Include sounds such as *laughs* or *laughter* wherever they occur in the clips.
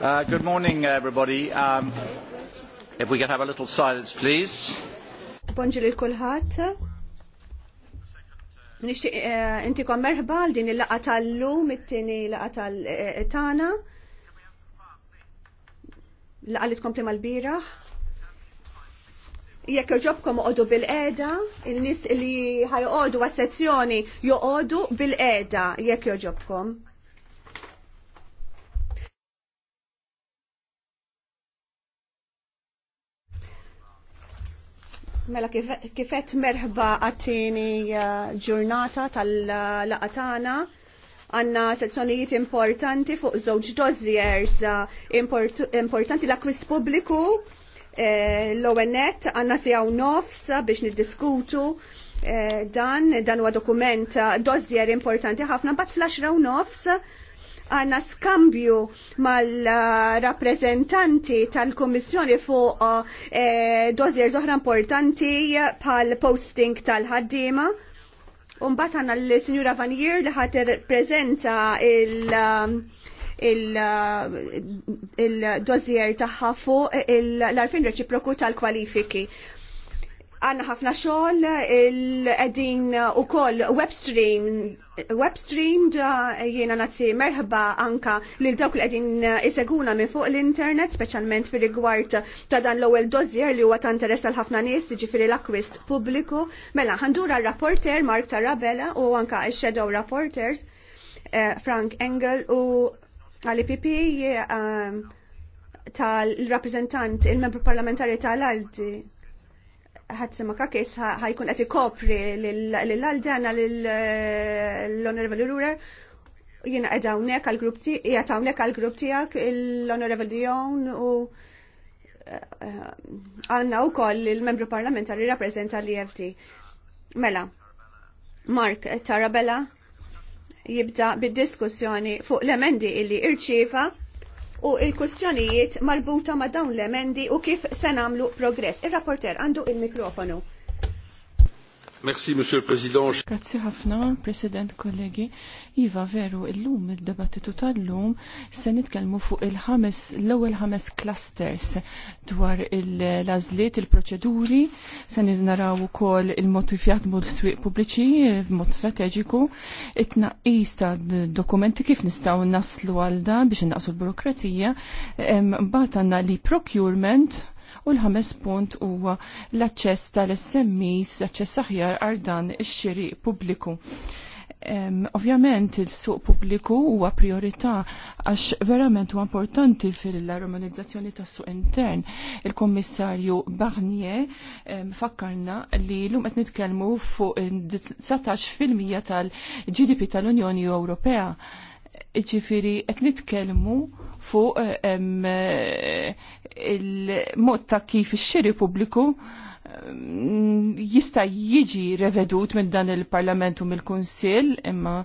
Uh, good morning, everybody. Um, if we could have a little silence, please. Bonġil kulħat Nixtieq uh, intikom merħba għal din il-laqa tal-lum, it-tieni laqa tal-tana. Eh, eh, laqa li tkompli mal-biraħ. Jekk ġobkom oqogħdu bil-qeda, in-nies li ħajqogħdu għas-sezzjoni joqogħdu bil-qeda jekk joġobkom. Mela kifet merħba għattini eh, ġurnata tal-laqatana għanna sezzjonijiet importanti fuq żewġ dozzjers eh, importanti l-akwist pubbliku eh, l-ONET għanna għaw nofs biex niddiskutu dan dan huwa dokument dozzjer importanti ħafna bat fl-10 nofs għanna skambju mal-rappresentanti tal-Komissjoni fuq eh, dozier zoħra importanti pal-posting tal-ħaddima. Umbat għanna l-Sinjura Vanier li ħat prezenta il- dozier um, il uh, taħħa fuq l-arfin reċiproku tal-kwalifiki għanna ħafna xogħol il-qegħdin u web stream webstream da jiena nazi merħba anka lil dawk li qegħdin iseguna minn fuq l-internet, speċjalment fir rigward ta' dan l-ewwel dozzier li huwa ta' interess għal ħafna nies, jiġifieri l-akwist pubbliku. Mela ħandura r-rapporter Mark Tarabella u anka x-shadow rapporters eh, Frank Engel u għal-IPP eh, tal-rappresentant il-membru parlamentari tal-Aldi ħatsima kakis ħajkun għati kopri l-għaldana eh, l-Honorable Rurer jina għedawnek għal-grupp tijak, jgħatawnek għal-grupp tijak l-Honorable Dion u eh, għanna u koll il-membru parlamentari rappresenta l-EFD. Mela, Mark Tarabella jibda bid-diskussjoni fuq l-emendi illi irċifa u il-kustjonijiet marbuta ma' dawn l-emendi u kif se nagħmlu progress. Ir-rapporter għandu il-mikrofonu. Merci, Monsieur le Président. Grazie ħafna, President kollegi. Iva, veru, illum il-debattitu tal-lum se nitkellmu fuq il-ħames, l-ewwel ħames clusters dwar il-lażliet, il-proċeduri, se naraw ukoll il jaħdmu mod swieq pubbliċi b'mod strateġiku, it-tnaqqis ta' dokumenti kif nistgħu naslu għal dan biex innaqsu l-burokrazija, mbagħad għandna li procurement U l-ħames punt huwa l-aċċess tal-SMEs, l-aċċess aħjar għal dan ix-xiri pubbliku. Um, Ovvjament il-suq pubbliku huwa priorità għax verament huwa importanti fil-armonizzazzjoni tas-suq intern. Il-Kummissarju Barnier um, fakkarna li llum qed nitkellmu fuq 19% tal-GDP tal-Unjoni Ewropea ġifiri qed nitkellmu fuq eh, eh, il-mod ta' kif ix-xiri pubbliku Mm, jista jiġi revedut minn dan il-Parlament u mill-Kunsill, imma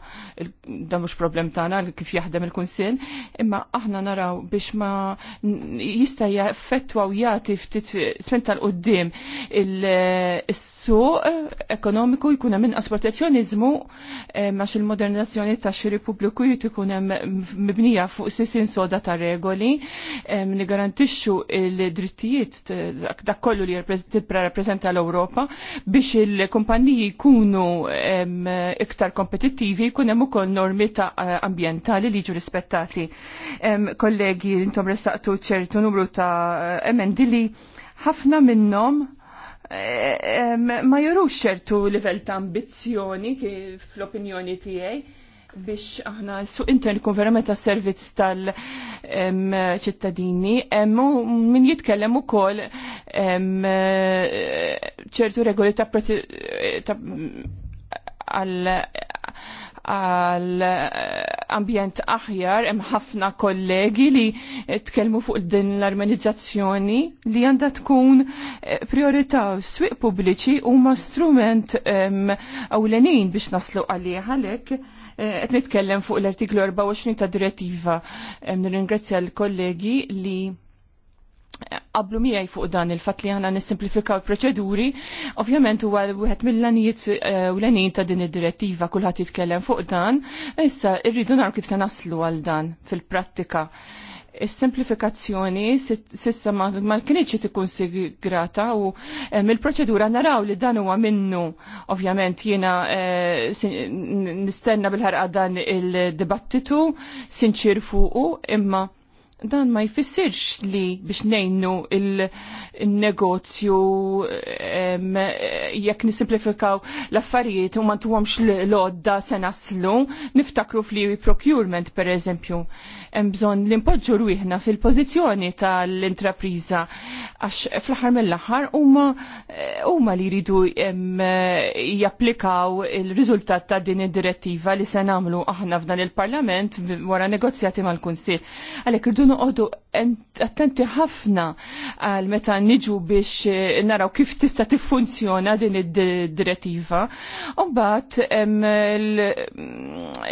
dan mhux problem tagħna kif jaħdem il-Kunsill, imma aħna naraw biex ma jista jaffettwa u jagħti ftit sment tal-qudiem is-suq ekonomiku jkun hemm inqas protezzjoniżmu eh, għax il-modernizzazzjoni tax-xiri pubbliku jrid ikun hemm mibnija fuq sisin soda ta' regoli, eh, li garantixxu il-drittijiet eh, dak kollu li jirrappreżenta rappresenta l europa biex il-kumpaniji jkunu iktar kompetittivi jkun hemm ukoll normi ta' ambjentali li jiġu rispettati. Kollegi, intom restaqtu ċertu numru ta' emendi li ħafna minnhom ma jorux ċertu livell ta' ambizzjoni fl-opinjoni tiegħi biex aħna suq intern kun verament ta' servizz tal-ċittadini, min jitkellem ukoll ċertu regoli ta' għal ambjent aħjar, hemm ħafna kollegi li tkellmu fuq din l-armonizzazzjoni li għandha tkun eh, priorità swieq pubbliċi huma strument ewlenin biex naslu għalih għalhekk qed nitkellem fuq l-artiklu 24 ta' direttiva. Nirringrazzja l-kollegi li qablu miegħi fuq dan il-fatt li għana nissimplifikaw il-proċeduri, ovvjament huwa wieħed mill-lanijiet u eh, l ta' din id-direttiva kulħadd jitkellem fuq dan, issa rridu naraw kif se naslu għal dan fil-prattika. Is-simplifikazzjoni sissa ma kienieċ tikkunsigrata u eh, mill-proċedura naraw li dan huwa minnu ovvjament jiena eh, nistenna bil-ħarqa dan il-dibattitu sinċir fuqu imma dan ma jfissirx li biex nejnu il-negozju jekk nisimplifikaw l-affarijiet u ma tuwomx l-odda se naslu, niftakru fli procurement per eżempju. mbżon l-impoġġu rwiħna fil-pozizjoni tal-intrapriza għax fl-ħar mill-ħar u ma li jridu japplikaw il-rizultat ta' din id-direttiva li se namlu aħna f'dan il-parlament wara negozjati mal-Kunsil. Għalek rridu noqodu attenti ħafna għal meta niġu biex eh, naraw kif tista' tiffunzjona din id-direttiva. mbagħad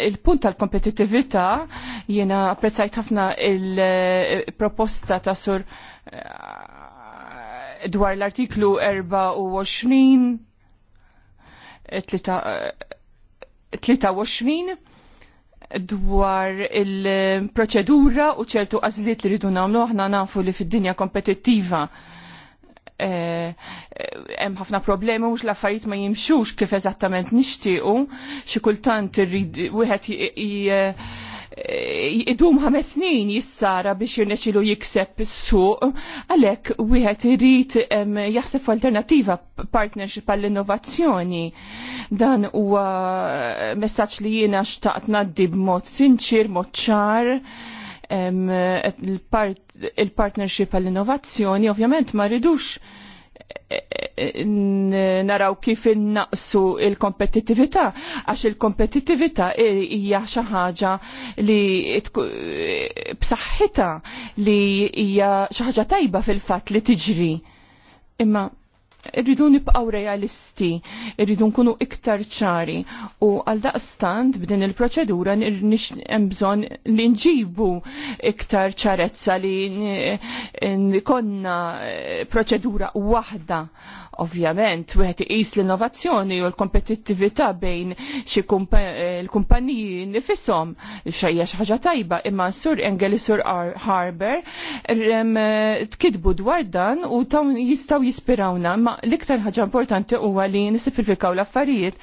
il-punt tal-kompetittività jiena apprezzajt ħafna il-proposta eh, ta' sur eh, dwar l-artiklu 24 23 dwar il-proċedura u ċertu għazliet li ridu namlu, aħna nafu li fid-dinja kompetittiva eh, eh, hemm ħafna problemi mhux l-affarijiet ma jimxux kif eżattament nixtiequ, xi kultant wieħed eh, idum ħames snin jissara biex jirneċilu jikseb is-suq, għalhekk wieħed irid jaħseb alternativa partnership għall-innovazzjoni. Dan huwa messaċ li jiena xtaqt naddi b'mod sinċir, mod ċar il-partnership għall-innovazzjoni ovvjament ma rridux naraw kif innaqsu il-kompetittività għax il-kompetittività hija xi ħaġa li b'saħħitha li hija xi ħaġa tajba fil-fatt li tiġri. Imma irridu nibqaw realisti, irridu nkunu iktar ċari u għal daqstant b'din il-proċedura hemm bżonn li nġibu iktar ċarezza li konna proċedura waħda Ovvjament, wieħed iqis l-innovazzjoni u l-kompetittività bejn xi eh, l-kumpaniji nifisom xejja xi ħaġa tajba, imma Sur Engel Sur Harber eh, tkidbu dwar dan u taw jistgħu jispirawna, ma l-iktar ħaġa importanti huwa li nisimplifikaw l-affarijiet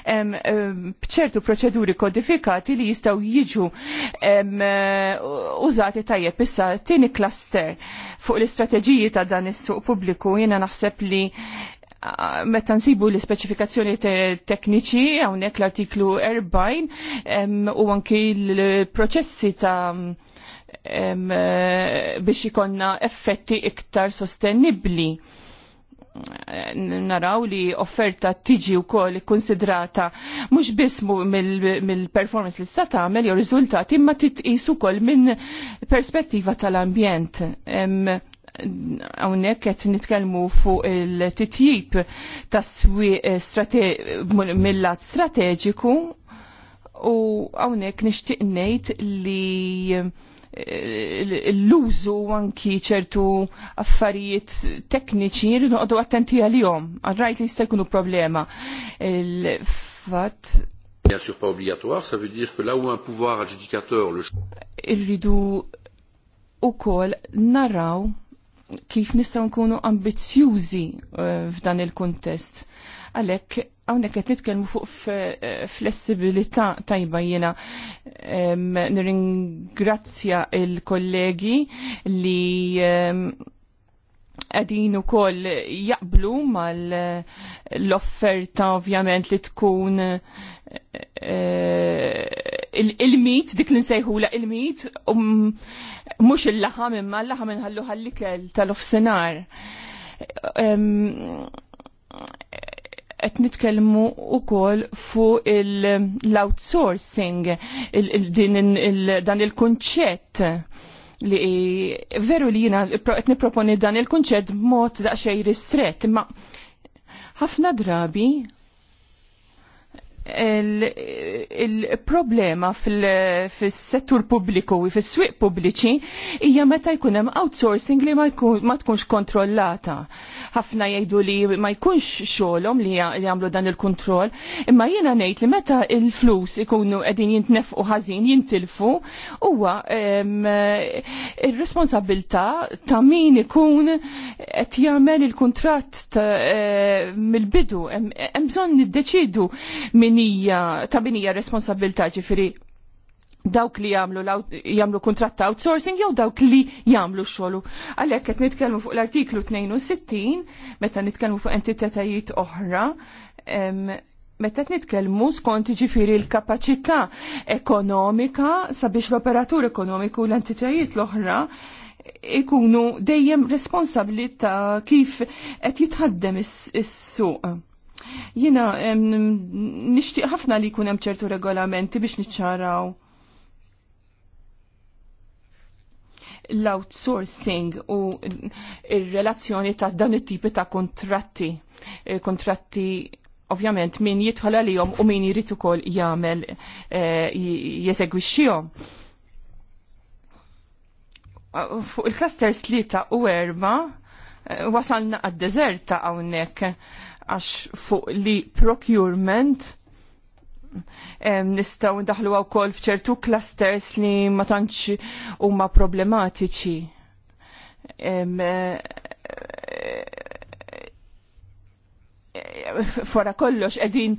bċertu proċeduri kodifikati li jistgħu jiġu eh, użati tajjeb issa tieni cluster fuq l-istrateġiji ta' dan is-suq pubbliku jiena naħseb li meta nsibu l-ispeċifikazzjoni tekniċi hawnhekk l-artiklu 40 u anki l-proċessi ta' eh, biex ikonna effetti iktar sostenibbli naraw li offerta tiġi u koll konsidrata mux bismu mill-performance li sta tagħmel jew riżultati imma titqis ukoll minn perspettiva tal-ambjent hawnhekk qed nitkellmu fuq il-titjib ta' swieq eh, mill-lat strateġiku u hawnhekk nixtieq ngħid li eh, l-użu anki ċertu affarijiet tekniċi jridu noqogħdu attenti għalihom. Għarrajt li jista' jkunu problema. Il-fatt Bien sûr pas obligatoire, ça veut dire que là où un pouvoir adjudicateur le irridu ukoll naraw kif nistgħu nkunu ambizzjużi eh, f'dan il-kuntest. Għalhekk hawnhekk qed nitkellmu fuq eh, flessibilità tajba jiena ehm, nirringrazzja il-kollegi li ehm, għedin u koll jaqblu mal l-offerta ovvjament li tkun eh, eh, il-mit, dik li nsejħu la il-mit, mux um, il-laħam imma l-laħam nħallu għall tal-ofsenar. Et nitkelmu u koll fu l-outsourcing, dan il kunċett li veru li jina qed niproponi dan il-kunċett b'mod daqsxejn ristret, imma ħafna drabi il-problema fil-settur pubbliku u fis-swieq pubbliċi hija meta jkun hemm outsourcing li ma tkunx kontrollata. Ħafna jgħidu li ma jkunx xogħolhom li jagħmlu dan il-kontroll, imma jiena ngħid li meta il-flus ikunu qegħdin jintnefqu ħażin jintilfu huwa ir-responsabilità ta' min ikun qed jagħmel il-kuntratt eh, mill-bidu hemm bżonn niddeċidu min hija ta' hija responsabilità ġifieri dawk li jagħmlu kuntratt ta' outsourcing jew dawk li x xogħlu. Għalhekk qed nitkellmu fuq l-artiklu 62, meta nitkellmu fuq entitetajiet oħra, meta nitkellmu skont ġifiri l-kapaċità ekonomika sabiex l-operatur ekonomiku l-entitajiet l-oħra ikunu dejjem responsabli ta' kif qed jitħaddem is-suq Jina nixtieq ħafna li jkun hemm ċertu regolamenti biex niċċaraw l-outsourcing u il-relazzjoni ta' dan it-tipi ta' kontratti. E, kontratti ovvjament min jidħol għalihom u min jrid ukoll jagħmel e, jeżegwixxihom. Fuq il-clusters tlieta u erba' e, wasalna għad-deżert ta' hawnhekk għax fuq li procurement nistaw ndaħlu għaw kol fċertu clusters li ma tantx huma problematiċi. Eh, eh, eh, fora kollox edin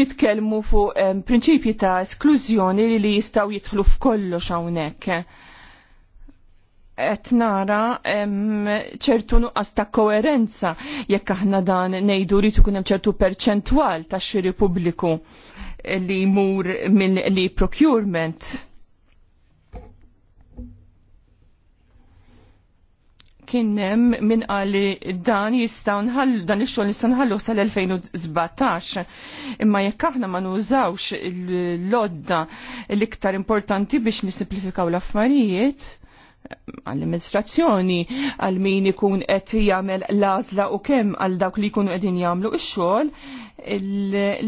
nitkelmu fuq prinċipji ta' esklużjoni li jistaw jitħlu f'kollox hawnhekk qed nara ċertu nuqqas ta' koerenza jekk aħna dan ngħidu rid ikun hemm ċertu perċentwal ta' xiri pubbliku li jmur minn li procurement. Kien hemm min qali dan jistgħu nħallu dan ix-xogħol nistgħu nħallu sal-2017. Imma jekk aħna ma nużawx l-lodda l-iktar importanti biex nisimplifikaw l-affarijiet, għall-amministrazzjoni għal min ikun qed jagħmel l-għażla u kemm għal dawk li jkunu qegħdin jagħmlu ix-xogħol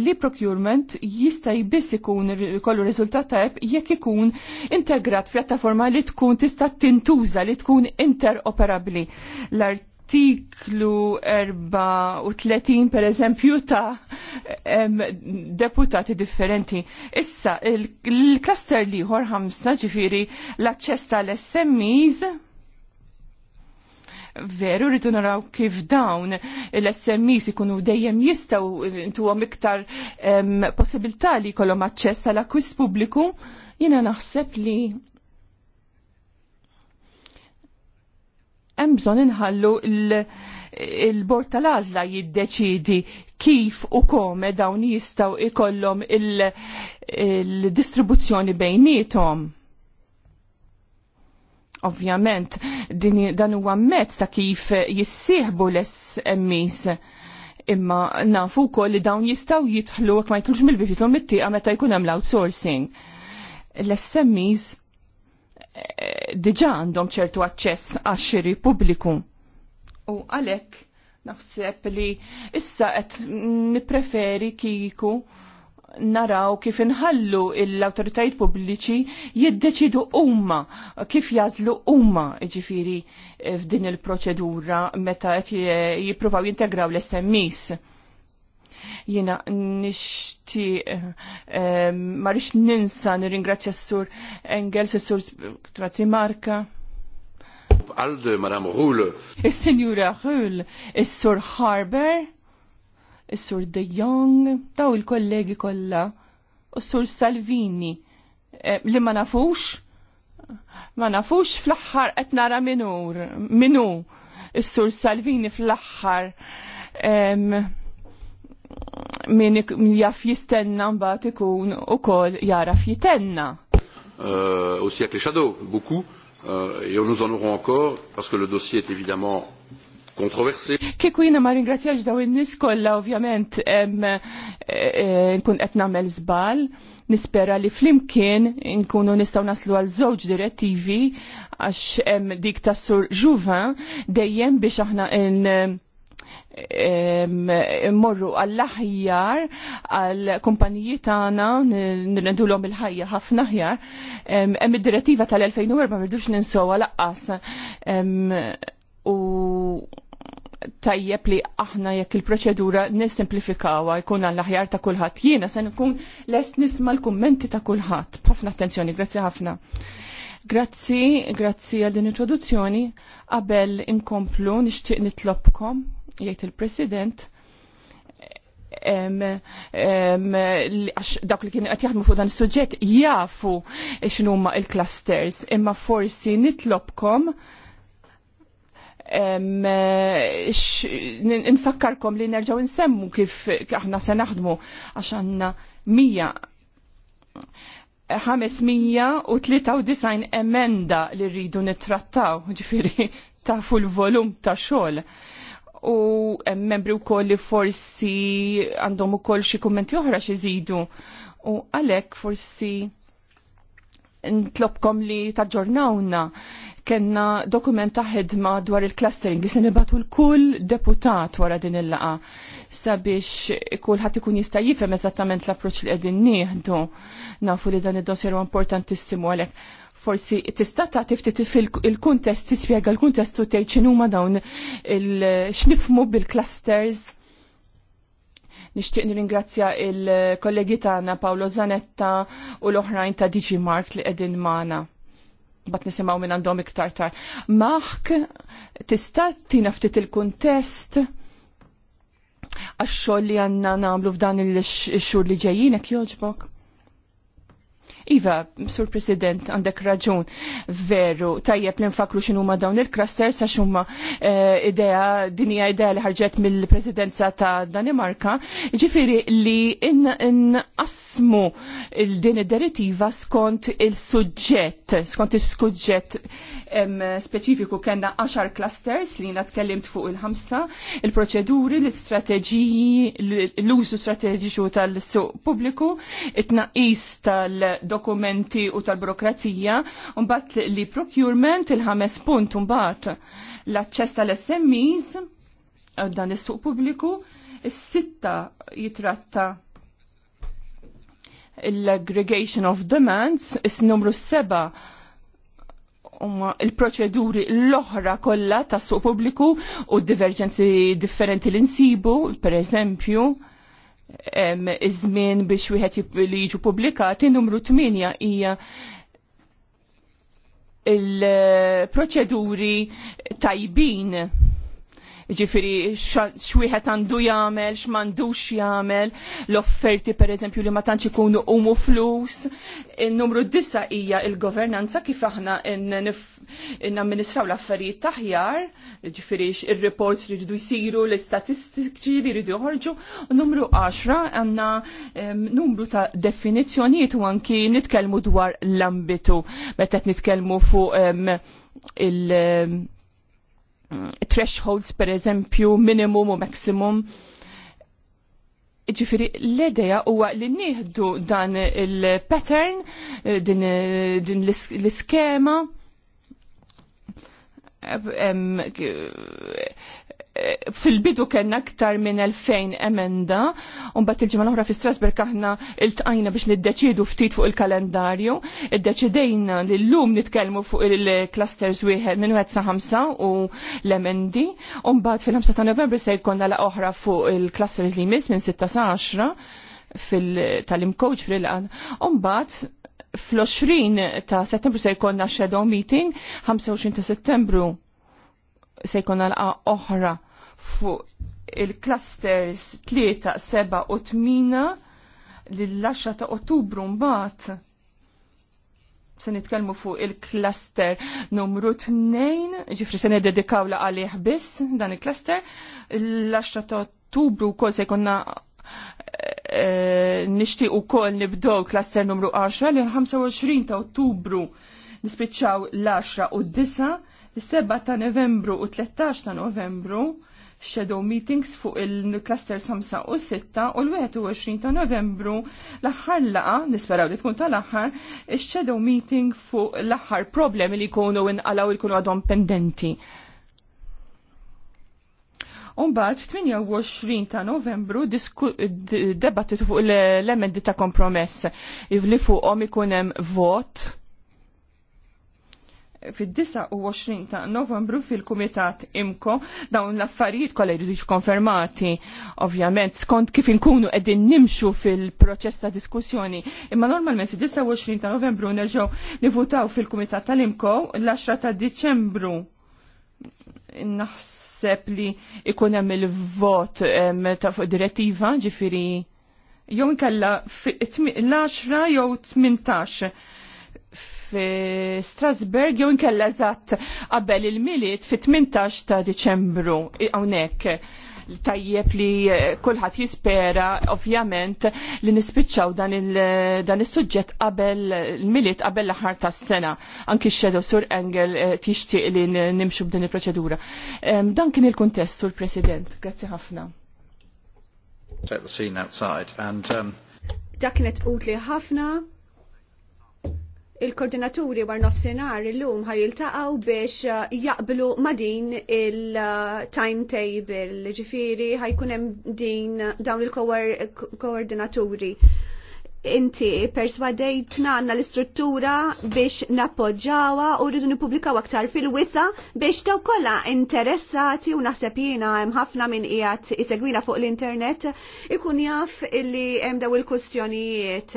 li procurement jista' jbiss ikun kollu riżultat tajb jekk ikun integrat f'pjattaforma li tkun tista' tintuża li tkun interoperabbli. L-art artiklu 34 per eżempju ta' deputati differenti. Issa, il-klaster liħor ħamsa ġifiri l-aċċess tal-SMEs veru rridu naraw kif dawn l-SMEs ikunu dejjem jistaw għom iktar possibilità li jkollhom aċċess l akwist pubbliku, jiena naħseb li hemm bżonn inħallu il-bord tal-għażla jiddeċidi kif u kome dawn jistgħu ikollhom il-distribuzzjoni il bejnietom. Ovvjament, dan huwa mezz ta' kif jissieħbu l-SMEs imma nafu wkoll li dawn jistgħu jidħlu ma jitlux mill-bifitlhom it-tieqa meta jkun hemm l-outsourcing. L-SMEs diġa għandhom ċertu aċċess għax-xiri pubbliku. U għalhekk naħseb li issa qed nippreferi kiku naraw kif inħallu l awtoritajiet pubbliċi jiddeċidu umma kif jazlu umma ġifiri f'din il-proċedura meta qed jippruvaw jintegraw l-SMIs Jina nishti eh, eh, marix ninsa nirringrazzja s-sur Engels, s-sur Trazzi Marka. Alde, Madame Hul. Il-Senjura Hul, il-sur Harber, il-sur De Jong, daw il-kollegi kolla, u s-sur Salvini, eh, li ma nafux, ma nafux fl-axħar etnara minur, minu, il-sur Salvini fl-axħar min jaf jistenna mbagħad ikun ukoll jaraf jitenna. Euh, au siècle Shadow, beaucoup, uh, et nous en aurons encore, parce que le dossier est évidemment kontroversi. Kieku jina ma ringrazzjax daw in-nies kollha ovvjament eh, eh, nkun qed nagħmel żball, nispera li flimkien nkunu nistgħu naslu għal żewġ direttivi għax dik tas-sur Juvin dejjem biex aħna immorru għall-aħjar għall-kumpaniji tagħna nirredulhom il-ħajja ħafna aħjar. Hemm id-direttiva tal-2004 ma rridux ninsowha laqqas. U tajjeb li aħna jekk il-proċedura nissimplifikawha jkun għall aħjar ta' kulħadd. Jiena se nkun lest nisma' l-kummenti ta' kulħadd. B'ħafna attenzjoni, grazzi ħafna. Grazzi, grazzi għal din introduzzjoni. Qabel inkomplu nixtieq nitlobkom jgħid il-President għax dawk li kien qed jaħdmu fuq dan is-suġġett jafu x'inhuma il-clusters, imma forsi nitlobkom nfakkarkom li nerġaw nsemmu kif aħna se naħdmu għax għandna mija 593 emenda li rridu nittrattaw, ġifiri tafu l-volum ta' xogħol u membri u koll li forsi għandhom u koll xie kommenti oħra xie zidu. U għalek forsi nitlobkom li taġġornawna kenna dokumenta ħedma dwar il-clustering li se nibatu l-kull deputat wara din il-laqa sabiex kulħadd ikun jista' jifhem eżattament l-approċċ li qegħdin nieħdu. Nafu li dan id-dossier huwa importantissimu għalhekk forsi tista' tagħti ftit il-kuntest tispjega l-kuntest u tgħid x'inhuma dawn x'nifmu bil-clusters. Nixtieq nirringrazzja il-kollegi tagħna Paolo Zanetta u l-oħrajn ta' DG Mark li qegħdin magħna bat nisimaw minn għandhom iktar tar. Maħk, tista' tina ftit il-kuntest għax-xogħol li għandna nagħmlu f'dan il-xhur li ġejjin hekk jogħġbok? Iva, Sur President, għandek raġun, veru, tajjeb li nfakru x'inhuma dawn il-clusters għax huma e, idea, dinija idea li ħarġet mill-presidenza ta' Danimarka, ġifiri li inqasmu in din id-deritiva skont il-suġġett, skont il-suġġett speċifiku kena 10 clusters li jina tkellimt fuq il-ħamsa, il-proċeduri, l-istrateġiji, l-użu strateġiċu tal-suq pubbliku, it-naqis tal-dokumentu tal dokumenti u tal-burokrazija, mbagħad li procurement il-ħames punt mbagħad l-aċċess tal-SMEs eh, dan is-suq pubbliku, is-sitta jitratta l-aggregation of demands, is-numru seba' il-proċeduri l-oħra kollha tas-suq pubbliku u d divergenzi differenti li nsibu, per eżempju, iż-żmien biex wieħed li jiġu pubblikati numru 8 hija il-proċeduri tajbin ġifiri xwieħed għandu jagħmel, x'mandux jagħmel, l-offerti pereżempju li ma tantx ikunu umu flus. Il-numru disa hija il-governanza kif aħna namministraw l-affarijiet taħjar, ġifiri ir-reports li jridu jsiru, l-istatistiċi li jridu jħorġu, numru 10 għandna numru ta' definizzjonijiet u anki nitkellmu dwar l-ambitu meta nitkellmu fuq il- thresholds per eżempju, minimum u maximum. Ġifiri, l-ideja huwa li nieħdu dan il-pattern, eh, din, eh, din l-iskema, fil-bidu kena ktar minn 2000 emenda, un bat il-ġimma l-ohra fi Strasberg aħna il-tqajna biex niddeċidu ftit fuq il-kalendarju, id-deċidejna li l-lum nitkelmu fuq il-clusters wieħed minn 1 sa 5 u l-emendi, un bat fil-5 ta' novembru se jkonna la oħra fuq il-clusters li jmiss minn 6 sa 10 fil talim coach fil-qan. Un bat fl-20 ta' settembru se jkonna shadow meeting, 25 ta' settembru se jkun la' oħra fuq il-clusters 3, 7 u 8 lill-10 ta' ottubru mbagħad se nitkellmu fuq il-cluster numru 2, ġifri se nededikaw la għalih biss dan il-cluster, l-10 ta' ottubru wkoll se jkollna eh, eh, nixtieq ukoll nibdew cluster numru 10 li 25 ta' ottubru nispiċċaw l-10 u d-9, l-7 ta' novembru u 13 ta' novembru shadow meetings fuq il-cluster 5 u 6 u l-21 ta' novembru l-aħħar laqa, nisperaw li tkun tal-aħħar, il-shadow meeting fuq l-aħħar problemi li jkunu inqalaw jkunu għadhom pendenti. Umbat, 28 ta' novembru, debattitu fuq l-emendi ta' kompromess, ivli fuq omikunem vot fid-29 ta' novembru fil-Kumitat Imko dawn l-affarijiet kollha jridu konfermati ovvjament skont kif inkunu qegħdin nimxu fil-proċess ta' diskussjoni. Imma normalment fid-29 ta' novembru nerġgħu nivutaw fil-Kumitat tal-Imko l-10 ta' Diċembru naħseb li ikun hemm il-vot ta' fuq direttiva ġifieri jew inkella l-10 jew 18 fi Strasburg jew inkella eżatt qabel il-miliet fit-18 ta' Diċembru hawnhekk. Tajjeb li eh, kulħadd jispera ovvjament li nispiċċaw dan is-suġġett qabel il-miliet qabel l-aħħar tas-sena. Anki x-Shadow Sur Engel eh, tixtieq li nimxu b'din il-proċedura. Dan kien il-kuntest sur President. Grazzi ħafna. the scene outside and um... Dak kienet utli ħafna il-koordinaturi war nofsenar illum lum ħajiltaqaw biex uh, jaqblu ma din il-timetable, ġifiri kunem din dawn il-koordinaturi. Inti perswadejtna għanna l-istruttura biex nappoġġawa u rridu nipublikaw aktar fil-wisa biex daw kolla interessati u naħseb jiena hemm ħafna minn qiegħed isegwina fuq l-internet ikun jaf illi hemm daw il-kustjonijiet. il il kustjonijiet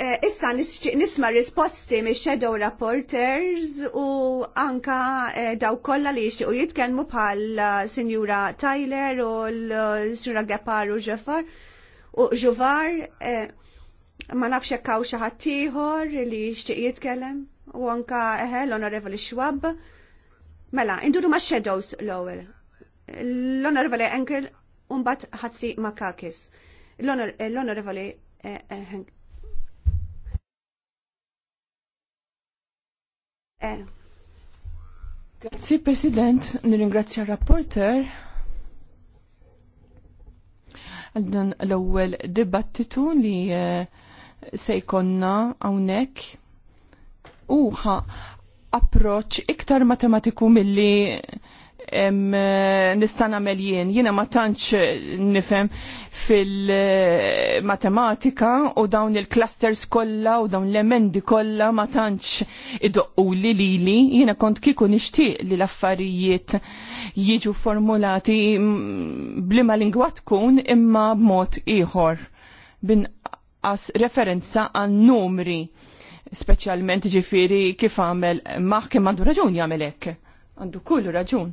Eh, issa nisċiq nisma risposti mi shadow rapporters u anka eh, daw kolla li jixtiqu jitkellmu bħal eh, Sinjura Tyler u l-Sinjura Gepar u Ġefar u Ġuvar ma nafx kaw hawn xi li jixtieq jitkellem u anka eħe l-Onorevoli Schwab. Mela, induru ma' shadows l ower L-Onorevoli Enkel u mbagħad ħadsi Makakis. L-Onorevoli Grazie eh. Grazzi President, nirringrazzja rapporter għal dan l-ewwel dibattitu li eh, se jkollna hawnhekk uħa approċċ iktar matematiku milli Eh, nista' nagħmel jien. Jiena ma tantx eh, nifhem fil-matematika eh, u dawn il-clusters kollha u dawn l-emendi kollha ma tantx idoqqu li li. Jiena kont kieku nixtieq li l-affarijiet jiġu formulati mm, blima lingwa tkun imma b'mod ieħor binqas referenza għan numri speċjalment ġifiri kif għamel maħ kemm għandu raġun jagħmel hekk. Għandu kullu raġun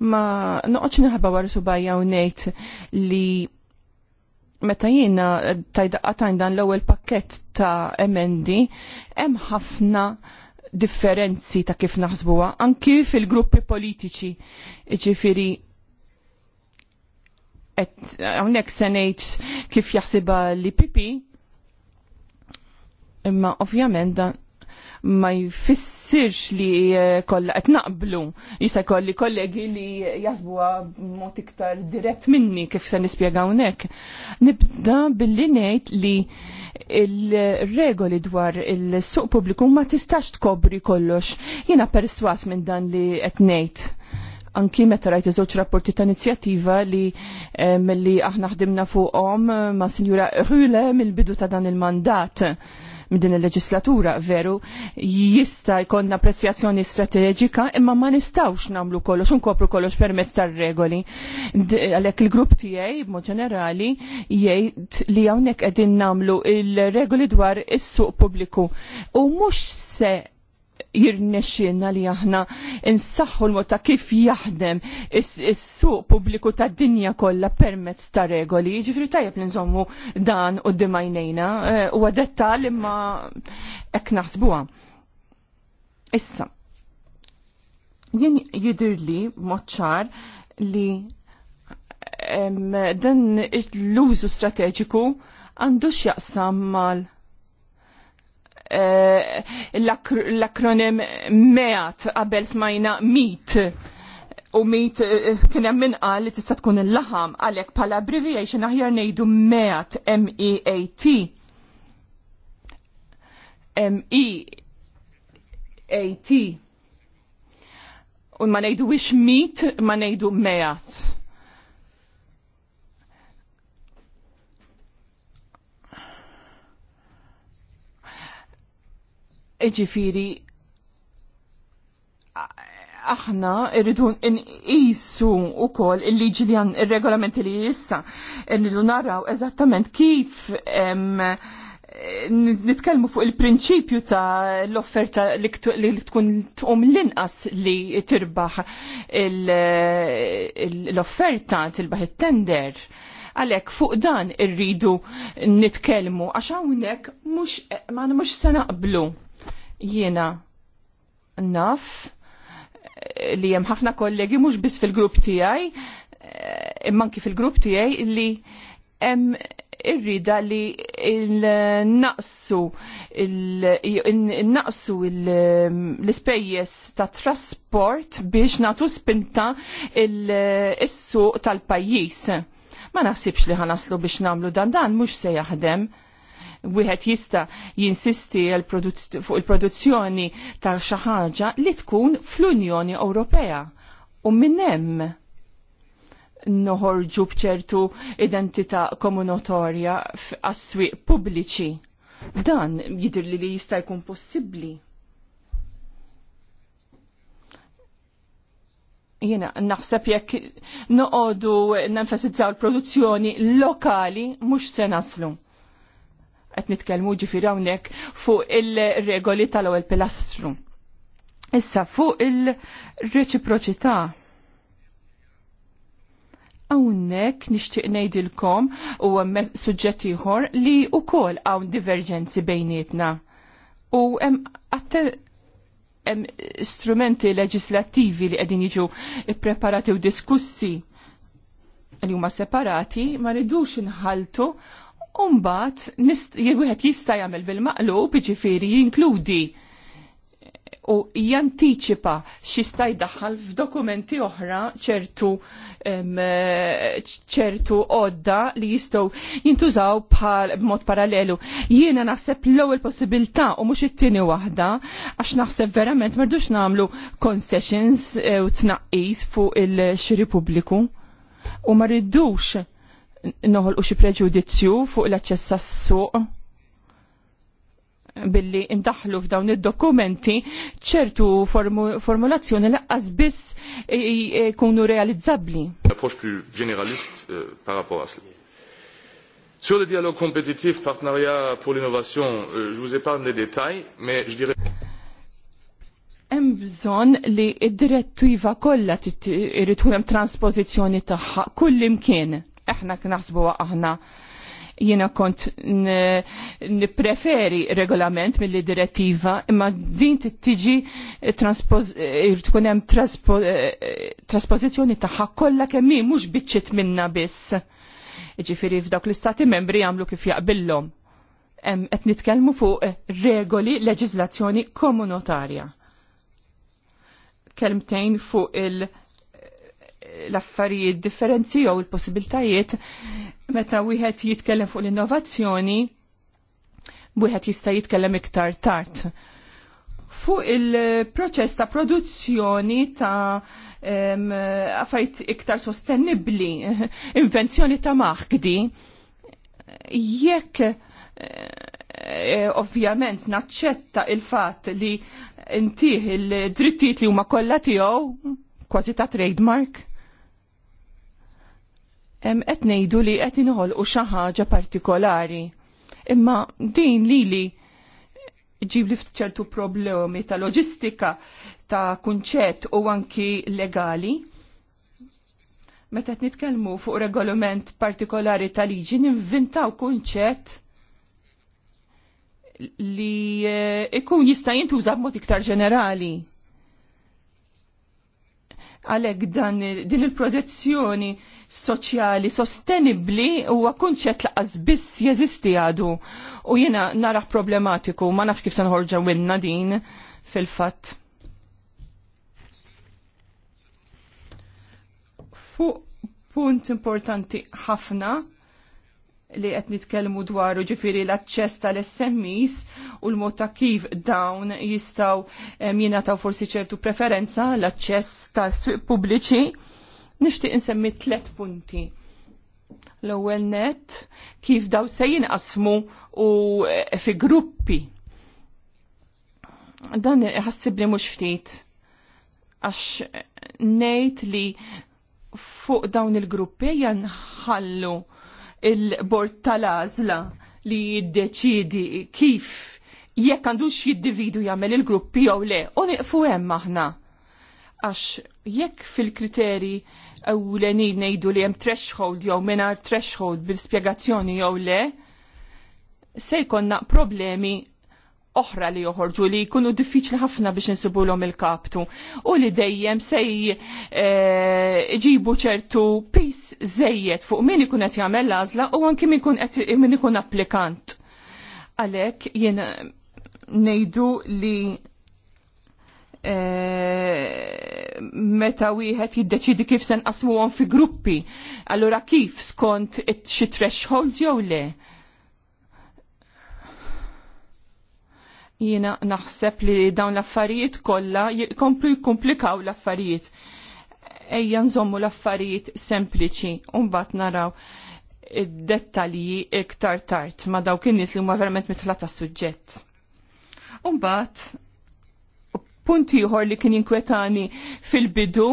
ma noqgħodx nħabba wara subajja u ngħid li meta jiena tajdaqqatajn dan l-ewwel pakkett ta' emendi hemm ħafna differenzi ta' kif naħsbuha anki fil-gruppi politiċi. Ġifieri et għonek senejt kif jaħsiba li pipi imma ovvjament dan ma jfissirx li eh, kollha qed naqblu. Jisa kolli kollegi li jasbuha mod iktar dirett minni kif se nispjegaw hekk. Nibda billi ngħid li il-regoli dwar il-suq pubbliku ma tistax tkobri kollox. Jiena perswas minn dan li qed ngħid anki meta rajt iż-żewġ rapporti ta' inizjattiva li eh, mill-li aħna ħdimna fuqhom ma' Sinjura Rüle mill-bidu ta' dan il-mandat din il-leġislatura veru jista jkollna prezzjazzjoni strateġika imma ma nistawx namlu kollox unkopru kollox permezz tar-regoli. Għalhekk il-grupp tiegħi b'mod ġenerali jgħid li hawnhekk qegħdin namlu il-regoli dwar is-suq pubbliku u mhux se jirnexxinna li aħna insaħħu l-mod ta' kif jaħdem is-suq pubbliku tad-dinja kollha permezz ta' regoli. Jiġifieri tajjeb li nżommu dan u dimajnejna eh, huwa dettal imma hekk naħsbuha. Issa, jien jidirli b'mod ċar li dan l-użu strateġiku għandu x'jaqsam mal- Eh, l-akronim MEAT qabel smajna MEAT u MEAT eh, kien hemm minqa li tista' tkun il-laħam għalhekk pal abbreviation aħjar ngħidu MEAT M E A T M E A T u ma ngħidu wix MEAT ma ngħidu MEAT Ġifiri, aħna irridu nqisu wkoll il-liġi li għan ir-regolamenti li issa irridu naraw eżattament kif nitkellmu fuq il-prinċipju ta' l-offerta li tkun tqum l-inqas li tirbaħ l-offerta tilbaħ it-tender. Għalek fuq dan irridu nitkellmu għax hawnhekk mhux ma mhux se naqblu Jiena naf li hemm ħafna kollegi mhux biss fil-grupp tiegħi, eh, imma anki fil-grupp tiegħi li hemm irrida li il-naqsu il-naqsu l spejjes ta' trasport biex natu spinta il-issu tal-pajjiż. Ma naħsibx li ħanaslu biex namlu dan dan mhux se jaħdem wieħed jista' jinsisti fuq il-produzzjoni ta' xi ħaġa li tkun fl-Unjoni Ewropea. U minn hemm noħorġu bċertu identità komunatorja f'asswiq pubbliċi. Dan jidir li li jista' jkun possibbli. Jena, naħseb jekk noqogħdu nenfasizzaw l-produzzjoni lokali mhux se naslu qed nitkellmu ġifier hawnhekk fuq il-regoli tal-ewwel pilastru. Issa fuq il-reċiproċità Hawnhekk nixtieq ngħidilkom u hemm suġġett ieħor li wkoll hawn diverġenzi bejnietna. U hemm hemm strumenti leġislattivi li qegħdin jiġu ppreparati u diskussi li huma separati ma rridux inħaltu Umbat, wieħed jista' jagħmel bil-maqlub, jiġifieri jinkludi u jantiċipa xista jdaħħal f'dokumenti oħra ċertu ċertu odda li jistgħu jintużaw bħal b'mod parallelu. Jiena naħseb l-ewwel possibilità u mhux it-tieni waħda għax naħseb verament merdux nagħmlu concessions eh, u tnaqqis fuq il-xiri pubbliku u ma rridux noħol u xi preġudizzju fuq l-aċċess s suq billi indaħlu f'dawn id-dokumenti ċertu formulazzjoni laqqas biss kunu realizzabbli. Approċ più generalist euh, par rapport à Sur le dialogue compétitif, partenariat pour l'innovation, euh, je vous épargne les détails, mais je dirais hemm bżonn li d-direttiva kollha irid tkun hemm transpożizzjoni tagħha kull imkien aħna knaħsbuha aħna jiena kont nipreferi regolament mill direttiva imma din tiġi eh, tkun hemm eh, traspożizzjoni tagħha kollha kemm hi mhux biċċiet minna biss. Ġifieri f'dawk l-istati membri jagħmlu kif jaqbillhom. Qed nitkellmu fuq regoli leġiżlazzjoni komunitarja. Kelmtejn fuq il- l-affarijiet differenzi jew il-possibiltajiet meta wieħed jitkellem fuq l-innovazzjoni wieħed jista' jitkellem iktar tard. Fuq il-proċess ta' produzzjoni ta' affarijiet iktar sostenibbli, *laughs* invenzjoni ta' maħkdi, jekk eh, eh, ovvjament naċċetta il-fatt li intih il-drittijiet li huma kollha tiegħu kważi ta' trademark qed ngħidu li qed inħolqu xi ħaġa partikolari. Imma din lili ġib li fċertu problemi ta' loġistika, ta' kunċett u anki legali. Meta qed nitkellmu fuq regolament partikolari ta' liġi ninvintaw kunċett li eh, ikun jista' jintuża b'mod iktar ġenerali Għalhekk dan din il-protezzjoni soċjali sostenibbli huwa kunċett laqas biss jeżisti għadu u jiena narah problematiku ma naf kif se winna din fil-fatt. Fuq punt importanti ħafna li qed nitkellmu dwar ġifiri l-aċċess tal-SMEs u l-mod ta' kif dawn jistaw jingħataw forsi ċertu preferenza l-aċċess tal-swieq pubbliċi. Nixtieq insemmi tliet punti. L-ewwel net kif daw se jinqasmu u eh, fi gruppi. Dan ħassibni mhux ftit għax eh, ngħid li fuq dawn il-gruppi janħallu il-bord tal-azla li jiddeċidi kif jekk għandux jiddividu jagħmel il-gruppi jew le, u niqfu hemm aħna. Għax jekk fil-kriteri ewlenin ngħidu li hemm threshold jew mingħajr threshold bil-spjegazzjoni jew le, se jkollna problemi oħra li joħorġu li jkunu diffiċli ħafna biex insibulhom il-kaptu u li dejjem se jġibu eh, ċertu pis żejjed fuq min ikun qed jagħmel l-għażla u anke min ikun qed min ikun applikant. Għalhekk jien eh, ngħidu li eh, meta wieħed jiddeċidi kif se nqasmuhom fi gruppi, allura kif skont xi thresholds jew le. Jiena naħseb li dawn l-affarijiet kollha jkomplu jkomplikaw l-affarijiet. Ejja nżommu l-affarijiet sempliċi u mbagħad naraw id-dettalji iktar tard ma dawk in-nies li huma verament mitħla tas-suġġett. Unbat, punti punt ieħor li kien jinkwetani fil-bidu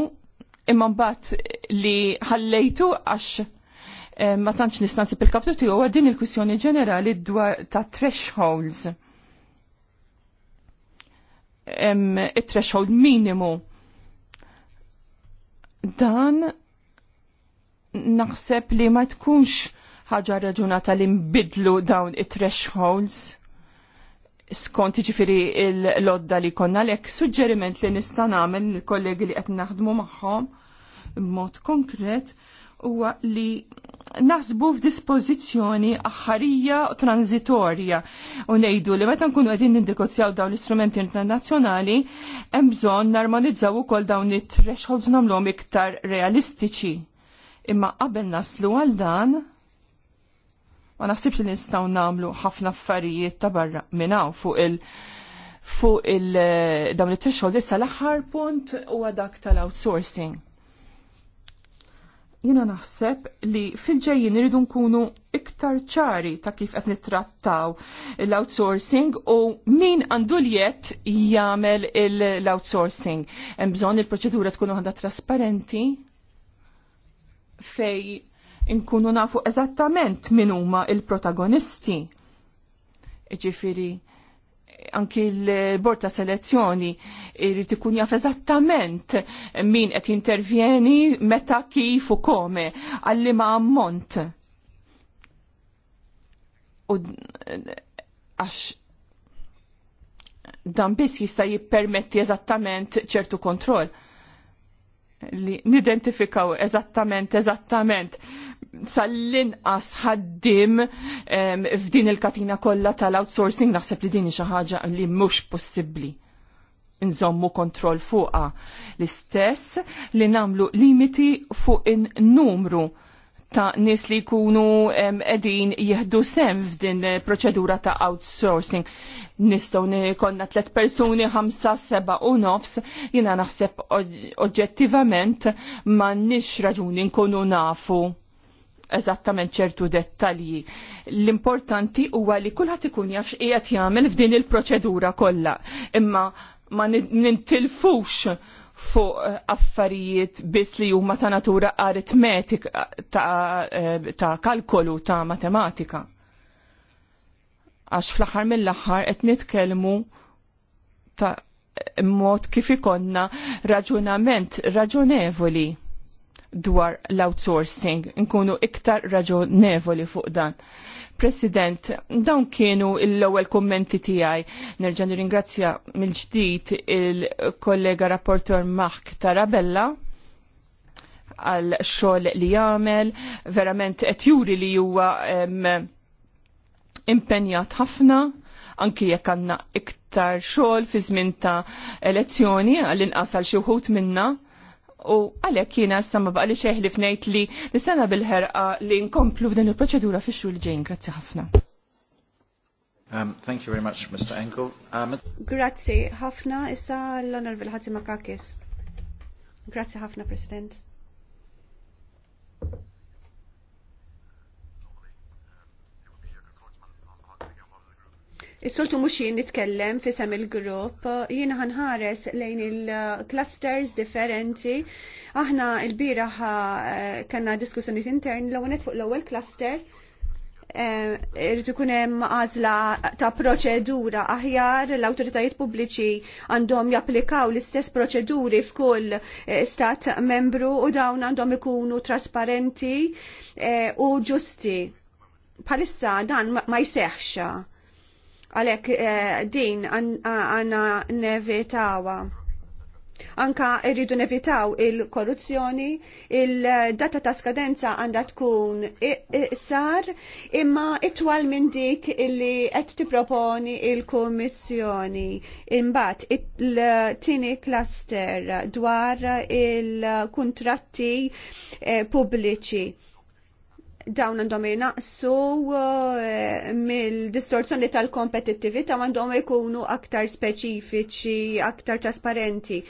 imma mbagħad li ħallejtu għax eh, ma tantx nistansib il-kaptu tiegħu din il-kwissjoni ġenerali dwar ta' thresholds it-threshold minimu. Dan naħseb li ma tkunx ħaġa raġunata li nbidlu dawn it-thresholds skont ġifiri l-lodda li konna lek suġġeriment li nista' nagħmel il-kollegi li qed naħdmu magħhom b'mod konkret huwa li naħsbu f'dispożizzjoni aħħarija u transitorja u ngħidu li meta nkunu qegħdin nindikozzjaw dawn l-istrumenti internazzjonali hemm bżonn narmonizzaw ukoll dawn it-thresholds nagħmluhom iktar realistiċi. Imma qabel naslu għal dan ma naħsibx li nistgħu nagħmlu ħafna affarijiet ta' barra minn hawn fuq il- fuq il dawn it-threshold issa l-aħħar punt huwa dak tal-outsourcing jina naħseb li fil-ġejjin irridu nkunu iktar ċari ta' kif qed nittrattaw l-outsourcing u min għandu li qed jagħmel l-outsourcing. Hemm bżonn il-proċedura tkun għandha trasparenti fej inkunu nafu eżattament min huma il-protagonisti. Ġifiri, anki l-bord ta' selezzjoni irid ikun jaf eżattament min qed jintervjeni, meta kif u kome, għalli ma' ammont. U għax dan biss jista' jippermetti eżattament ċertu kontroll li nidentifikaw eżattament, eżattament sal-inqas ħaddim f'din il-katina kollha tal-outsourcing naħseb li din xi ħaġa li mhux possibbli nżommu kontroll fuqa. L-istess li namlu limiti fuq in-numru ta' nis li jkunu edin jihdu sem f'din proċedura ta' outsourcing. Nistaw konna tlet persuni, ħamsa, seba u nofs, jina naħseb oġġettivament ma' nix raġuni nkunu nafu eżattament ċertu dettalji. L-importanti huwa li kulħadd ikun jaf x'qiegħed jagħmel f'din il-proċedura kollha, imma ma nintilfux fuq eh, affarijiet biss li huma ta' natura aritmetika ta', eh, ta kalkolu ta' matematika. Għax fl-aħħar mill-aħħar qed nitkellmu ta' mod kif ikonna raġunament raġunevoli dwar l-outsourcing, nkunu iktar raġunevoli fuq dan. President, dawn kienu l-ewwel kummenti tiegħi. Nerġa' nirringrazzja mill-ġdid il-kollega rapportor Mark Tarabella għal xogħol li jagħmel, verament qed juri li huwa impenjat ħafna anki jekk għandna iktar xogħol fi żmien ta' elezzjoni għall inqas għal xi wħud minna U jina jiena samma baqa li xeħli f'nejt li nistana bil-ħerqa li nkomplu f'din il-proċedura fi xhur ġejn. Grazzi ħafna. Um, thank you very much, Mr. Engel. Um, Grazzi ħafna issa l-Onorevil Ħati Makakis. Grazzi ħafna, President. Is-soltu mhux jien nitkellem fisem il-grupp, jien ħanħares lejn il-clusters differenti. Aħna l-bieraħ eh, kanna diskussjonijiet intern l għonet fuq l-ewwel cluster. Eh, irrid ikun hemm għażla ta' proċedura aħjar l-awtoritajiet pubbliċi għandhom japplikaw l-istess proċeduri f'kull eh, stat membru u dawn għandhom ikunu trasparenti u ġusti. Bħalissa dan ma jseħħx għalhekk eh, din għandna nevitawa. Anka rridu nevitaw il-korruzzjoni, il-data ta' skadenza għandha tkun sar imma itwal minn dik illi qed tipproponi il-Kummissjoni. Imbagħad il-tieni cluster dwar il-kuntratti eh, pubbliċi dawn għandhom jinaqsu eh, mill-distorzjoni tal-kompetittività għandhom jkunu aktar speċifiċi, aktar trasparenti.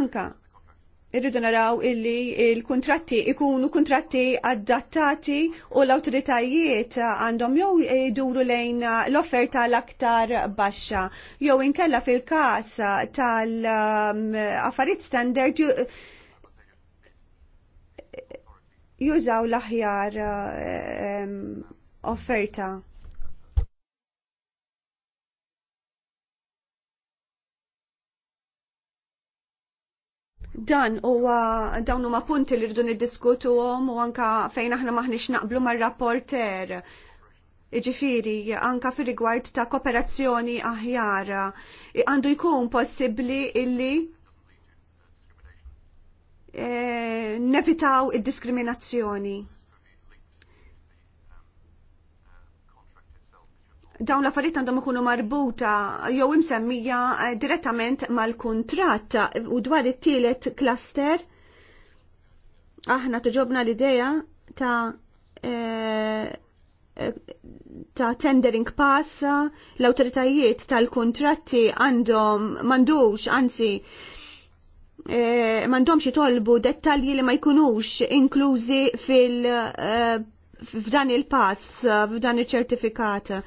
Anka irridu naraw illi il-kontratti ikunu kontratti adattati u l-autoritajiet għandhom jew iduru lejn l-offerta l-aktar baxxa jew inkella fil-każ tal-affarijiet standard jużaw l-aħjar eh, offerta. Dan huwa dawn huma punti li rridu niddiskutuhom u anka fejn aħna maħniex naqblu mar-rapporter. Iġifiri, anka fi rigward ta' kooperazzjoni aħjar, għandu jkun possibbli illi e, nevitaw id-diskriminazzjoni. dawn l-affarijiet għandhom ikunu marbuta jew imsemmija eh, direttament mal-kuntratt u dwar it-tielet cluster aħna toġobna l-idea ta' eh, ta' tendering pass, l-autoritajiet tal-kontratti għandhom mandux, anzi, eh, mandomx jitolbu dettalji li ma jkunux inklużi fil- f'dan il-pass, f'dan il-ċertifikat.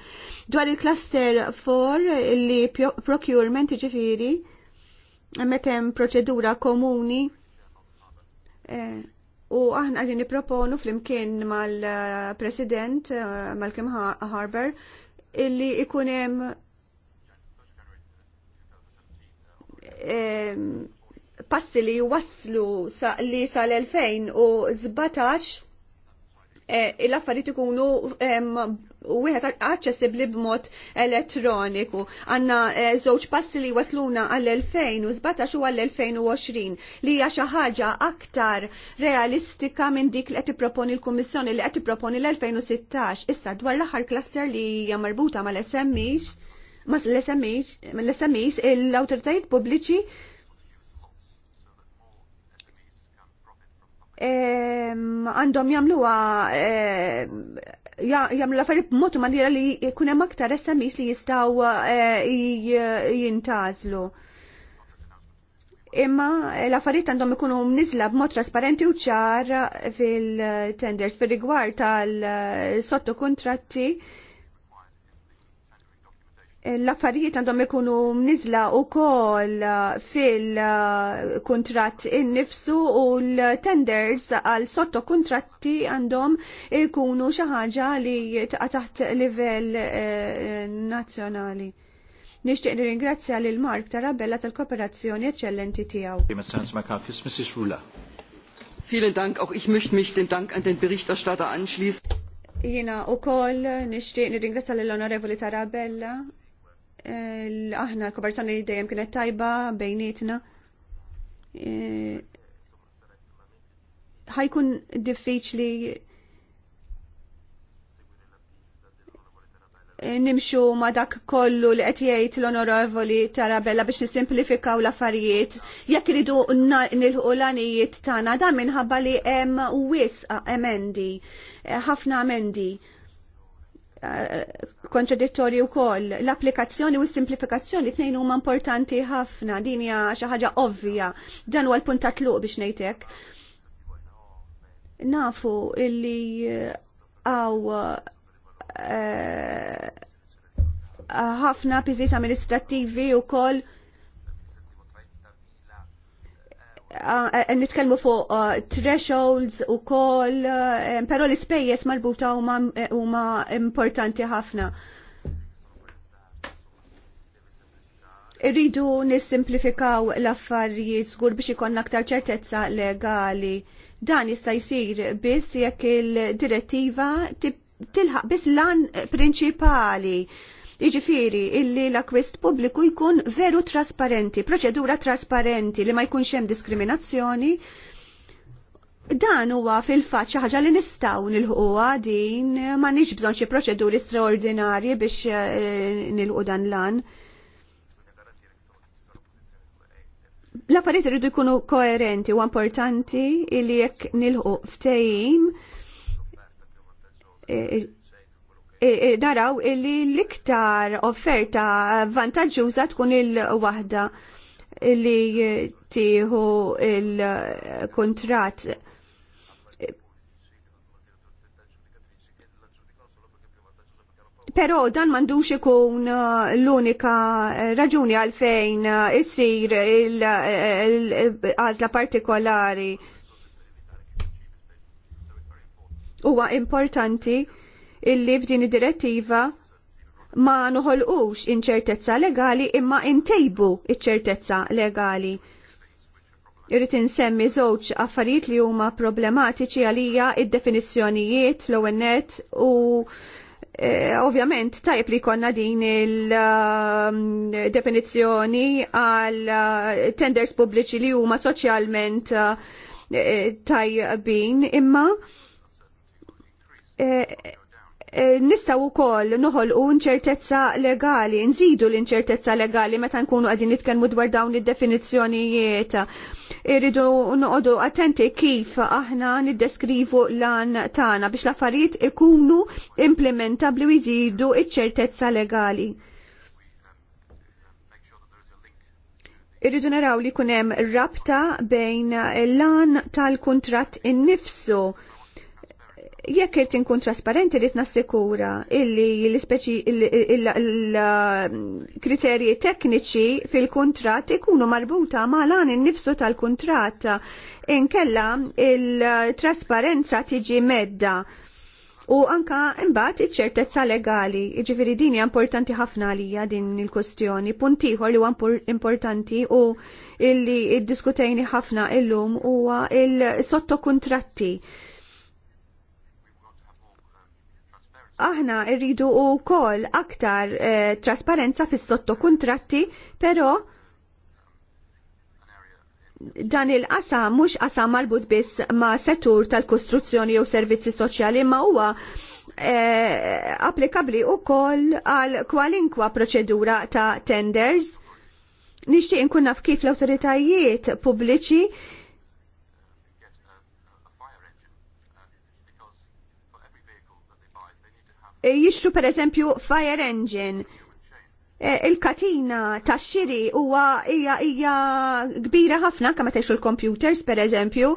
Dwar il-cluster 4 li procurement ġifiri, metem proċedura komuni eh, u aħna għadin niproponu fl-imkien mal-president, eh, mal-Kim Harber, illi ikunem eh, passi li waslu li sal-2017 Eh, l-affarijiet ikunu wieħed aċċessibbli b'mod elettroniku. Għandna eh, żewġ passi li wasluna għall-2017 u għall-2020 li hija xi ħaġa aktar realistika minn dik li qed tipproponi l-Kummissjoni li qed tipproponi l-2016. Issa dwar l-aħħar cluster li hija marbuta mal-SMEs mas l-SMEs l-autoritajiet pubbliċi għandhom jagħmluha jamlu l-affarijiet b'mod maniera li jkun hemm aktar SMEs li jistgħu eh, jintazlu. Imma l-affarijiet għandhom ikunu mniżla b'mod trasparenti u ċar fil-tenders fil-rigward tal-sottokuntratti. Eh, kontratti l-affarijiet għandhom ikunu mnizla u koll uh, fil-kontrat innifsu u l-tenders għal sotto kontratti għandhom ikunu xaħġa li jitqa taħt livell eh, nazzjonali. Nishtiq li ringrazzja lil Mark Tarabella tal-kooperazzjoni eccellenti tiegħu. Vielen Dank, auch ich möchte mich dem Dank an den Berichterstatter anschließen. Jena u koll nishtiq nirringrazzja l-Onorevoli Tarabella Eh, aħna l-kobarzana li dejjem kienet tajba bejnietna. Eh, ħajkun diffiċli eh, nimxu ma dak kollu li qed jgħid l-onorevoli Tarabella biex nisimplifikaw l-affarijiet jekk iridu nilħu l-għanijiet tagħna dan minħabba li hemm wisq emendi, ħafna emendi kontradittorju wkoll l-applikazzjoni u s-simplifikazzjoni t tnejn huma importanti ħafna din hija xi ħaġa ovvja dan huwa l-punt ta' tluq biex nejtek. Nafu illi eh, għaw eh, ħafna piżiet amministrattivi u koll Eh, eh, nitkellmu fuq eh, thresholds u koll, pero l-ispejjeż marbuta huma importanti ħafna. Irridu nissimplifikaw l-affarijiet żgur biex ikon aktar ċertezza legali. Dan jista' jsir biss jekk il-direttiva tilħaq biss lan prinċipali Iġifiri, illi l-akwist pubbliku jkun veru trasparenti, proċedura trasparenti li ma jkunx hemm diskriminazzjoni. Dan huwa fil faċċa ħaġa li nistgħu nilħuha din m'għandniex bżonn xi proċeduri straordinarji biex eh, nilħu dan lan. L-affarijiet iridu jkunu koerenti u importanti illi jekk nilħu ftehim eh, naraw li l-iktar offerta vantaġġuża tkun il-waħda li tieħu il-kontrat Pero dan mandux ikun uh, l-unika uh, raġuni għalfejn uh, issir il-għazla partikolari. Huwa importanti illi f'din id-direttiva ma noħolqux inċertezza legali imma intejbu iċ-ċertezza legali. Irrid insemmi żewġ affarijiet li huma problematiċi għalija id-definizzjonijiet l net u e, ovvjament tajb li konna din il-definizzjoni eh, għal eh, tenders pubbliċi li huma soċjalment tajbin imma e, Eh, nistaw ukoll noħolqu inċertezza legali, nżidu l-inċertezza legali meta nkunu għadin nitkellmu dwar dawn id-definizzjonijiet. Irridu noqogħdu attenti kif aħna niddeskrivu lan tagħna biex l-affarijiet ikunu implementabbli u jżidu iċ-ċertezza legali. irridu naraw li kunem rabta bejn lan tal kuntratt innifsu jekk irti inkun trasparenti li nassikura illi l-ispeċi l kriterji tekniċi fil-kuntratt ikunu marbuta ma' lan innifsu tal-kuntratt inkella il-trasparenza tiġi medda u anka imbat iċ-ċertezza legali. Jiġifieri din hija importanti ħafna għalija din il-kwestjoni. Punt ieħor li huwa importanti u illi iddiskutejni ħafna illum huwa il-sottokuntratti. il sottokuntratti aħna irridu u kol aktar eh, trasparenza fis sotto kontratti, pero dan il-qasam mhux qasam marbut biss ma' settur tal-kostruzzjoni jew servizzi soċjali ma' huwa eh, applikabli u kol għal kwalinkwa proċedura ta' tenders. Nixtieq nkun naf kif l-awtoritajiet pubbliċi E jixxu per eżempju fire engine. E, il-katina ta' xiri huwa hija hija kbira ħafna kemm meta l-computers per eżempju.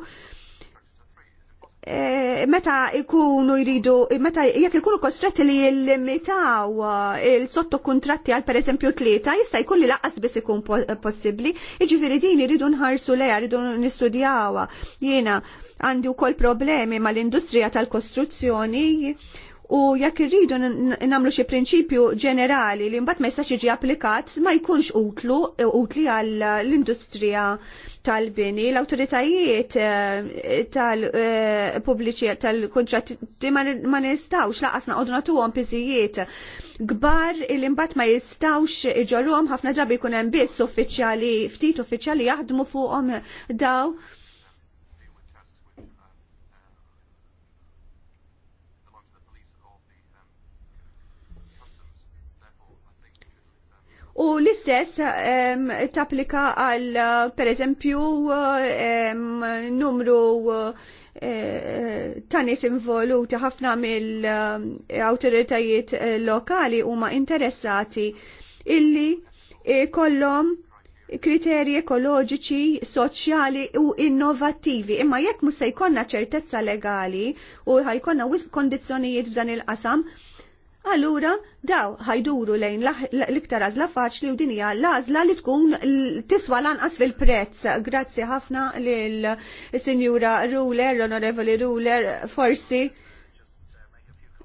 E, meta jkunu jridu, meta jekk ikunu kostretti li jillimitaw uh, il-sottokuntratti għal per eżempju tlieta, jista' jkun li laqqas biss ikun possibbli. Jiġifieri din iridu nħarsu lejha, iridu nistudjawha. Jiena għandi wkoll problemi mal-industrija tal-kostruzzjoni u jekk irridu nagħmlu xi prinċipju ġenerali li mbagħad ma jistax jiġi applikat ma jkunx utlu utli għall industrija tal-bini, l-autoritajiet eh, tal-pubbliċi eh, tal-kontratti ma nistawx laqas naqodu nagħtuhom piżijiet gbar il imbat ma jistawx iġorhom ħafna ġabi jkun hemm biss uffiċjali ftit uffiċjali jaħdmu fuqhom daw U l-istess um, tapplika għal, per eżempju, um, numru eh, ta' nies involuti ħafna mill-awtoritajiet eh, lokali huma interessati illi eh, kollom kriterji ekoloġiċi, soċjali u innovattivi. Imma jekk mhux se jkollna ċertezza legali u ħajkonna wisq kondizzjonijiet f'dan il-qasam, allura daw ħajduru lejn l-iktar għażla faċli u dinija l-għażla li tkun tiswa lanqas fil-prezz. Grazzi ħafna lil sinjura Ruler, Onorevoli Ruler, forsi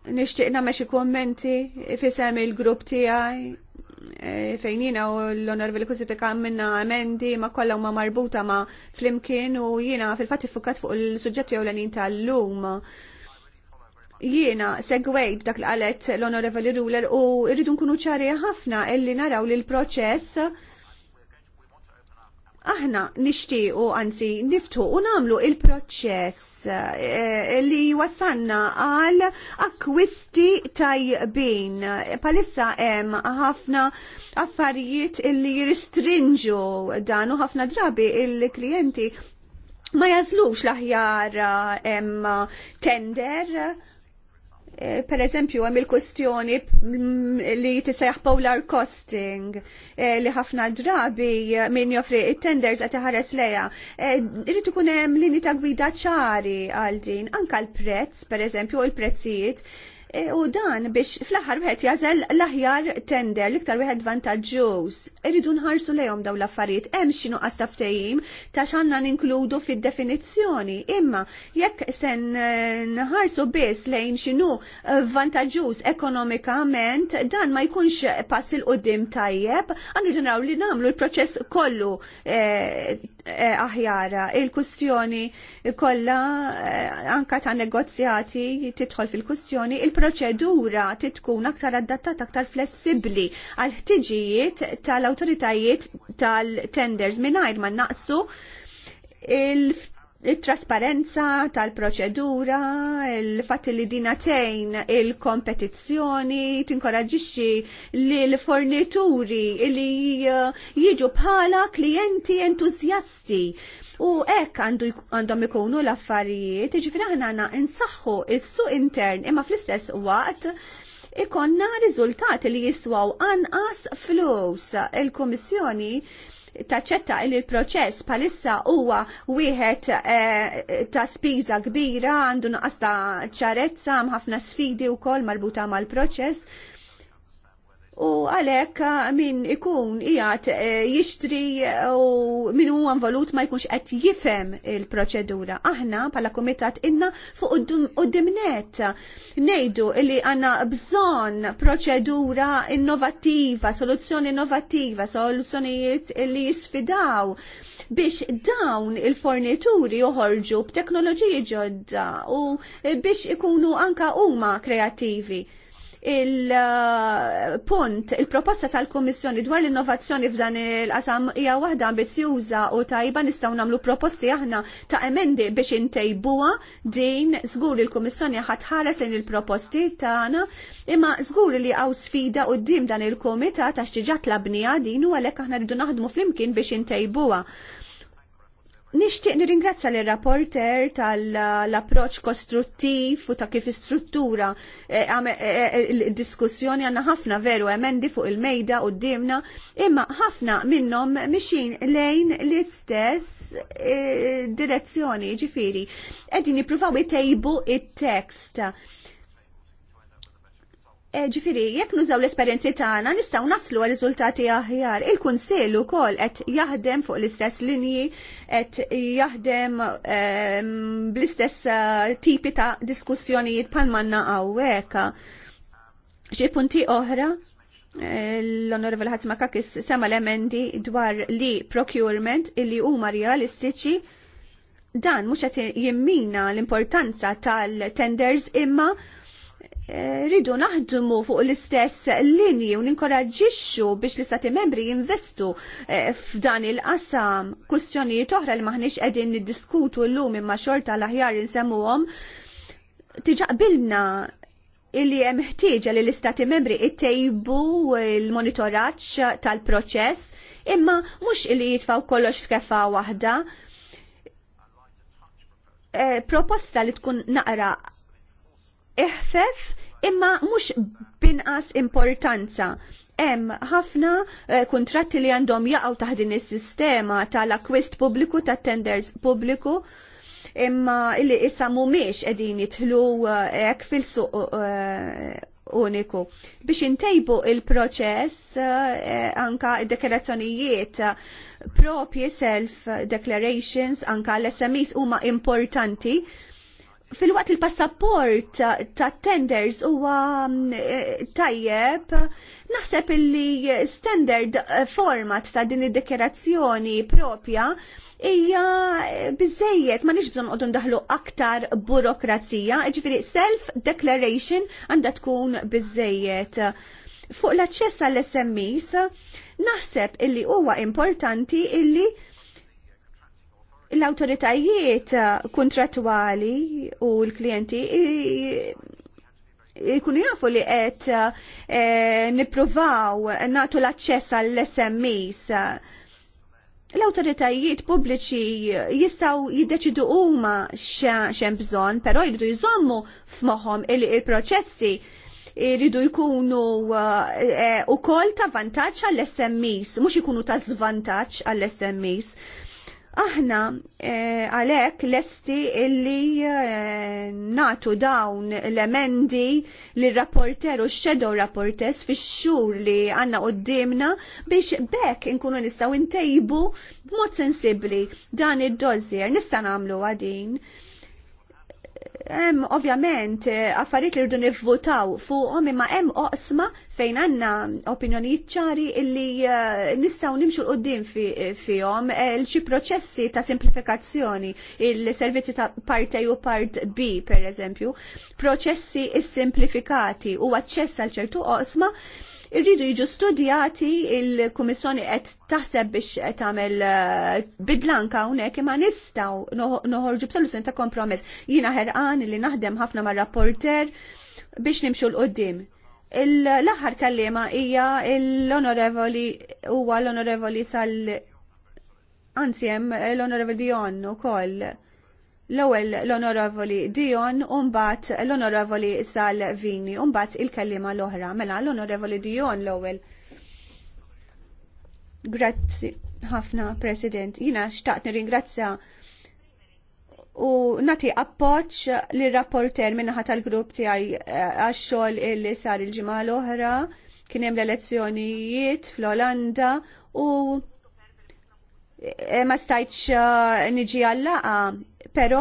Nishtiqna meċi xi kommenti fisem il-grupp tiegħi e, fejn u l-onorvili kuzita kam minna emendi ma kolla ma marbuta ma flimkien u jina fil-fat fukat fuq il-sujġetti u l-anin tal-lum jiena segwejt dak li qalet l-Onorevoli Ruler u rridu nkunu ċari ħafna illi naraw li l-proċess aħna nixtiequ anzi niftu u nagħmlu il-proċess eh, li wasanna għal akkwisti tajbin. Palissa hemm ħafna affarijiet illi jiristrinġu dan u ħafna drabi il-klijenti ma jażlux l-aħjar eh, tender Eh, per eżempju, għem il-kustjoni li tisajħ polar costing eh, li ħafna drabi minn joffri il-tenders għat ħares leja. Eh, Irrit ikun hemm lini ta' gwida ċari għal din, anka l-prezz, per eżempju, il-prezzijiet E, u dan biex fl-aħħar wieħed jażel l-aħjar tender l-iktar wieħed vantaġġuż. Irridu nħarsu lejhom daw l-affarijiet hemm xi nuqqas ta' ftehim ta' x'għandna ninkludu fid-definizzjoni. Imma jekk se nħarsu biss lejn x'inhu vantaġġuż ekonomikament dan ma jkunx pass il qudiem tajjeb, għandu ġeneraw li nagħmlu l-proċess kollu e, Eh, aħjara. Il-kustjoni kollha eh, anka ta' negozjati titħol fil-kustjoni, il-proċedura titkun aktar adattata aktar flessibbli għal ħtiġijiet tal-awtoritajiet tal-tenders mingħajr ma naqsu il il-trasparenza tal-proċedura, il-fat li dinatejn il-kompetizzjoni, tinkoraġixxi li l-fornituri li eh, jiġu bħala klijenti entuzjasti. U ek għandhom ikunu l-affarijiet, ġifina jiġifieri ħna nsaħħu is-suq intern imma fl-istess waqt ikonna riżultati li jiswaw anqas flus. Il-Komissjoni taċċetta li l-proċess palissa huwa wieħed eh, ta' spiża kbira għandu nuqqas ta' ċarezza ħafna sfidi wkoll marbuta mal-proċess u għalek eh, min ikun ijat eh, jishtri eh, u min u għanvalut ma jkunx qed jifhem il-proċedura. Aħna pala komitat inna fuq qudimnet nejdu li għanna bżon proċedura innovativa, soluzzjoni innovativa, soluzzjonijiet li jisfidaw biex dawn il-fornituri joħorġu b'teknoloġiji ġodda u biex ikunu anka huma kreativi il-punt, il-proposta tal-Komissjoni dwar l-innovazzjoni f'dan il-qasam hija waħda ambizjuża u tajba nistgħu nagħmlu proposti aħna ta' emendi biex intejbuha din żgur il-Komissjoni ħares lejn il-proposti tagħna imma żgur li hawn sfida quddiem dan il-komitat għax tiġat labnija din u għalhekk aħna rridu naħdmu flimkien biex intejbuha. Nishtiq nirringrazza l-rapporter tal-approċ kostruttiv u ta' kif struttura eh, eh, eh, il-diskussjoni għanna ħafna veru emendi fuq il-mejda u d-dimna imma ħafna minnom mixin lejn l-istess direzzjoni ġifiri. Edin niprufaw it-tejbu it-tekst. Eh, ġifiri, jekk nużaw l-esperienzi tagħna nistgħu naslu għal riżultati aħjar. Il-Kunsill ukoll qed jaħdem fuq l-istess linji, qed jaħdem ehm, bl-istess eh, tipi ta' diskussjonijiet bħal manna hawnhekk. Xi punti oħra? Eh, L-Onorevole Ħatma Kakis sema l-emendi dwar li procurement illi huma realistiċi dan mhux qed jimmina l-importanza tal-tenders imma Eh, rridu naħdmu fuq l-istess linji u ninkoraġġixxu biex l-istati membri jinvestu eh, f'dan il-qasam kustjonijiet oħra li maħniex qegħdin niddiskutu llum imma xorta l-aħjar insemmuhom. Tiġaqbilna illi hemm ħtieġa li l-istati membri ittejbu l-monitoraġġ tal-proċess imma mhux illi jitfaw kollox f'kefa waħda. Eh, proposta li tkun naqra iħfef imma mhux binqas importanza hemm ħafna eh, kuntratti li għandhom jaqgħu taħt din is-sistema tal-akwist pubbliku tat-tenders pubbliku imma li issa mhumiex qegħdin jidħlu eh, hekk fil-suq eh, uniku. Biex intejbu il-proċess anka id-deklarazzjonijiet propji self-declarations anka l-SMEs huma importanti Fil-waqt il-passaport ta' tenders huwa mm, eh, tajjeb, naħseb illi standard format ta' din id dekorazzjoni propja hija biżejjed ma nix bżon qogħdu daħlu aktar burokrazija, ġifiri self-declaration għandha tkun biżejjed. Fuq l-aċċess għall-SMEs, naħseb illi huwa importanti illi l-autoritajiet eh, kontratwali u l-klienti jkunu jafu li qed eh, eh, nippruvaw natu l-aċċess għall-SMEs. L-autoritajiet pubbliċi jistaw jiddeċidu huma xem bżonn, però jridu jżommu f'moħħom il-proċessi jridu jkunu e, u kol ta' vantaġġ għall-SMEs, mhux ikunu ta' zvantaġġ għall-SMEs. Aħna eh, għalek l lesti illi eh, natu dawn l-emendi li rapporter u shadow rapporters fi xxur li għanna qoddimna biex bekk inkunu nistaw intejbu mod sensibli dan id dozzier nista' għamlu għadin. Hemm ovvjament eh, affarijiet li rridu nivvutaw fuqhom imma hemm oqsma fejn għandna opinjonijiet ċari illi eh, nistgħu nimxu eh, l qudiem fihom xi proċessi ta' simplifikazzjoni il-servizzi ta' part A u part B pereżempju, proċessi is-simplifikati u aċċess għal ċertu oqsma irridu jiġu studjati il-Kummissjoni qed taħseb biex qed tagħmel eh, bidlanka hawnhekk imma nistgħu noħorġu b'soluzzjoni ta' kompromess. Jiena ħerqan li naħdem ħafna mar-rapporter biex nimxu l qudiem L-aħħar kallima hija l-onorevoli huwa l-onorevoli sal anzi hemm l-onorevoli Dion ukoll l-ewwel l-Onorevoli Dion u mbagħad l-Onorevoli Salvini u mbagħad il-kellima l-oħra. Mela l-Onorevoli Dion l-ewwel. Grazzi ħafna President. Jina xtaqt nirringrazzja u nati appoċ l rapporter minnaħat tal-grupp tiegħi eh, għax-xogħol illi sar il-ġimgħa l-oħra kien hemm l-elezzjonijiet fl-Olanda u Eh, ma stajċ eh, niġi għallaqa, pero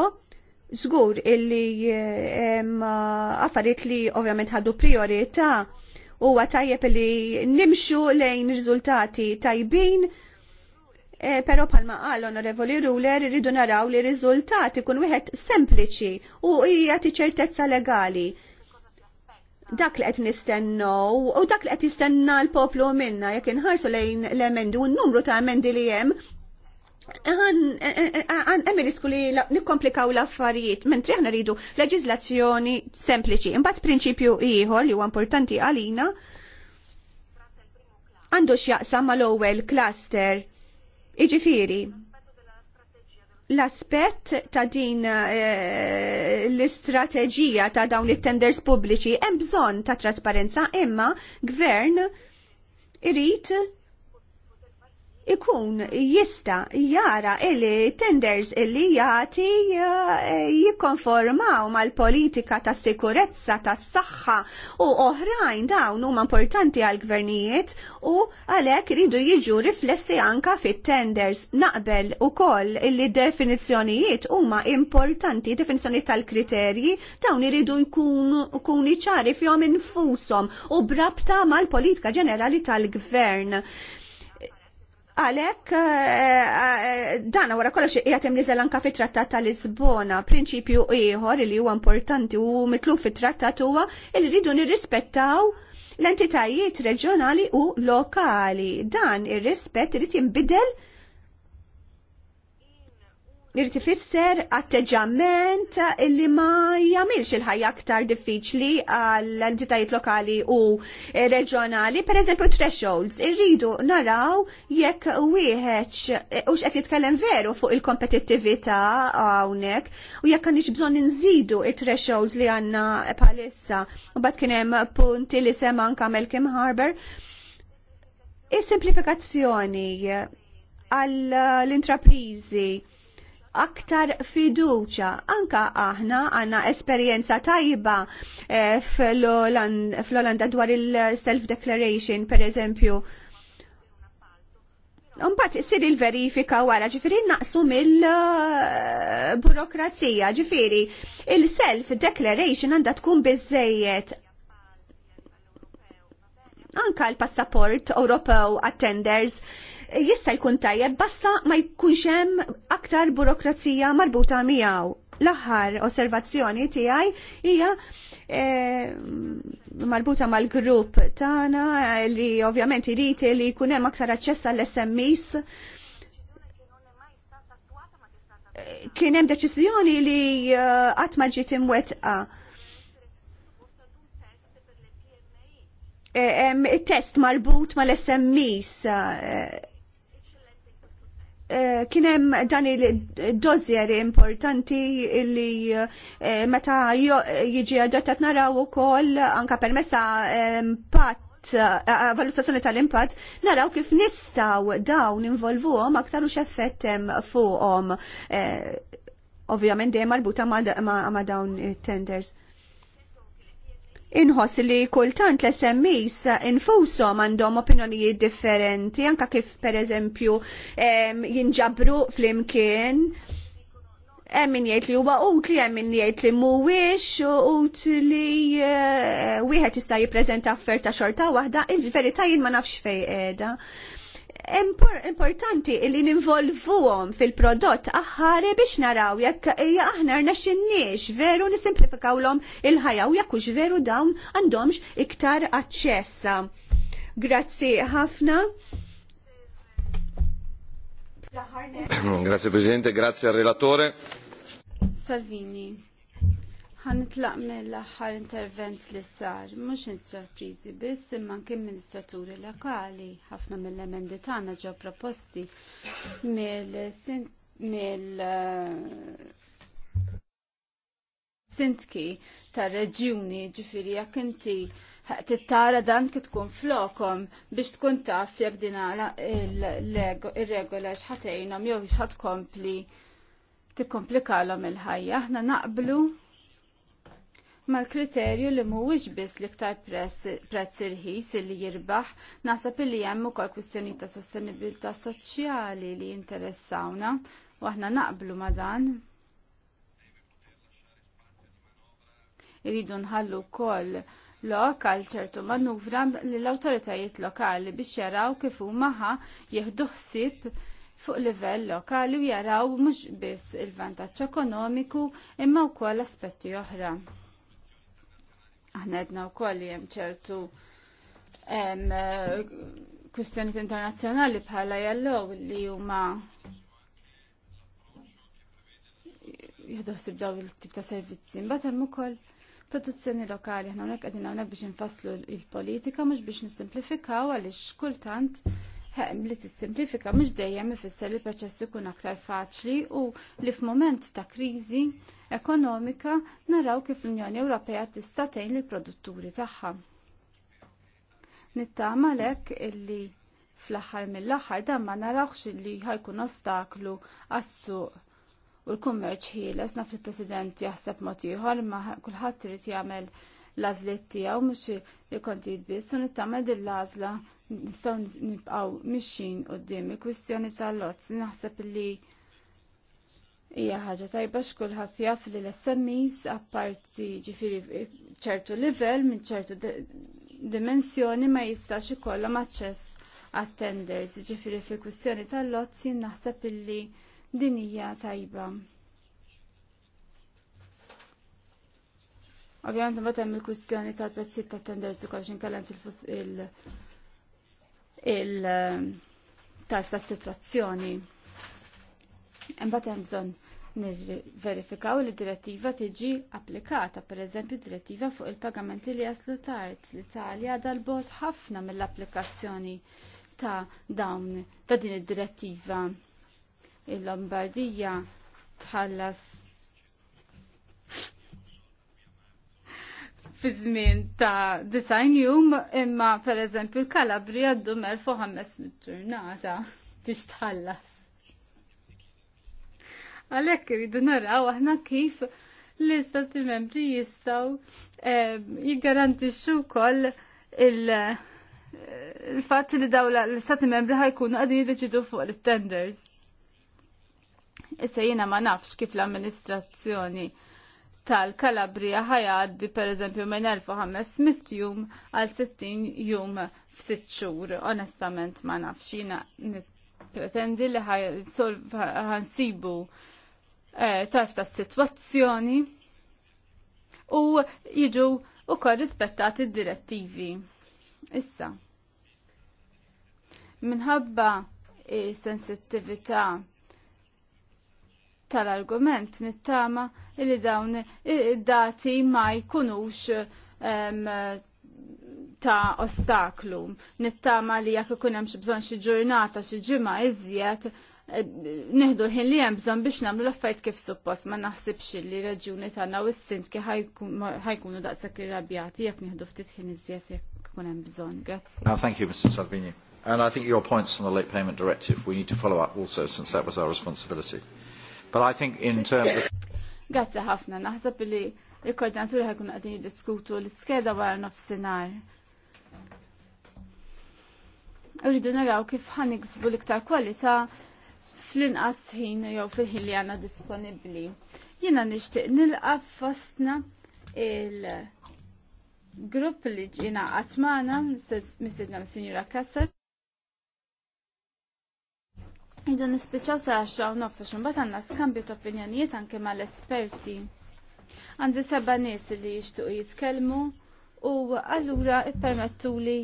zgur illi eh, affarijiet li ovvjament ħadu priorità huwa tajjeb li nimxu lejn riżultati tajbin. E, pero palma qal onorevoli ruler irridu naraw li riżultati kun wieħed sempliċi u hija ċertezza legali. Dak li qed nistennew u dak li qed jistenna l-poplu minna jekk inħarsu lejn l-emendi u n-numru ta' emendi li hemm għan emirisku li nikkomplikaw l-affarijiet, mentri aħna rridu leġizlazzjoni sempliċi. Imbat prinċipju ieħor li huwa importanti għalina għandu x'jaqsam mal-ewwel cluster. Iġifieri, l-aspett ta' din l-istrateġija ta' dawn it-tenders pubbliċi hemm bżonn ta' trasparenza imma gvern irid ikun jista jara illi tenders illi jati eh, jikkonformaw mal-politika ta' sikurezza ta' saħħa u oħrajn dawn huma importanti għal gvernijiet u għalhekk ridu jiġu riflessi anka fit-tenders naqbel ukoll illi definizzjonijiet huma importanti definizzjoni tal-kriterji dawn iridu jkunu ċari fihom infushom u brabta mal-politika ġenerali tal-gvern. Għalek, eh, eh, dan wara kollox qiegħed imniżel anka fit-Trattat ta' Lisbona, prinċipju ieħor li huwa importanti u mitlu fit-trattat huwa li rridu nirrispettaw l-entitajiet reġjonali u lokali. Dan ir-rispett irid jinbidel Irrid ifisser atteġġament illi ma jagħmilx il-ħajja aktar diffiċli għall entitajiet lokali u reġjonali, pereżempju thresholds, irridu naraw jekk wieħed u x'qed jitkellem veru fuq il-kompetittività hawnhekk u jekk għandix bżonn inżidu it-thresholds li għandna bħalissa. U bad kien hemm punti li sema anke Malcolm Harbor. Is-simplifikazzjoni għall-intraprizi aktar fiduċa. Anka aħna għanna esperienza tajba eh, fl-Olanda dwar il-self-declaration, per eżempju. Umbat sir il-verifika wara, ġifiri naqsu mill-burokrazija, ġifiri il-self-declaration għanda tkun bizzejiet anka l-passaport Ewropew attenders jista' jkun tajjeb basta ma jkunx hemm aktar burokrazija marbuta miegħu. L-aħħar osservazzjoni tiegħi hija eh, marbuta mal-grupp tagħna eh, li ovvjament irid li jkun hemm aktar aċċess għall sms kien hemm deċiżjoni li eh, qatt ma ġiet imwettqa. E, it-test marbut mal-SMEs Eh, kienem dan il-dozjer importanti li eh, meta jiġi adottat naraw u koll anka permessa eh, impatt valutazzjoni tal-impatt naraw kif nistaw dawn involvuhom aktar u xeffettem fuqhom ovvjament dejjem marbuta ma' dawn tenders inħoss li kultant l-SMEs infushom għandhom opinjonijiet differenti, anka kif pereżempju jinġabru flimkien hemm min jgħid li huwa utli, hemm min jgħid li mhuwiex utli eh, wieħed jista' jippreżenta offerta xorta waħda, il-verità jien ma nafx fejn qiegħda importanti li ninvolvuhom fil-prodott aħħari biex naraw jekk aħna x'inniex veru nisimplifikawlhom il-ħajja u jekk veru dawn għandhomx iktar aċċess. Grazzi ħafna. Grazie Presidente, grazie al relatore. Salvini ħanitlaq mill-aħħar intervent li sar, mhux sorprizi biss imma anke ministraturi lokali, ħafna mill-emendi tagħna ġew proposti mill uh, sintki tar reġjuni ġifiri jekk inti tittara dan kif tkun flokom biex tkun taf jekk din ir-regola x'ħatejnhom jew x'ħatkompli tikkomplikalhom il-ħajja. Aħna naqblu mal-kriterju li mhuwiex biss l-iktar prezz irħis li jirbaħ, naħseb li hemm ukoll kwistjoni ta' sostenibilità soċjali li jinteressawna u aħna naqblu ma' dan. Iridu nħallu wkoll lok għal ċertu manuvra lill awtoritajiet lokali biex jaraw kif huma ħa jieħdu ħsieb fuq livell lokali u jaraw mhux biss il-vantaġġ ekonomiku imma wkoll aspetti oħra. Aħna edna u koll jem ċertu eh, kustjoniet internazzjonali bħala jallow li huma jħedosib daw il-tip ta' servizzi. Mbagħad hemm ukoll produzzjoni lokali aħna hawnhekk qegħdin hawnhekk biex infasslu l-politika mhux biex nisimplifikaw għaliex kultant li tissimplifika mhux dejjem ifisser li l-proċess ikun aktar faċli u li f'mument ta' kriżi ekonomika naraw kif l-Unjoni Ewropea tista' tgħin lill-produtturi tagħha. Nittama lek illi fl-aħħar mill-aħħar dan ma narawx illi ħajkun ostaklu għas-suq u l-kummerċ ħieles naf il-President jaħseb mod ieħor ma kulħadd irid jagħmel l-għażliet tiegħu mhux il-kontijiet biss u nittamel din l-għażla nistaw nibqaw mixin qoddim il-kwistjoni tal-lots naħseb li hija ħaġa tajba x'kulħadd jaf li l-SMEs apparti ġifieri ċertu livell minn ċertu dimensjoni ma jistax ikollhom aċċess għat-tenders, ġifieri fil-kwistjoni tal-lots jien naħseb li din hija tajba. Ovvjament mbagħad hemm il-kwistjoni tal-prezzijiet tat-tenders ukoll x'inkellem il- il-tarf ta' situazzjoni. Imbagħad hemm bżonn nirverifikaw li direttiva tiġi applikata, per eżempju direttiva fuq il-pagamenti li jaslu tard. L-Italja dal-bot ħafna mill-applikazzjoni ta' dawn ta' din id-direttiva. Il-Lombardija tħallas fi żmien ta' design jum imma per eżempju l-Kalabri għaddu mel fuq ħames mit-ġurnata biex tħallas. Għalhekk rridu naraw aħna kif l-istati membri jistaw eh, jiggarantixxu wkoll il- eh, il-fatt li daw l-istati membri ħajkunu għadin jiddeċidu fuq il-tenders. Issa jiena ma nafx kif l-amministrazzjoni tal-Kalabria ħajaddi per eżempju minn 1500 jum għal 60 jum f'sitt xhur. Onestament ma nafx jiena pretendi li ħansibu eh, tarf ta' situazzjoni u jiġu u kol rispettati d-direttivi. Issa, minħabba sensittivita' tal-argument nittama li dawn id-dati ma jkunux ta' ostaklu. Nittama li jekk ikun hemm xi bżonn xi ġurnata xi ġimgħa iżjed neħdu l-ħin li hemm bżonn biex nagħmlu l affajt kif suppost ma naħsibx li raġuni tagħna u s kif ħajkunu daqshekk irrabjati jekk nieħdu ftit ħin iżjed jekk ikun hemm bżonn. Grazzi. Uh, thank you Mr. Salvini. And I think your points on the late payment directive we need to follow up also since that was our responsibility. But I think in terms of... Grazzi ħafna, naħseb li il-koordinaturi ħakun għadin jiddiskutu l-skeda wara nofsinar. Uridu naraw kif ħan l-iktar kwalità fl-inqas ħin jew fil-ħin li għandna disponibbli. Jiena nixtieq nilqa' fostna il- grupp li ġina għatmana, mistedna Sinjura Kassel, Iġan nispiċaw sa' xaw u nofsa bat għanna skambju ta' opinjonijiet anke mal esperti Għandi seba nis li jishtuq jitkelmu u għallura ippermettu li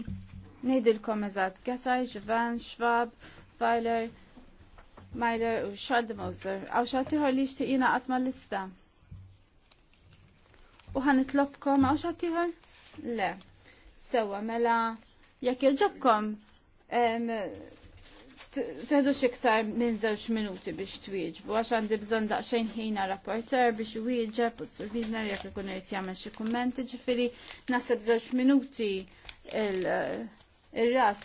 nejdilkom eżat Gasar, Ġivan, Xvab, Fajler, Majler u Schaldemauser. Għaw xatiħor li jishtuq jina għatma lista. U ħanitlobkom għaw xatiħor? Le. Sewa, mela, jekk jġobkom, teħdu xiktar minn żewġ minuti biex twieġbu, għax għandi bżon daqxajn ħina rapporter biex wieġeb u s-survizner jek ikun irid jagħmel xi kummenti, ġifieri naħseb żewġ minuti il-ras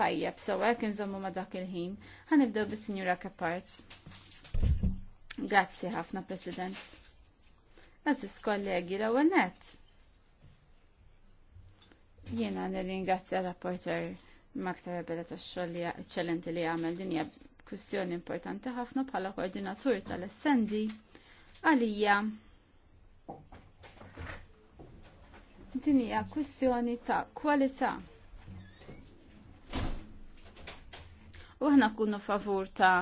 tajjeb sew kien żommu ma' dak il-ħin. Ħanibdew bis-Sinjura Kapart. Grazzi ħafna, President. Għazis kollegi l-ewwel nett. Jiena nirringrazzja rapporter Maktar bella tax-xogħol li eċċellenti li għamel din hija kwistjoni importanti ħafna bħala koordinatur tal-essendi għalija din hija kwistjoni ta' kwalità. U aħna kunu favur ta'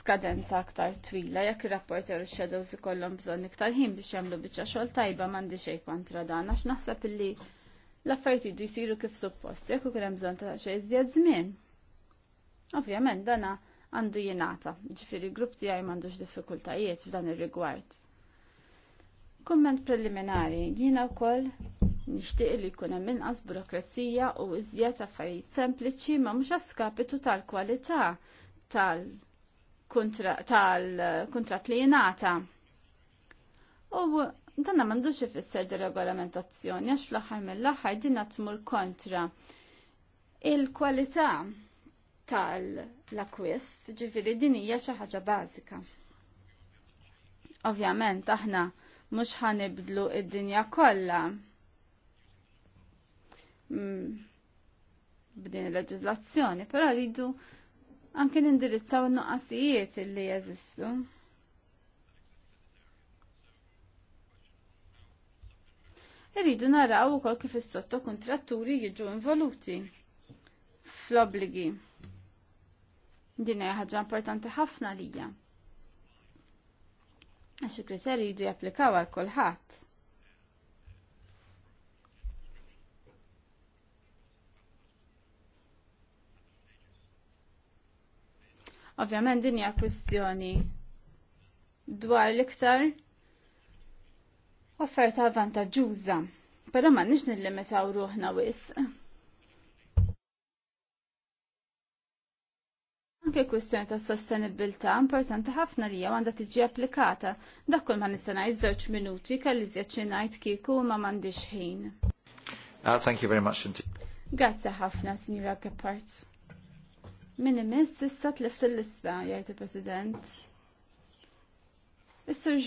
skadenza aktar twila, jekk ir rapporti u x-shadows ikollhom bżonn iktar ħin biex jagħmlu biċċa xogħol tajba m'għandi xejn kontra dan għax naħseb illi l-affarijiet jiġu jsiru kif suppost, jekk ukoll hemm bżonn ta' xejn iżjed żmien. Ovvjament dana għandu jingħata, ġifieri grupp tiegħi m'għandux diffikultajiet f'dan ir-rigward. Kumment preliminari, jiena wkoll nixtieq li jkun hemm inqas burokrazija u iżjed affarijiet sempliċi ma mhux għaskapitu tal-kwalità tal-kuntratt li jingħata. U danna mandux ifisser dir-regolamentazzjoni għax fl-aħħar mill-aħħar dinna tmur kontra il-kwalità tal-akwist, ġifiri din hija xi ħaġa bażika. Ovvjament aħna mhux ħanibdlu id-dinja kollha mm, b'din il-leġiżlazzjoni, però rridu anke nindirizzaw in-nuqqasijiet li jeżistu. Irridu naraw ukoll kif is-sotto kontratturi jiġu involuti fl-obligi. Din hija ħaġa importanti ħafna lija. Għax il-kriterji jiġu japplikaw għal kulħadd. Ovvjament din hija kwistjoni dwar l-iktar offerta vantaġġuża, però ma nix nillimitaw ruħna wisq. Anke kwistjoni ta' sostenibilità importanti ħafna li għandha tiġi applikata. Dak kull ma nista' ngħid żewġ minuti kelli żjed xi ngħid kieku ma m'għandix ħin. Uh, thank you very much indeed. Grazzi ħafna, Sinjura Gephardt. Min imiss issa tlift il-lista, jgħid il-President. Is-Sur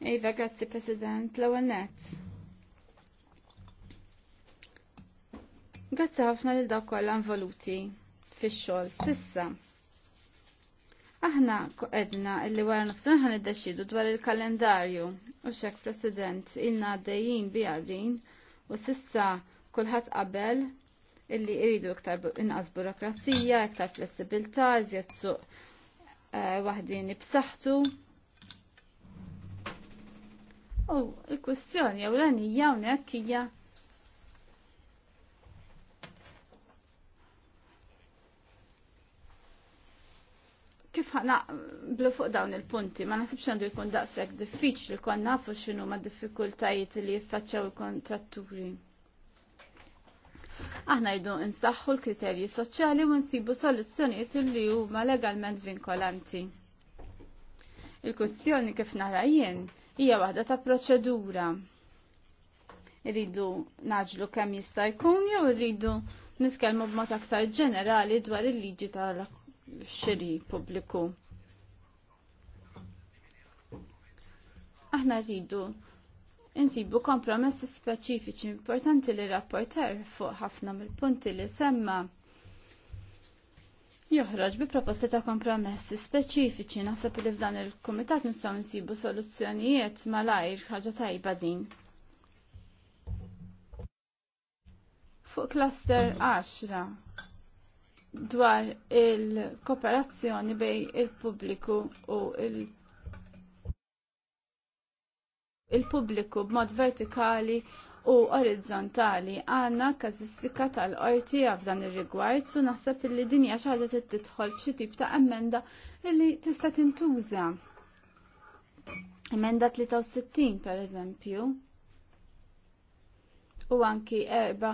Iva, grazzi President, l net. Grazzi ħafna lil dawk kollha involuti fix-xogħol sissa. Aħna edna illi wara nofsin ħan iddeċidu dwar il-kalendarju u xek President inna għaddejjin bi għadin u sissa kulħadd qabel illi iridu iktar inqas burokrazija, iktar flessibilità, iżjed suq eh, waħdin b'saħħtu. U l-kwestjoni ewlenija hawnhekk hija kif blu fuq dawn il-punti, ma nasibx għandu jkun daqshekk diffiċli kon nafu x'inhu ma' diffikultajiet li jiffaċċaw il-kontratturi. Aħna jdu nsaħħu l-kriterji soċjali u nsibu soluzzjonijiet li huma legalment vinkolanti. Il-kwestjoni kif nara jien hija waħda ta' proċedura. Rridu naġlu kemm jista' jkun jew rridu niskelmu b'mod aktar ġenerali dwar il-liġi tal-xiri pubbliku. Aħna rridu insibu kompromessi speċifiċi importanti li rapporter fuq ħafna mill-punti li semma' joħroġ bi proposti ta' kompromessi speċifiċi naħseb li f'dan il-kumitat nistgħu nsibu soluzzjonijiet malajr ħaġa tajba din. Fuq cluster 10 dwar il-kooperazzjoni bej il-pubbliku u il- il-pubbliku b'mod vertikali u orizzontali għanna kazistika tal-qorti f'dan ir-rigward u naħseb li din hija xi ħaġa tidħol f'xi tip ta' emenda li tista' tintuża. Emenda 63 pereżempju. U anki erba'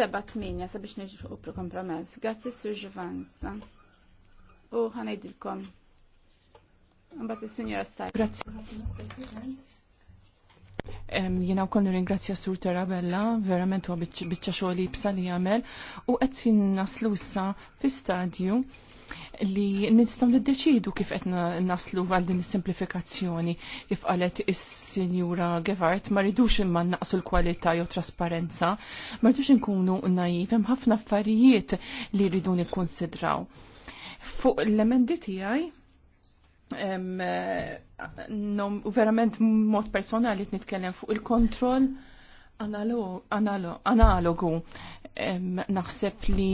7-8 sabiex nirġu kompromess. Grazzi Sur ġivanza. U ħanejdilkom. Mbagħad is-Sinjora Stajl. Grazie. Jena u kollu ringrazzja Sur Terabella, verament u bieċa xoħli bsa li għamel, u għed naslu issa fi stadju li nistaw niddeċidu kif qed naslu għal din is-simplifikazzjoni kif qalet is-Sinjura Gevart ma rridux imma naqsu l-kwalità jew trasparenza, ma rridux inkunu naiv hemm ħafna affarijiet li rridu nikkonsidraw. Fuq l-emendi tiegħi u eh, verament mod personali t-nitkellem fuq il-kontroll analogu naħseb li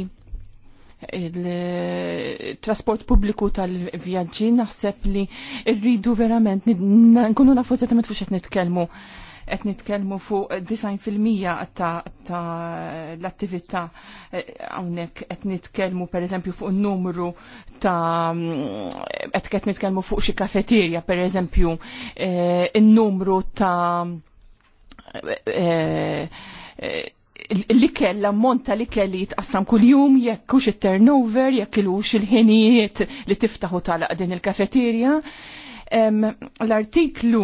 il-trasport pubbliku tal-vjaġġi naħseb li rridu verament nkunu nafu zetament fuq xed nitkellmu qed nitkellmu fuq 90% ta', ta l-attività eh, hawnhekk qed nitkellmu pereżempju fuq numru ta' mm, qed qed nitkellmu fuq xi kafeterja pereżempju eh, in-numru ta' eh, eh, li kell, monta li kell li jitqassam kull-jum, jekk hux it turnover jekk ilux il-ħinijiet li tiftaħu tagħlaq din il-kafeterja. L-artiklu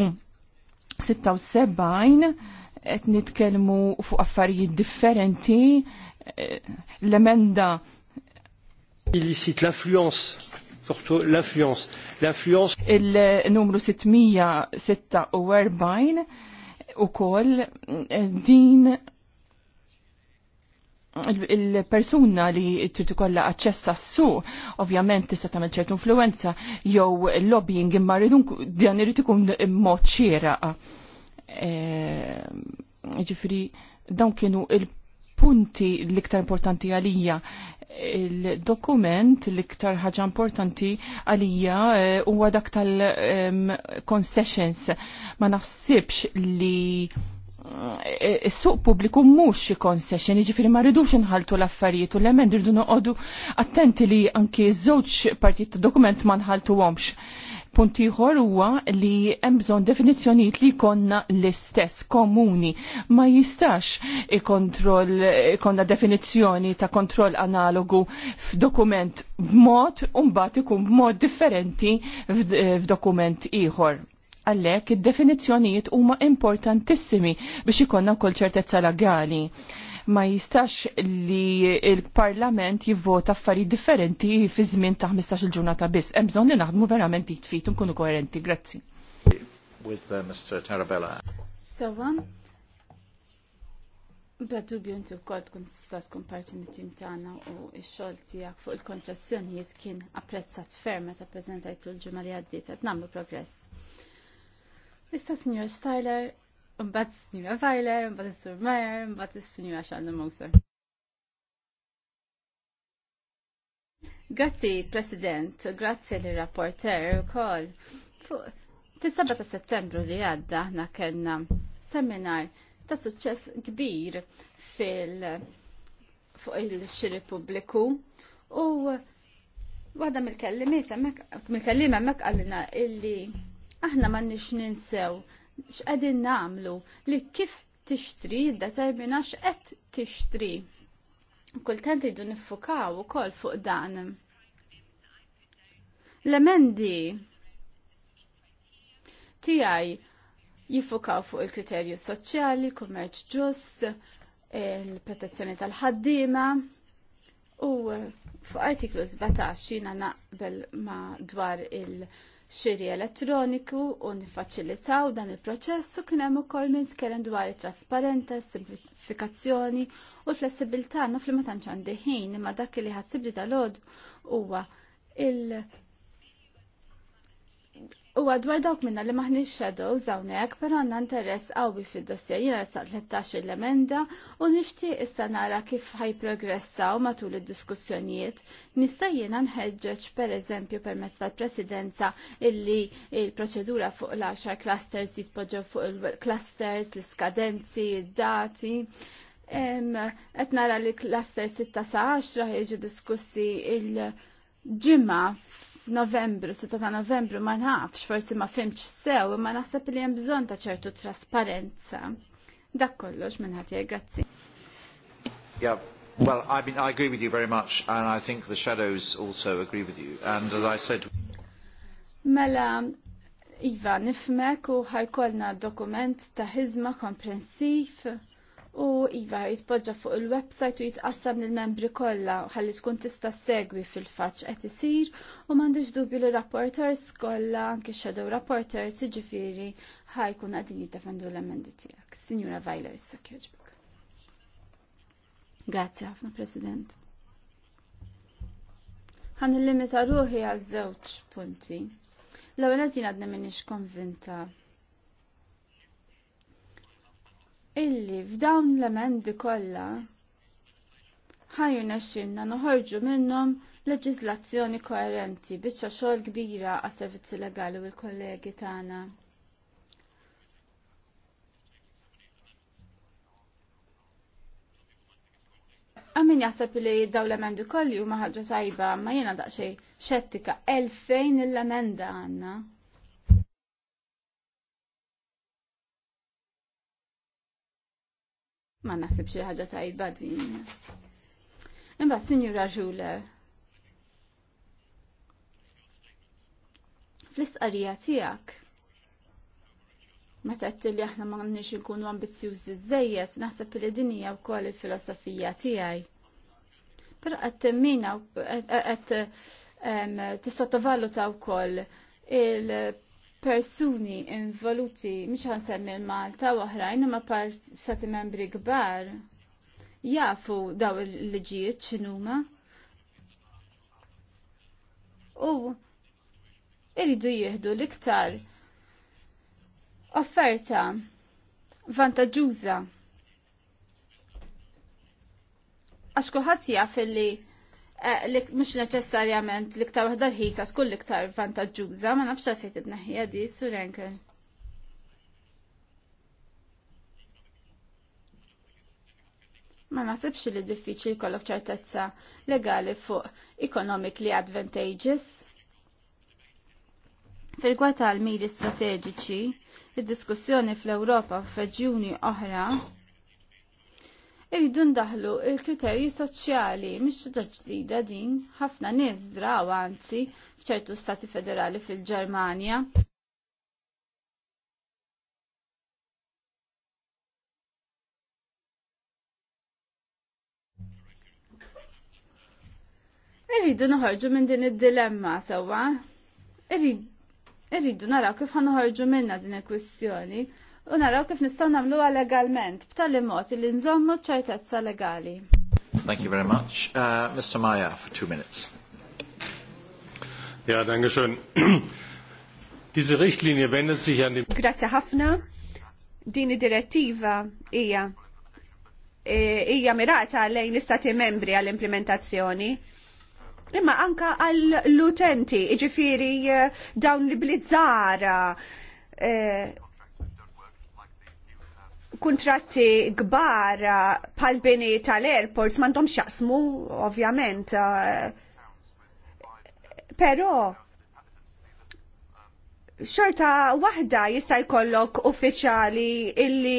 76 qed nitkellmu fuq affarijiet differenti l-emenda illicit l-affluence l-affluence l-affluence il-numru 646 u koll din il-persuna li trid ikollha aċċessa s suq ovvjament tista' tagħmel ċertu influenza jew lobbying imma dan irid ikun mod xieraq. E, Ġifieri dawn kienu il-punti l-iktar importanti għalija il-dokument l-iktar ħaġa importanti għalija e, huwa dak tal-concessions ma nafsibx li is-suq pubbliku mhux concession, jiġifieri ma rridux nħaltu l-affarijiet u l-emend dirdu noqogħdu attenti li anki żewġ partijiet dokument ma nħaltuhomx. Punt ieħor huwa li hemm bżonn definizzjonijiet li jkollna l-istess komuni. Ma jistax il-kontroll ikonna definizzjoni ta' kontroll analogu f'dokument b'mod u mbagħad ikun b'mod differenti f'dokument ieħor Għallek, id-definizjonijiet huma importantissimi biex ikonna kol ċertezza legali. Ma jistax li il-parlament jivvota affarijiet differenti fi żmien ta' 15 ġurnata biss. Hemm bżonn li naħdmu verament jitfit nkunu koerenti. Grazzi. With uh, Mr. Tarabella. Sawa. Bla dubju inti tkun tista' tkun parti tim tagħna u x-xogħol tiegħek fuq il-konċessjonijiet kien apprezzat ferm meta prezentajtu l-ġimgħa li għaddiet qed nagħmlu progress. Issa Signor Styler, mbagħad Signora Weiler, mbagħad is-Sur Meyer, mbagħad is-Signora Sheldon Moser. Grazzi, President, grazzi li rapporter u koll. Fis-7 ta' settembru li għadda aħna kellna seminar ta' suċċess kbir fil fuq il-xiri pubbliku u waħda mill-kellimiet mil mill-kelliem hemmhekk għalina illi aħna m'għandniex ninsew x'qegħdin nagħmlu li kif tixtri determina x'qed tixtri. Kultant idu niffukaw ukoll fuq dan. L-emendi tiegħi jifukaw fuq il-kriterju soċjali, kummerċ ġust, il-protezzjoni tal-ħaddima u fuq artiklu 17 jina naqbel ma dwar il- xiri elettroniku u nifaċilitaw dan il-proċess u kien hemm ukoll minn tkellem dwar it-trasparenza, simplifikazzjoni u l-flessibilità naf li ma tantx għandi ħin imma dak li ħassib li dal huwa il- U għadwar dawk minna li maħni shadow zawnek, pero għanna interess għawi fil dossja Jina sa' 13 l-emenda u nishti issa nara kif ħaj progressaw matul id-diskussjonijiet. Nista' jina nħedġeċ per eżempju permezz tal-presidenza illi il-proċedura fuq l-10 clusters jitpoġġew fuq il-clusters, l-skadenzi, id-dati. Qed nara li clusters 6 sa' 10 jiġu diskussi il-ġimma novembru, 6 ta' Novembru, ma nafx, forsi ma fimx sew, ma naħseb li jem bżon ta' ċertu trasparenza. Dak kollox minn ħatija, grazzi. Yeah, well, I mean, I agree with you very much, and I think the shadows also agree with you. And as I said... Mela, Iva, nifmek u ħajkolna dokument ta' hizma komprensif u iva jitpoġġa fuq il-website u jitqassam lill-membri kollha u ħalli tkun tista' segwi fil faċċ qed isir u m'għandix dubju li rapporters kollha anke shadow rapporters jiġifieri ħajkun qegħdin jiddefendu l-emendi tiegħek. Sinjura Vajler issa kieġbek. Grazzi ħafna President. Ħan il-limita ruħi għal żewġ punti. L-ewwel qed jien għadna konvinta illi f'dawn l-emendi kollha ħajju nexxinna noħorġu minnhom leġiżlazzjoni koerenti biċċa xogħol kbira għas servizzi legali u l-kollegi tagħna. Għamin jaħseb li daw l-emendi kolli u maħġa sajba ma jena daqxej xettika elfejn l-emenda għanna. ma naħseb xi ħaġa tajba din. Imbagħad Sinjura Ġule. Fl-istqarrija tiegħek meta qed li aħna ma nix nkunu ambizzjużi żejjed, naħseb li din hija wkoll il-filosofija tiegħi. Però qed temmina qed tissottovaluta wkoll il- persuni involuti mhux l Malta u oħrajn imma par stati membri kbar jafu daw il-liġijiet x'inhuma. U iridu jieħdu l-iktar offerta vantaġuża għax kulħadd jaf li Eh, mux neċessarjament l-iktar wahda l-ħisa skull li iktar vantaġġuża, ma nafx fejt id naħja di surenkel. Ma nasibx li diffiċli kollok ċertezza legali fuq economically advantageous. Fil-gwata għal-miri strateġiċi, id-diskussjoni fl-Europa u f'reġjuni oħra irridu ndaħlu il-kriterji soċjali, mhix ġda ġdida din, ħafna nies draw anzi f'ċertu stati federali fil-Ġermanja. Irridu noħorġu minn din id-dilemma sewwa. Irridu naraw kif ħanoħorġu minna din il-kwistjoni u naraw kif nistgħu nagħmluha legalment b'tali mod li nżommu ċertezza legali. Thank you very much. Uh, Mr. Maya for two minutes. Ja, danke schön. *clears throat* Diese Richtlinie wendet sich an die Grazie ħafna. Din id-direttiva hija e, hija mirata lejn l-istati membri għall-implementazzjoni. Imma anka għall-utenti, iġifiri eh, dawn li blizzara, eh, kuntratti kbar bħal eh, bini tal-airports m'għandhom xaqsmu, ovvjament. Eh, però xorta waħda jista' jkollok uffiċjali illi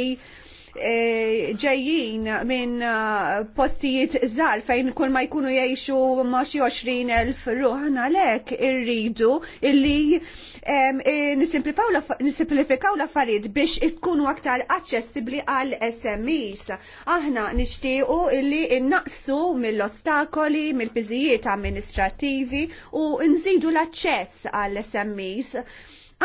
Eh, ġejjin minn eh, postijiet żgħar fejn kull ma jkunu jgħixu ma' xi 20,000 ruħ għalhekk irridu illi eh, nisimplifikaw l-affarijiet biex ikunu aktar aċċessibbli għal SMEs. Aħna nixtiequ illi innaqsu mill-ostakoli, mill-biżijiet amministrativi u nżidu l-aċċess għal SMEs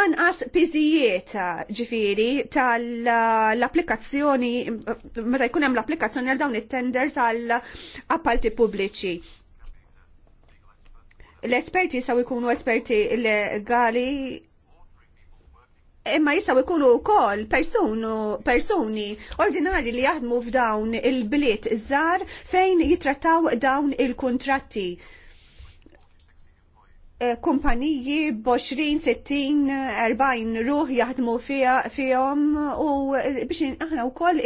anqas pizijiet ġifiri tal-applikazzjoni, meta jkun hemm l-applikazzjoni għal dawn it-tenders għal appalti pubbliċi. L-esperti jisaw jkunu esperti legali imma jistgħu ikunu kol persuni ordinari li jaħdmu f'dawn il-bliet żar fejn jitrattaw dawn il-kontratti. il kuntratti il kontratti Eh, kumpaniji b-20, 60, 40 ruħ jaħdmu fihom u eh, biex aħna wkoll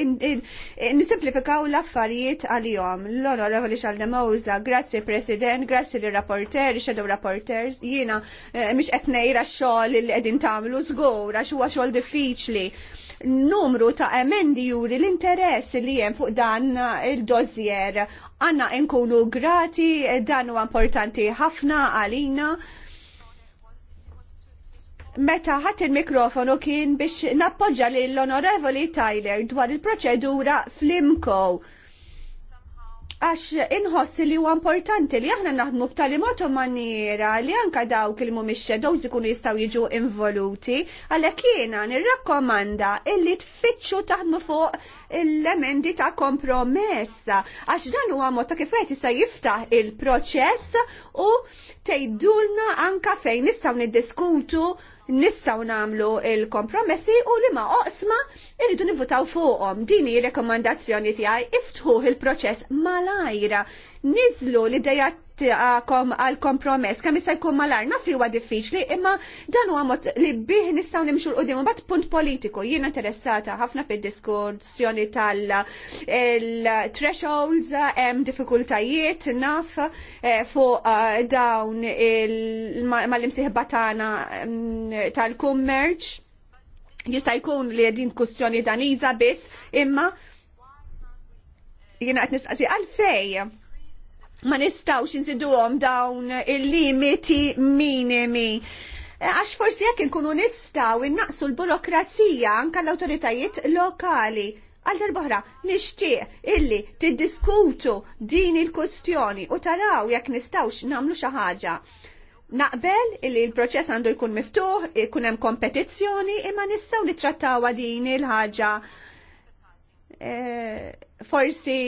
nisimplifikaw l-affarijiet għalihom. L-onorevoli Xalda Mawza, grazzi President, grazzi li rapporter, shadow rapporters, jiena eh, mhix qed ngħira x-xogħol li qegħdin tagħmlu żgur għax xogħol diffiċli numru ta' emendi juri l-interess li jem fuq dan il dozzjer Għanna nkunu grati, dan u importanti ħafna għalina meta ħat il-mikrofonu kien biex nappoġġa lill onorevoli Tyler dwar il-proċedura fl-imkow għax inħoss li huwa importanti li aħna naħdmu b'tali mod maniera li anka dawk il mhumiex shadows ikunu jistgħu jiġu involuti, għalhekk jiena nirrakkomanda illi tfittxu taħdmu fuq l-emendi ta' kompromessa. għax dan huwa mod ta' kif qed jista' jiftaħ il-proċess u tgħidulna anka fejn nistgħu niddiskutu nistaw namlu il-kompromessi u li ma oqsma irridu nivutaw fuqhom. Dini rekomandazzjoni tiegħi iftħu il-proċess malajra nizlu l dejja għakom għal kompromess, kam jista' jkun malar, naf li huwa diffiċli, imma dan huwa mod li bih nistgħu nimxu l-qudiem u bat punt politiku. jina interessata ħafna fid diskursjoni tal-thresholds, eh, hemm diffikultajiet naf eh, fuq eh, dawn mal-imsieħba tagħna mm, tal-kummerċ. Jista' jkun li din kussjoni daniża biss, imma jiena qed nistaqsi għalfejn ma nistawx insiduhom dawn il-limiti minimi. Għax forsi jekk inkunu nistaw innaqsu l-burokrazija anka l-autoritajiet lokali. Għal darbohra, nixtieq illi tiddiskutu din il-kustjoni u taraw jekk nistawx namlu xi ħaġa. Naqbel illi l-proċess għandu jkun miftuħ, jkun hemm kompetizzjoni, imma nistgħu nittrattawha din il-ħaġa. E, forsi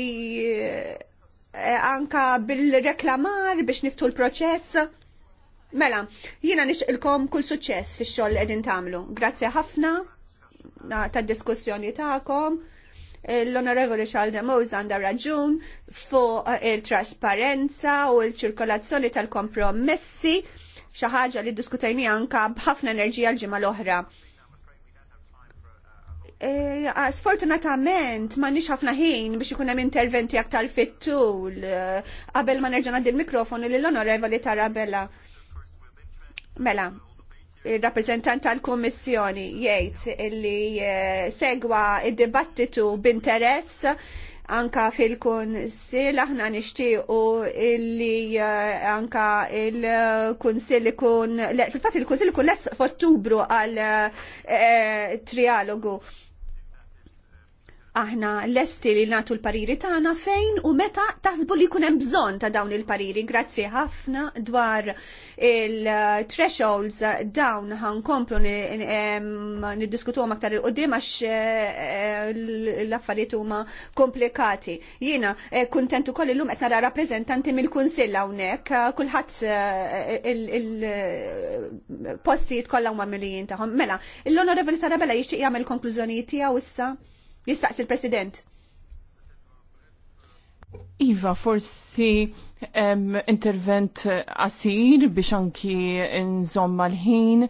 eh, Eh, anka bil-reklamar biex niftu l-proċess. Mela, jina nixqilkom kull suċċess fix xogħol qegħdin tagħmlu. Grazie ħafna tad diskussjoni tagħkom. L-Onorevoli Charles de Mose għandha raġun fuq il-trasparenza u l-ċirkolazzjoni tal-kompromessi xaħġa ħaġa li diskutajni anka b'ħafna enerġija l-ġimgħa l-oħra. E, sfortunatament ma nix ħafna ħin biex ikun hemm interventi aktar fit-tul e, qabel ma nerġa' ngħaddi l-mikrofonu lil onorevoli Tara Bella. Mela, il-rappresentant tal-Kummissjoni jgħid illi e, segwa id-dibattitu b'interess anka fil-kunsil aħna nixtiequ illi anka il kunsill ikun fil-fatt il kunsill ikun less f'Ottubru għal trialogu aħna lesti li natu l-pariri tagħna fejn u meta taħsbu li jkun hemm bżonn ta' dawn il-pariri. Grazzi ħafna dwar il-thresholds dawn nid-diskutu niddiskutuhom aktar il-qudiem għax eh, eh, l-affarijiet huma komplikati. Jiena eh, kuntent ukoll illum qed nara rappreżentanti mill kunsilla hawnhekk, kulħadd il-postijiet kollha huma milijin tagħhom. Mela, l-Onorevoli Sarabella jixtieq jagħmel konklużjonijiet tiegħu issa? Jistaqsi il-President. Iva, forsi um, intervent eh, qasir biex anki nżomma l-ħin,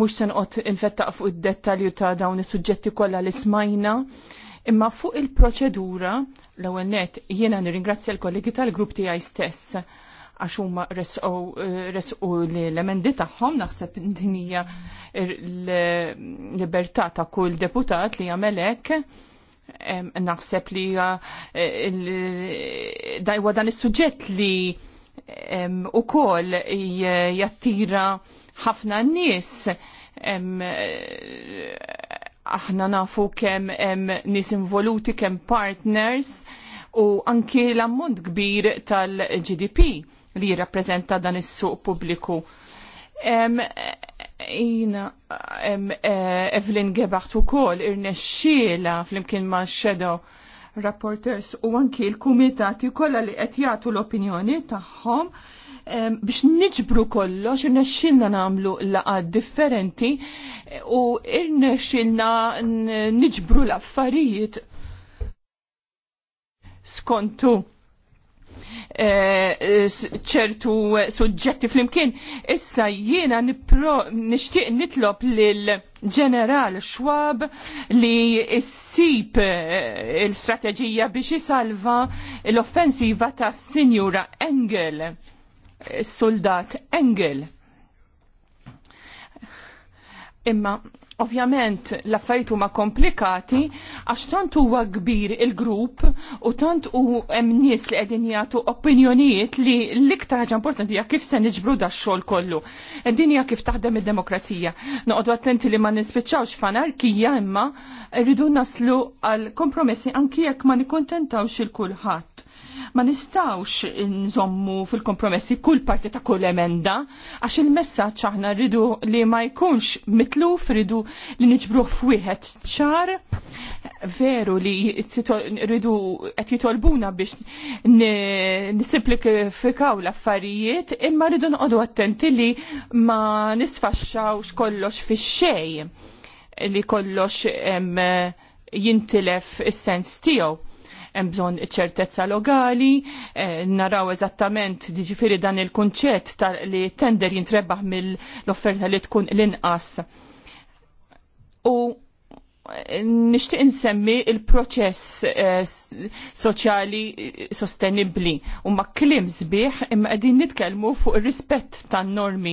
mux senqot infettaq fuq id-dettalju ta' dawn is-suġġetti kollha li smajna. Imma fuq il-proċedura, l-ewwel net jiena nirringrazzja l-kollegi tal-grupp tiegħi stess għax huma eh, resqu l-emendi tagħhom naħseb din hija l-libertà ta' kull deputat li jagħmel hekk naħseb li eh, dajwa dan is-suġġett li u kol jattira ħafna n-nies eh, aħna nafu kem nis involuti kem partners u anki l-ammont kbir tal-GDP li jirrappreżenta dan is-suq pubbliku. Jina, e, Evelyn Gebacht u kol irnexxiela fl-imkien ma' Shadow Rapporters u anki l-kumitati kollha li qed jagħtu l-opinjoni tagħhom biex niġbru kollox irnexxilna nagħmlu laqgħat differenti u irnexxilna niġbru l-affarijiet skontu Eh, ċertu suġġetti flimkien. Issa jiena nixtieq nitlob lil ġeneral Schwab li issib eh, l-strateġija biex jisalva l-offensiva ta' Sinjura Engel, eh, soldat Engel. Imma Ovvjament l-affarijiet huma komplikati għax tant huwa kbir il-grupp u tant u hemm nies li qegħdin jagħtu opinjonijiet li l-iktar ħaġa importanti hija kif se niġbru da xogħol kollu. E din hija kif taħdem id-demokrazija. Noqogħdu attenti li ma nispiċċawx f'anarkija imma rridu naslu għal kompromessi anki jekk ma nikkontentawx il kulħadd Ma nistawx nżommu fil-kompromessi kull parti ta' kull emenda, għax il-messaċ aħna rridu li ma jkunx mitluf, rridu li niġbruħ f'wieħed ċar, veru li rridu qed jitolbuna biex nisimplifikaw l-affarijiet, imma rridu noqogħdu attenti li ma nisfaxxawx kollox fix-xejn li kollox jintilef is-sens tiegħu hemm bżonn ċertezza logali, eh, naraw eżattament diġifieri dan il-kunċett li tender jintrebbaħ mill-offerta li tkun l-inqas. U nishtiq insemmi il-proċess eh, soċjali eh, sostenibli u ma klim sbieħ imma qegħdin nitkellmu fuq ir-rispett tan-normi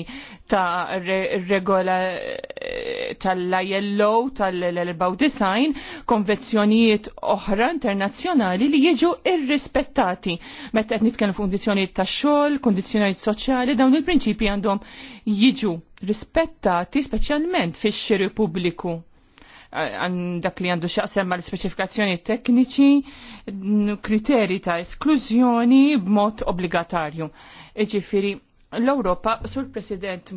ta' regola eh, tal-ILO tal-erbaw design konvenzjonijiet oħra internazzjonali li jiġu irrispettati meta qed nitkellmu fuq kundizzjonijiet tax-xogħol, kundizzjonijiet soċjali dawn il-prinċipji għandhom jiġu rispettati speċjalment fix-xiri pubbliku dak li għandu xaqsem ma l specifikazzjoni tekniċi, kriteri ta' esklużjoni b'mod obbligatarju. Iġifiri, l-Europa, sur President,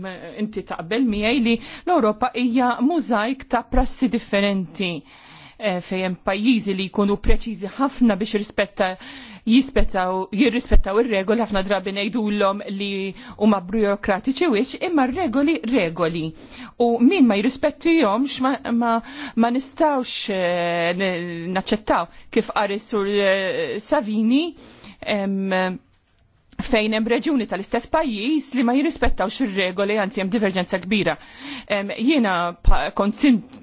inti taqbel miegħi li l-Europa hija mużajk ta' prassi differenti Eh, fejn pajjiżi li jkunu preċiżi ħafna biex rispetta jispettaw jirrispettaw ir-regoli ħafna drabi ngħidulhom li huma burokratiċi wiex imma regoli regoli. U min ma jirrispettihomx ma, ma, ma nistgħux eh, naċċettaw kif qari sur eh, Savini em, fejn hemm reġuni tal-istess pajjiż li ma jirrispettawx ir-regoli anzi hemm diverġenza kbira. Jiena kont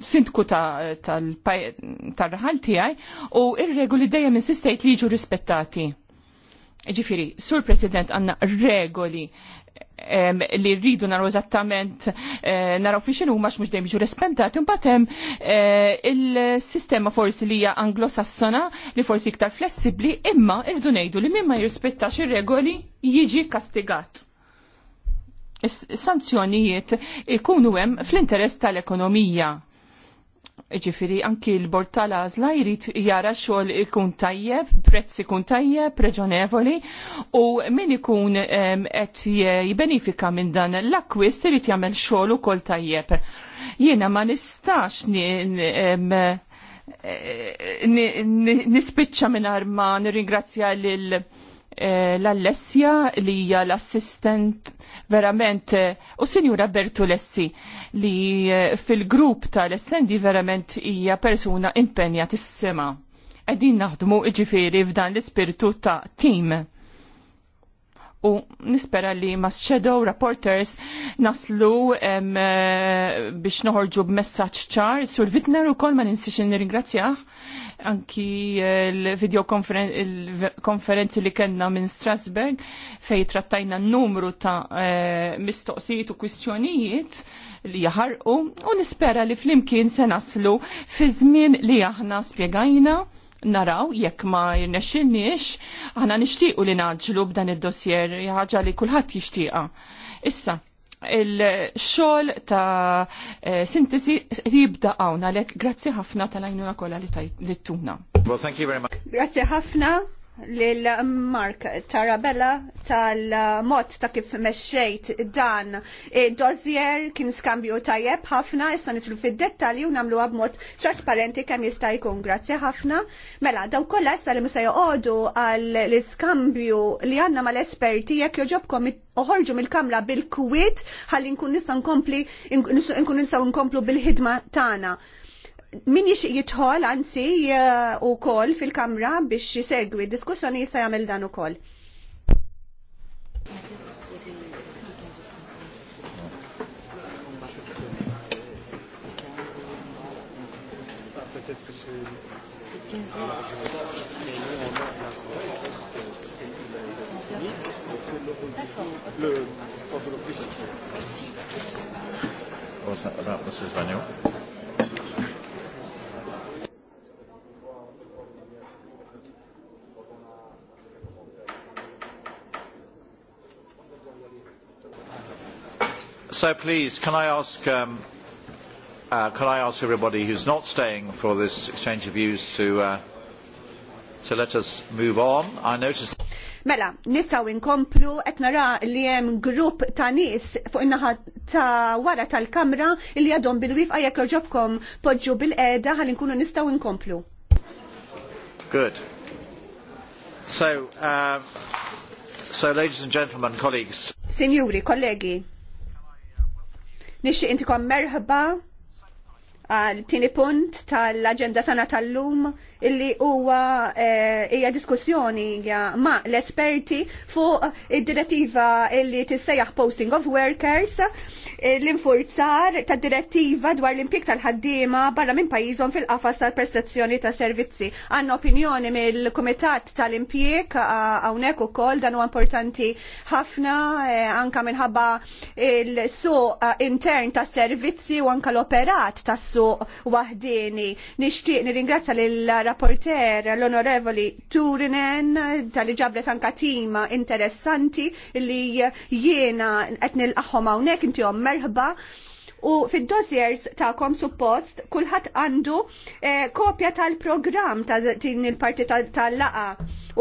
sindku tal-raħal tiegħi u ir-regoli dejjem insistejt li jiġu rispettati. Ġifiri, Sur President għanna regoli li rridu naraw eżattament eh, naraw fi xinu max mux dejjem rispentati un uh, il-sistema forsi li hija anglosassona li forsi iktar flessibli imma irdu ngħidu li mimma ma jirrispettax ir-regoli jiġi kastigat. Is-sanzjonijiet ikunu hemm fl-interess tal-ekonomija Ġifiri, anki l-bord tal-azla jrid jara xogħol ikun tajjeb, prezz ikun tajjeb, preġonevoli u min ikun qed jibenifika minn dan l-akwist irid jagħmel xogħol ukoll tajjeb. Jiena ma nistax eh, nispiċċa mingħajr ma nirringrazzja lil Eh, l-Alessia li hija l-assistent verament eh, u Sinjura Bertulessi li eh, fil-grupp tal-essendi verament hija persuna impenja tis-sema. Qegħdin naħdmu ġifiri f'dan l-ispirtu ta' tim u nispera li ma' shadow reporters naslu eh, biex noħorġu b'messaġġ ċar sur Vitner u kol ma ninsix nirringrazzjah anki eh, l-video konferenzi li kellna minn Strasberg fej trattajna n-numru ta' eh, mistoqsijiet u kwistjonijiet li jaħarqu u nispera li flimkien se naslu fi żmien li aħna spjegajna naraw jekk ma jirnexxilniex aħna nixtiequ li naġlu b'dan id-dossier ħaġa li kulħadd jixtieqha. Issa, il-xogħol ta' eh, sintesi jibda hawn għalhekk grazzi ħafna tal-għajnuna kollha li tajtuna. Well, thank you very much. Grazzi ħafna lil Mark Tarabella tal-mod ta' kif mexxejt dan dozier kien skambju tajjeb ħafna jista' nitlu fid-dettalji u nagħmlu b'mod trasparenti kemm jista' jkun. Grazzi ħafna. Mela daw kollha issa li mista joqogħdu għall iskambju li għandna mal-esperti jekk joġobkom oħorġu mill-kamra bil-kwiet ħalli nkun nista' nkompli nkun nistgħu nkomplu bil-ħidma tagħna min jix jitħol anzi u kol fil-kamra biex jisegwi diskussjoni jista jagħmel dan ukoll. Le... Merci. Bonsoir, Mrs. Vagnon. So please, can I ask, um, uh, can I ask everybody who's not staying for this exchange of views to, uh, to let us move on? I notice Mela, nistaw inkomplu qed nara li hemm grupp ta' nies fuq in-naħa ta' wara tal-kamra li għadhom bil-wifqa jekk joġobkom poġġu bil-qeda ħalli nkunu nistgħu inkomplu. Good. So, uh, so ladies and gentlemen, colleagues. Signori, kollegi. Nixtieq intikom merħba għal tieni punt tal-aġenda tana tal-lum illi huwa eh, hija diskussjoni ma' l-esperti fuq id-direttiva illi tissejjaħ posting of workers l-infurzar ta' direttiva dwar l-impik tal-ħaddiema barra minn pajjiżhom fil-qafas tal-prestazzjoni ta' servizzi. Għanna opinjoni mill-Kumitat tal għawnek hawnhekk ukoll dan huwa importanti ħafna e, anka minħabba il-suq intern ta' servizzi u anka l-operat ta' suq Nishtiq Nixtieq nirringrazzja lill-rapporter l-Onorevoli Turinen tal ġabret anka tima interessanti li jiena qed nilqahom hawnhekk intihom intom merħba u fid-dossiers kom suppost kulħadd għandu eh, kopja tal-programm ta' din il-parti tal-laqa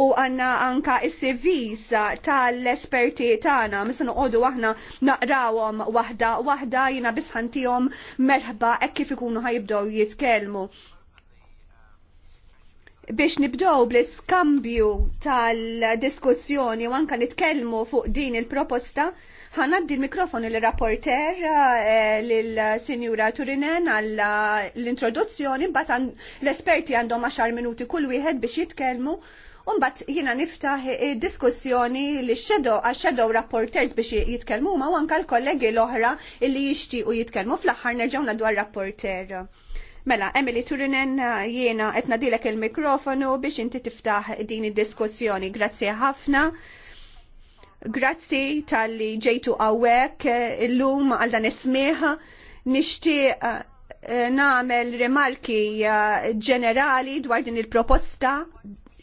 u għanna anka is-CVs tal-esperti tagħna misa noqogħdu aħna naqrawhom waħda waħda jina biss ħantihom merħba hekk kif ikunu ħajibdew jitkellmu. Biex nibdow bl-iskambju tal-diskussjoni u anka nitkellmu fuq din il-proposta, ħanaddi l-mikrofon il-rapporter eh, l-Sinjura Turinen għall eh, l-introduzzjoni, bat l-esperti għandhom 10 minuti kull wieħed biex jitkellmu. Umbat jina niftaħ eh, diskussjoni li shadow għal shadow rapporters biex jitkellmu ma anka l-kollegi l-oħra illi jixtiequ jitkellmu fl-aħħar nerġgħu nadwar rapporter. Mela, Emily Turinen jiena qed nadilek il-mikrofonu biex inti tiftaħ din id-diskussjoni. Grazzi ħafna. Grazzi tal-li ġejtu għawek eh, l-lum għal dan ismiħ. Nishtiq eh, eh, namel remarki ġenerali dwar din il-proposta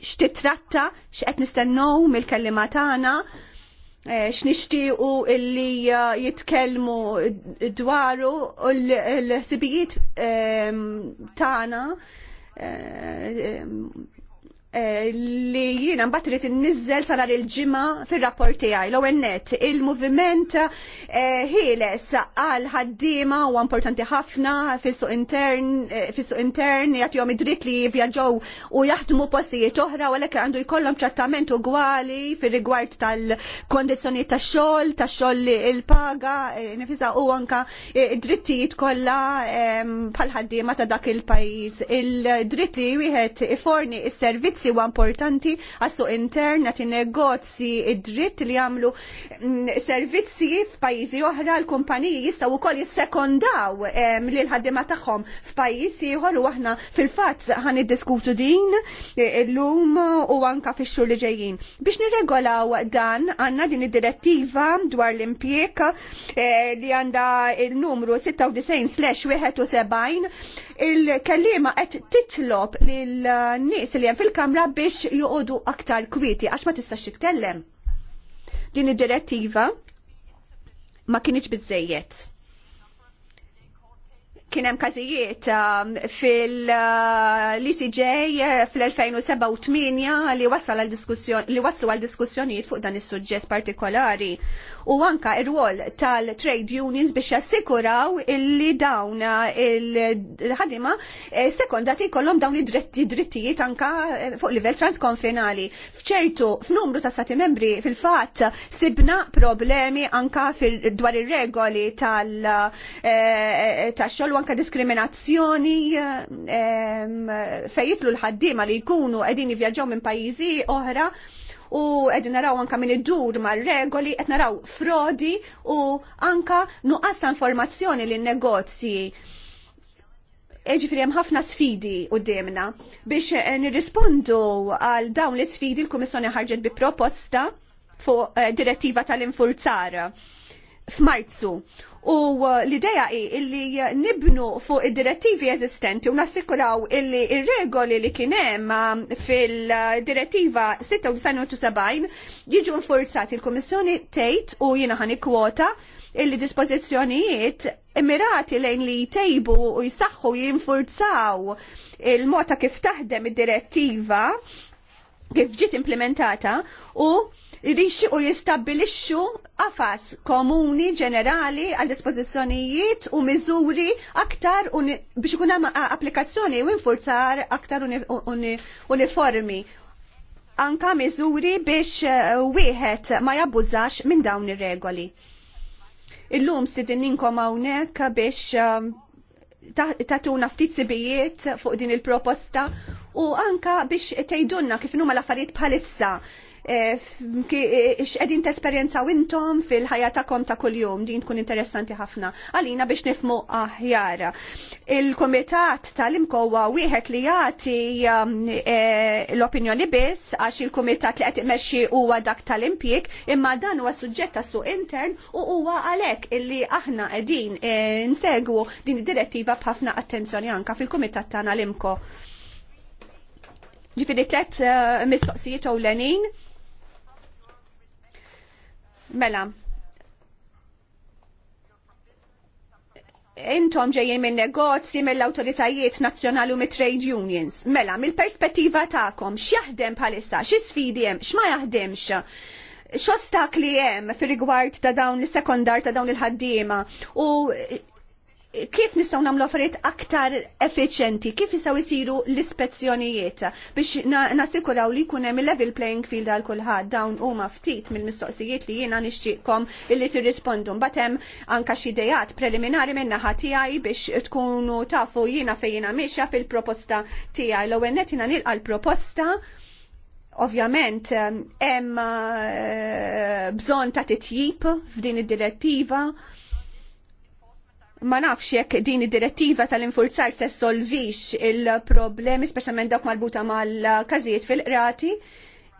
x'titratta x'qed nistennew mill-kellima tagħna x'nixtiequ illi jitkellmu dwaru l-ħsibijiet ehm, tagħna ehm, Eh, li jiena mbagħad trid innizzel sa nhar il-ġimgħa fir-rapport tiegħi l net il-moviment eh, ħieles għal ħaddiema huwa importanti ħafna fis-suq intern eh, fis-suq intern jagħtihom id-dritt li jivvjaġġaw u jaħdmu postijiet oħra u għalhekk għandu jkollhom trattament ugwali fir-rigward tal-kondizzjonijiet tax-xogħol, tax-xogħol il-paga, nifisa u anka id-drittijiet kollha bħal ħaddiema ta' dak il-pajjiż. Il-dritt li wieħed iforni s-servizz servizzi huwa importanti għassu intern għat negozzi id-dritt li għamlu mm, servizzi f'pajjiżi oħra l-kumpaniji jistgħu wkoll jissekondaw l ħaddima tagħhom f'pajjiż ieħor u aħna fil-fatt ħan iddiskutu din e, l-lum u għanka fix-xhur li ġejjin. Biex nirregolaw dan għanna din id-direttiva dwar l-impjek e, li għandha il-numru 96/71 il-kellima qed titlob lil nies li hemm fil-kamra biex joqogħdu aktar kwieti għax ma tistax titkellem. Din id-direttiva ma kienx biżejjed. Kien hemm każijiet um, fil-ECJ uh, fl-2007 u 8 li wasal li waslu għal diskussjonijiet fuq dan is-suġġett partikolari u anka r rwol tal-trade unions biex jassikuraw illi dawn uh, il-ħadima uh, sekonda tikollhom dawn id-drittijiet anka fuq livell transkonfinali. F'ċertu f'numru ta' stati membri fil-fatt sibna problemi anka dwar ir-regoli tal-xogħol anka diskriminazzjoni eh, fejitlu l-ħaddiema li jkunu qegħdin jivvjaġġaw minn pajjiżi oħra u qegħdin naraw anka min id-dur mar-regoli, qed naraw frodi u anka nuqqas informazzjoni lin-negozji e ġifiri hemm ħafna sfidi demna. biex eh, nirrispondu għal dawn l-sfidi l-Kummissjoni ħarġet bi proposta fuq eh, direttiva tal-infurzar f'Marzu U uh, l-ideja hi illi uh, nibnu fuq id-direttivi eżistenti u nassikuraw illi il regoli li kien hemm um, fil-direttiva 96 jiġu nfurzati il-Kummissjoni tgħid u jina ħani kwota illi dispożizzjonijiet immirati lejn li jtejbu u jisaxħu jinfurzaw il-mota kif taħdem id-direttiva kif ġiet implementata u irrixi u jistabilixxu qafas komuni ġenerali għal dispożizzjonijiet u miżuri aktar biex ikun hemm applikazzjoni u infurzar aktar uniformi. Anka miżuri biex eh, wieħed ma jabbużax minn dawn ir-regoli. Illum ninkom hawnhekk biex eh, tatuna ftit sibijiet fuq din il-proposta u anka biex tgħidulna kif huma l-affarijiet bħalissa t eh, eh, eh, tesperjenzaw intom fil-ħajja ta' konta ta' kuljum din tkun interessanti ħafna għalina biex nifmu aħjar. Il-kumitat tal-imkowa wieħed li jagħti um, l-opinjoni biss għax il-kumitat li qed imexxi huwa dak tal impjek imma dan huwa suġġett tas suq intern u huwa għalhekk illi aħna qegħdin nsegwu din id-direttiva b'ħafna attenzjoni anka fil-kumitat tagħna l-imko ġifiri tlet mistoqsijiet u l lenin Mela, intom ġejjin minn negozji mill-awtoritajiet nazzjonali u mit-trade unions. Mela, mill-perspettiva tagħkom, x'jaħdem bħalissa, x'isfidi hemm, x'ma jaħdemx? X'ostakli hemm fir rigward ta' dawn is sekondar ta' dawn il-ħaddiema u kif nistaw namlu affarijiet aktar effiċenti, kif jistaw jisiru l-ispezzjonijiet biex nasikuraw li jkun hemm level playing field għal kulħadd dawn huma ftit mill-mistoqsijiet li jiena nixtieqkom illi tirrispondu. Mbagħad hemm anke xi idejat preliminari minn naħa tiegħi biex tkunu tafu jiena fejn jiena mixja fil-proposta tiegħi. L-ewwel net jiena nilqa' l-proposta Ovvjament hemm eh, bżonn ta' titjib f'din id-direttiva ma nafx jekk din id-direttiva tal-infurzar se solvix il-problemi, speċjalment dawk marbuta mal-każijiet fil-qrati,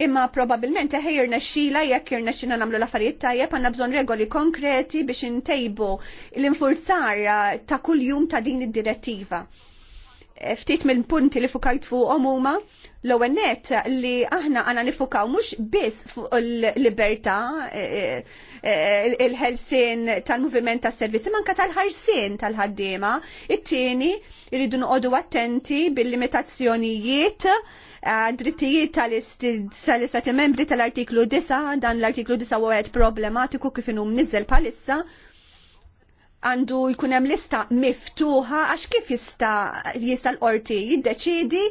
imma probabilment ħejr nexxila jekk ir nexxina nagħmlu l-affarijiet tajjeb għandna bżonn regoli konkreti biex intejbu l-infurzar ta' kuljum ta' din id-direttiva. Eh, ftit mill-punti li fukajt fuqhom huma l-ewwel li aħna għandna nifukaw mhux biss fuq il-libertà eh, eh, Eh, il-ħelsin tal-moviment tas servizzi manka tal-ħarsin tal-ħaddiema. It-tieni irridu noqogħdu attenti bil-limitazzjonijiet eh, drittijiet tal-istati membri tal-artiklu 9, dan l-artiklu 9 u għed problematiku kif inhom nizzel palissa, għandu jkun hemm lista miftuħa għax kif jista' jista' l-qorti jiddeċiedi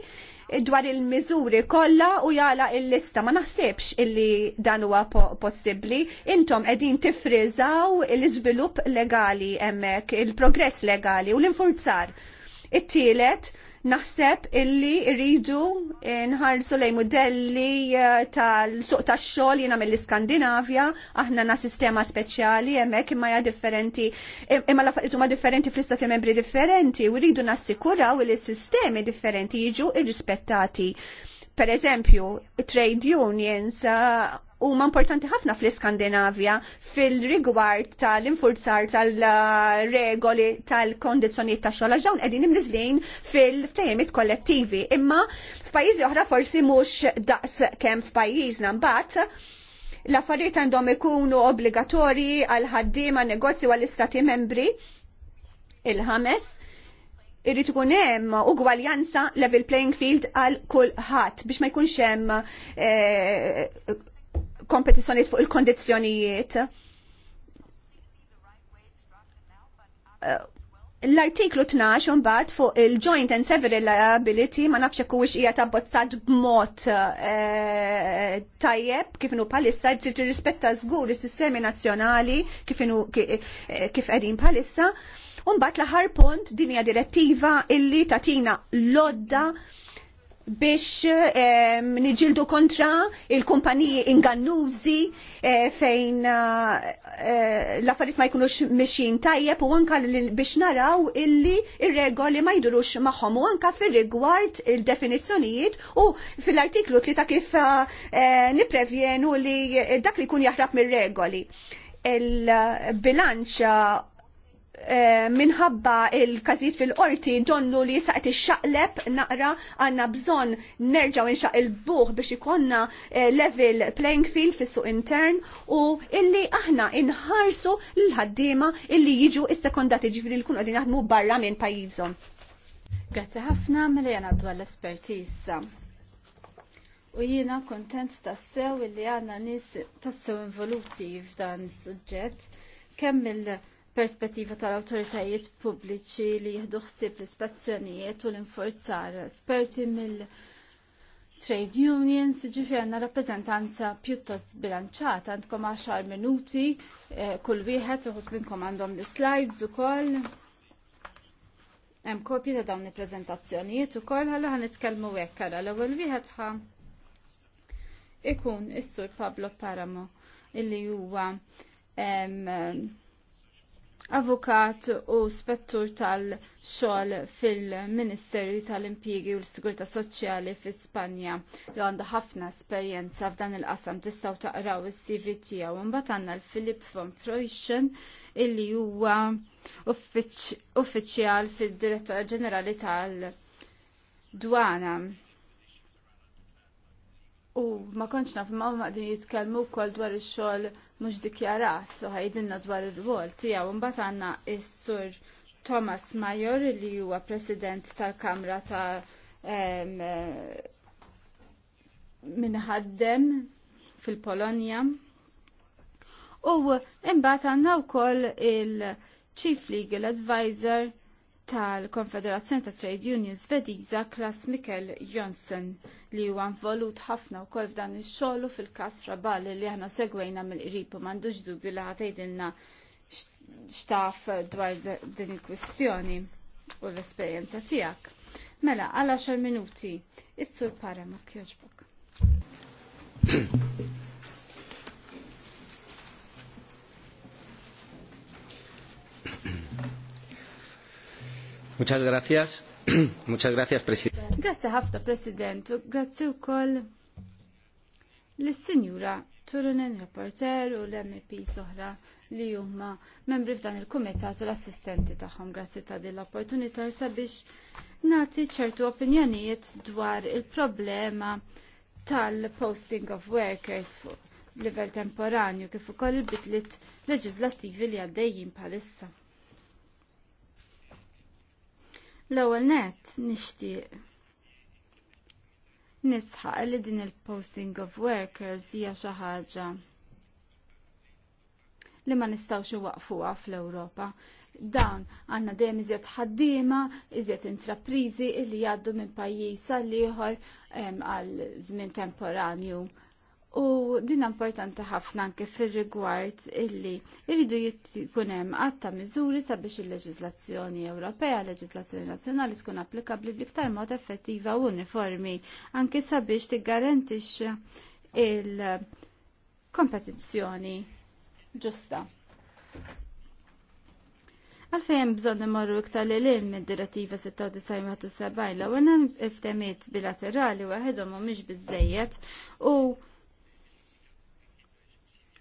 dwar il-miżuri kollha u jala il-lista ma naħsibx illi dan huwa possibbli. Intom qegħdin tifrizaw l-iżvilupp legali hemmhekk, il-progress legali u l-infurzar. It-tielet, Naħseb illi rridu nħarsu lej modelli eh, tal-suq tax-xogħol jiena mill-Iskandinavja, aħna na sistema speċjali hemmhekk imma hija differenti imma l-affarijiet huma differenti fl-istati membri differenti u rridu nassikuraw li s-sistemi differenti jiġu irrispettati. Per eżempju, trade unions eh, huma importanti ħafna fl-Iskandinavja fil-rigward tal-infurzar tal-regoli tal-kondizzjonijiet ta' xogħol ġawn qegħdin imniżlin fil-ftehimiet kollettivi. Imma f'pajjiżi oħra forsi mhux daqs kemm f'pajjiżna mbagħad l-affarijiet għandhom ikunu obbligatorji għal ħaddiema negozju għall istati membri il-ħames irrid ikun hemm ugwaljanza level playing field għal kulħadd biex ma jkunx hemm eh, kompetizzjonijiet fuq il-kondizzjonijiet. Uh, l-artiklu 12 unbat fuq il-joint and several liability ma nafx hekk huwiex hija tabbozzat b'mod uh, tajjeb kif inhu bħalissa rispetta zgur żgur is-sistemi nazzjonali kif eh, kif qegħdin bħalissa. Unbat l-aħar punt din hija direttiva illi tatina lodda biex ehm, niġildu kontra il-kumpaniji ingannużi eh, fejn eh, eh, l-affarijiet ma jkunux mixin tajjeb u anka biex naraw illi ir-regoli ma jdurux magħhom u anka fir-rigward il-definizzjonijiet u fil-artiklu ta' kif niprevjenu li dak li kun jaħrab mir-regoli il-bilanċ Eh, minħabba il-kazit fil-qorti donnu li saqt il xaqleb naqra għanna bżon nerġaw inxaq il-buħ biex ikonna eh, level playing field fis-suq intern u illi aħna inħarsu l-ħaddiema illi jiġu is-sekondati ġifri li kun għadin għadmu barra minn pajjiżhom. Grazzi ħafna mela jana dwar l-esperti U jiena kontent tassew illi għanna nis tassew involuti f'dan is-suġġett kemm il- perspettiva tal-autoritajiet pubbliċi li jieħdu ħsieb l-ispezzjonijiet u l-infurzar esperti mill- trade unions, ġifi għanna rappresentanza pjuttost bilanċata, għandkom 10 minuti, eh, kull wieħed uħut minnkom għandhom l-slides u koll. Hemm kopji ta' dawn il-preżentazzjonijiet ukoll ħalla ħan nitkellmu hekk ara l-ewwel wieħed ħa ikun is-Sur Pablo Paramo illi huwa avukat u spettur tal-xogħol fil-Ministeru tal-Impjigi u l-Sigurtà Soċjali fi Spanja li għandu ħafna esperjenza f'dan il-qasam tistgħu taqraw is-CV tiegħu. Imbagħad għandna l-Filip von Proixen illi huwa uffiċjal fil direttora Ġenerali tal-Dwana. U ma konċna naf ma din jitkellmu wkoll dwar ix-xogħol mhux dikjarat, so ħajdinna dwar ir-rwol tiegħu mbagħad għandna s sur Thomas Major li huwa President tal-Kamra ta' eh, minħaddem fil-Polonja. U imbagħad għandna wkoll il-Chief Legal Advisor tal-Konfederazzjoni ta' Trade Union Svediża Klas Mikel Jonsen li huwa involut ħafna wkoll f'dan ix-xogħol fil-każ Rabal li aħna segwejna mill-qrib u m'għandux dubju li ħatejdilna xtaf dwar din il-kwistjoni u l-esperjenza tiegħek. Mela, għal 10 minuti, is-sur para ma kjoġbok. Muchas gracias. *clears throat* Muchas gracias, Grazie ħafna, President. Grazie u koll l-Sinjura Turunen, Reporter u l-MP soħra li huma membri f'dan il-kumitat u l-assistenti tagħhom grazzi ta' din l-opportunità sabiex nagħti ċertu opinjonijiet dwar il-problema tal-posting of workers fuq livell temporanju kif ukoll il-bidliet leġislattivi li għaddejjin bħalissa. L-ewwel net nixtieq nisħaq li din il-posting of workers hija xi ħaġa li ma nistgħux iwaqfuha fl-Ewropa. Dan għandna dejjem iżjed ħaddiema, iżjed intraprizi li jgħaddu minn pajjiż għal ieħor għal żmien temporanju U din importanti ħafna anke fir-rigward illi irridu jkun hemm għatta miżuri sabiex il leġislazzjoni Ewropea, leġislazzjoni nazzjonali tkun applikabbli bliktar mod effettiva u uniformi anke sabiex tiggarantix il-kompetizzjoni ġusta. Għalfej hemm bżonn imorru iktar li lil mid-direttiva 96 l-ewwel hemm iftemiet bilaterali waħedhom mhumiex biżejjed u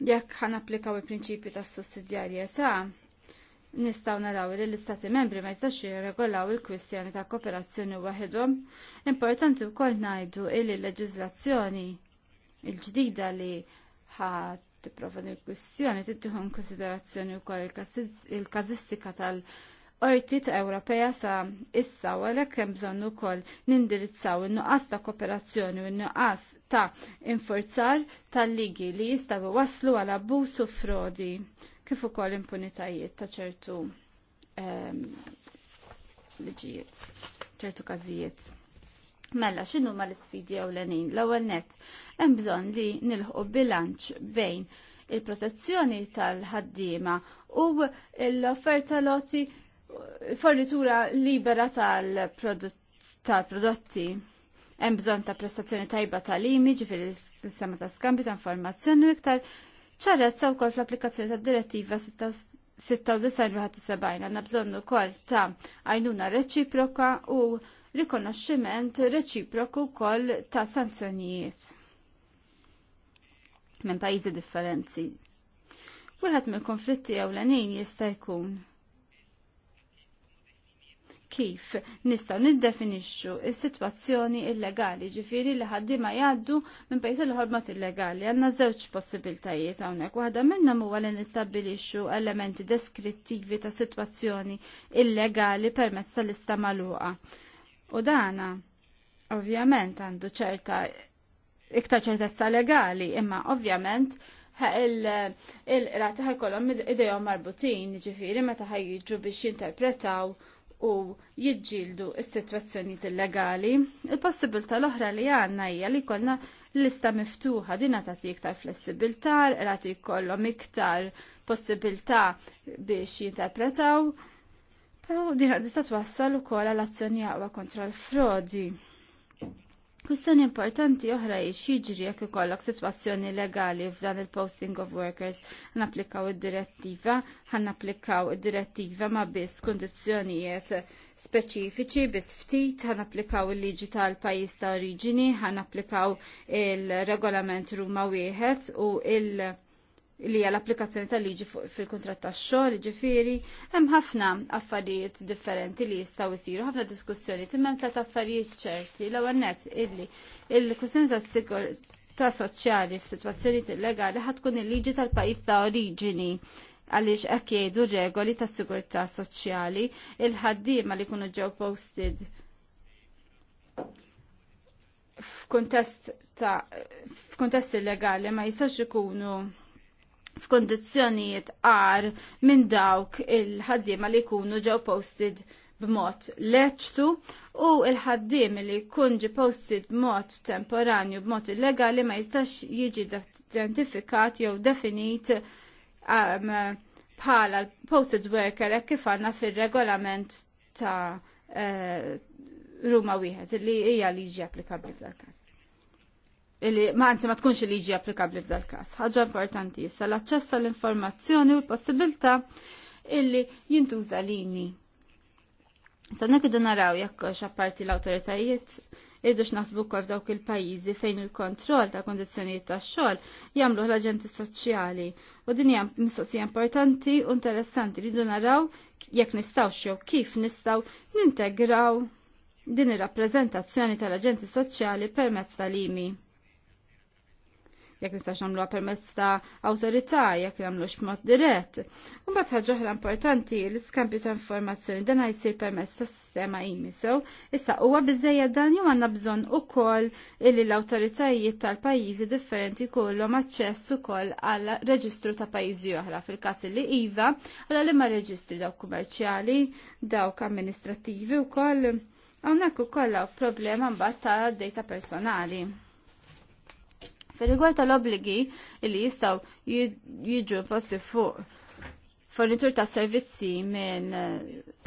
Jekk ħan applikaw il-prinċipju tas sussidjarjetà nistaw naraw li l-istati membri ma jistax jirregolaw il-kwistjoni ta' kooperazzjoni waħedhom. Importanti wkoll ngħidu li l-leġiżlazzjoni il-ġdida li ħadd tipprova il-kwistjoni tittieħu konsiderazzjoni wkoll il-każistika tal-Qorti ta' Ewropea sa issa u għalhekk hemm bżonn ukoll nindirizzaw in-nuqqas ta' kooperazzjoni u n-nuqqas ta' infurzar tal-ligi li jistaw waslu għal abbuż u frodi kif ukoll impunitajiet ta' ċertu um, liġijiet, ċertu każijiet. Mella, x'inhu ma l-isfidi ewlenin? L-ewwel nett hemm bżonn li nilħu bilanċ bejn il-protezzjoni tal-ħaddiema u l-offerta loti fornitura libera tal-prodotti. Tal hemm bżonn ta' prestazzjoni tajba tal-imi, ġifieri sistema ta' skambju ta' informazzjoni u iktar ċarezza wkoll fl-applikazzjoni tad-direttiva 96-71 għanna bżonn ukoll ta' għajnuna reċiproka u rikonoxximent reċiproku kol ta' sanzjonijiet minn pajizi differenzi. Wieħed mill konflitti ewlenin jista' jkun kif nistaw niddefinixxu is-sitwazzjoni illegali ġifiri li ħaddima jgħaddu minn pajjiż l ħormat illegali. Għandna żewġ possibiltajiet hawnhekk. Waħda minnhom huwa li nistabbilixxu elementi deskrittivi ta' sitwazzjoni illegali permezz tal-lista magħluqa. U dana ovvjament għandu ċerta iktar ċertezza legali, imma ovvjament il-rati id idejhom marbutin, ġifiri meta ħajġu biex jinterpretaw u jidġildu s-sitwazzjonijiet illegali. Il-possibilità l-oħra li għandna hija li jkollna lista miftuħa din tagħti iktar flessibilità, rati jkollhom iktar possibilità biex jinterpretaw. pero din tista' twassal ukoll l azzjoni għawa kontra l-frodi. Kwistjoni importanti oħra jiex jiġri jekk ikollok sitwazzjoni legali f'dan il-posting of workers napplikaw id-direttiva, ħanapplikaw id-direttiva ma biss kundizzjonijiet speċifiċi biss ftit, ħanaplikaw il-liġi tal-pajjiż ta' oriġini, ħanapplikaw il-regolament Ruma wieħed u il-, li hija l-applikazzjoni tal-liġi fil-kontratt tax-xogħol, ġifieri, hemm ħafna affarijiet differenti li jistgħu jsiru, ħafna diskussjoni timmen tlet affarijiet ċerti. l net illi il-kwistjoni tas-sigurtà soċjali f'sitwazzjoni illegali ħatkun il-liġi tal-pajjiż ta' oriġini għaliex qed jgħidu regoli tas-sigurtà soċjali il-ħaddiema li jkunu ġew posted f'kuntest ta' f'kuntest illegali ma jistax ikunu f'kondizzjonijiet għar minn dawk il-ħaddiema li jkunu ġew posted b'mod leċtu u il-ħaddim li jkun ġi posted b'mod temporanju b'mod illegali ma jistax jiġi identifikat jew definit um, bħala l-posted worker kif għandna fir-regolament ta' eh, Ruma wieħed li hija liġi applikabbli fl-każ. Illi, ma anzi ma tkunx liġi applikabli f'dal każ. Ħaġa importanti issa l-aċċess għall-informazzjoni u l-possibilità illi jintuża lini. Sa nekidu naraw jekk x'apparti l-awtoritajiet iddu xnaħsbu kol f'dawk il-pajjiżi fejn il-kontroll ta' kondizzjonijiet tax-xogħol jagħmluh l-aġenti soċjali u din hija mistoqsija importanti u interessanti li naraw jekk nistgħu xew kif nistgħu nintegraw din ir-rappreżentazzjoni tal-aġenti soċjali permezz tal-imi jekk nistax nagħmluha permezz ta' awtorità jekk nagħmlux b'mod dirett. U mbagħad ħaġa oħra importanti l iskampju ta' informazzjoni dan jsir permezz ta' sistema imi sew issa huwa biżejjed dan jew għandna bżonn ukoll illi l-awtoritajiet tal-pajjiżi differenti kollhom aċċess ukoll għal reġistru ta' pajjiżi oħra fil-każ li iva għal li ma reġistri dawk kummerċjali, dawk amministrattivi wkoll. Hawnhekk ukoll problema mbagħad ta' data personali. Fil-rigward tal-obligi li jistaw jiġu posti fuq fornitur ta' servizzi minn eh,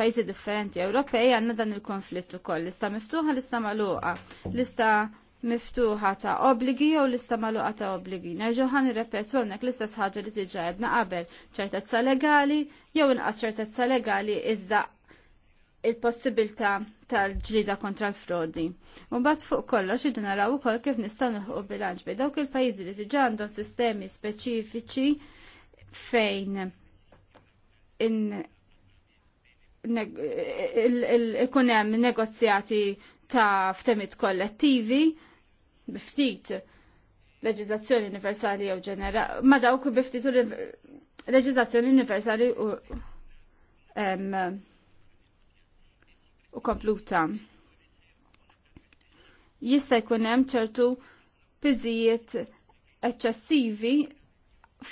pajzi differenti Ewropej għanna dan il-konflittu koll. Lista miftuħa, lista maluqa. Lista miftuħa ta' obligi jew lista maluqa ta' obligi. Nerġu ħan irrepetu għonek lista sħagġa li tiġa għedna qabel ċertezza legali jew inqas ċertezza legali iżda il-possibilità tal-ġlida kontra l-frodi. Mbagħad fuq kollox idu naraw ukoll kif nistgħu noħuq bilanċ bejn dawk il-pajjiżi li diġà għandhom sistemi speċifiċi fejn ikun hemm negozjati ta' ftemit kollettivi biftit leġiżlazzjoni universali jew ġenera ma dawk biftit leġiżlazzjoni universali u u kompluta. Jista' jkun hemm ċertu piżijiet eċċessivi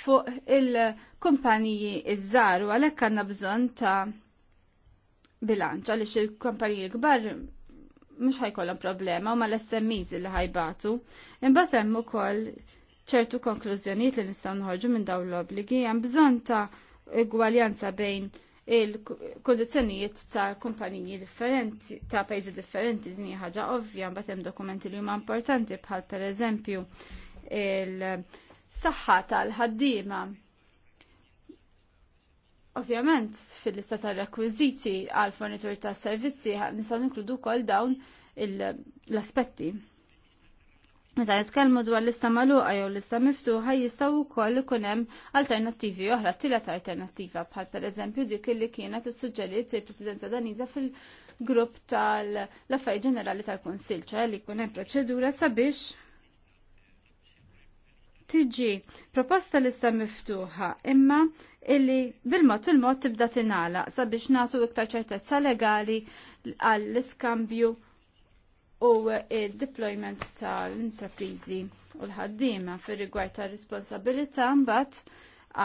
fuq il-kumpaniji iż-żar u għalhekk għandna bżonn ta' bilanċ għaliex il-kumpaniji kbar mhux ħajkollhom problema u mal-SMEs li ħajbatu. Imbagħad hemm ukoll ċertu konklużjonijiet li nistgħu nħorġu minn dawn l-obbligi hemm bżonn ta' igwaljanza bejn il-kondizjonijiet ta' kumpaniji differenti, ta' pajzi differenti, din ħaġa ovvja, mbagħad hemm dokumenti li huma importanti bħal pereżempju il-saħħa tal-ħaddiema. Ovvjament, fil-lista tal-rekwiżiti għal fornitur ta' servizzi nistgħu nkludu wkoll dawn l-aspetti. Meta nitkellmu dwar lista magħluqa jew lista miftuħa jistgħu wkoll ikun hemm alternattivi oħra, tielet alternattiva bħal pereżempju dik li kienet issuġġeriet il-Presidenza Daniża fil-grupp tal-Affarijiet Ġenerali tal-Kunsill, ċe li jkun hemm proċedura sabiex tiġi proposta lista miftuħa imma illi bil-mod il-mod tibda tingħalaq sabiex nagħtu iktar ċertezza legali għall-iskambju u il-deployment tal-intraprizi u l-ħaddima fir rigward ta' responsabilità mbagħad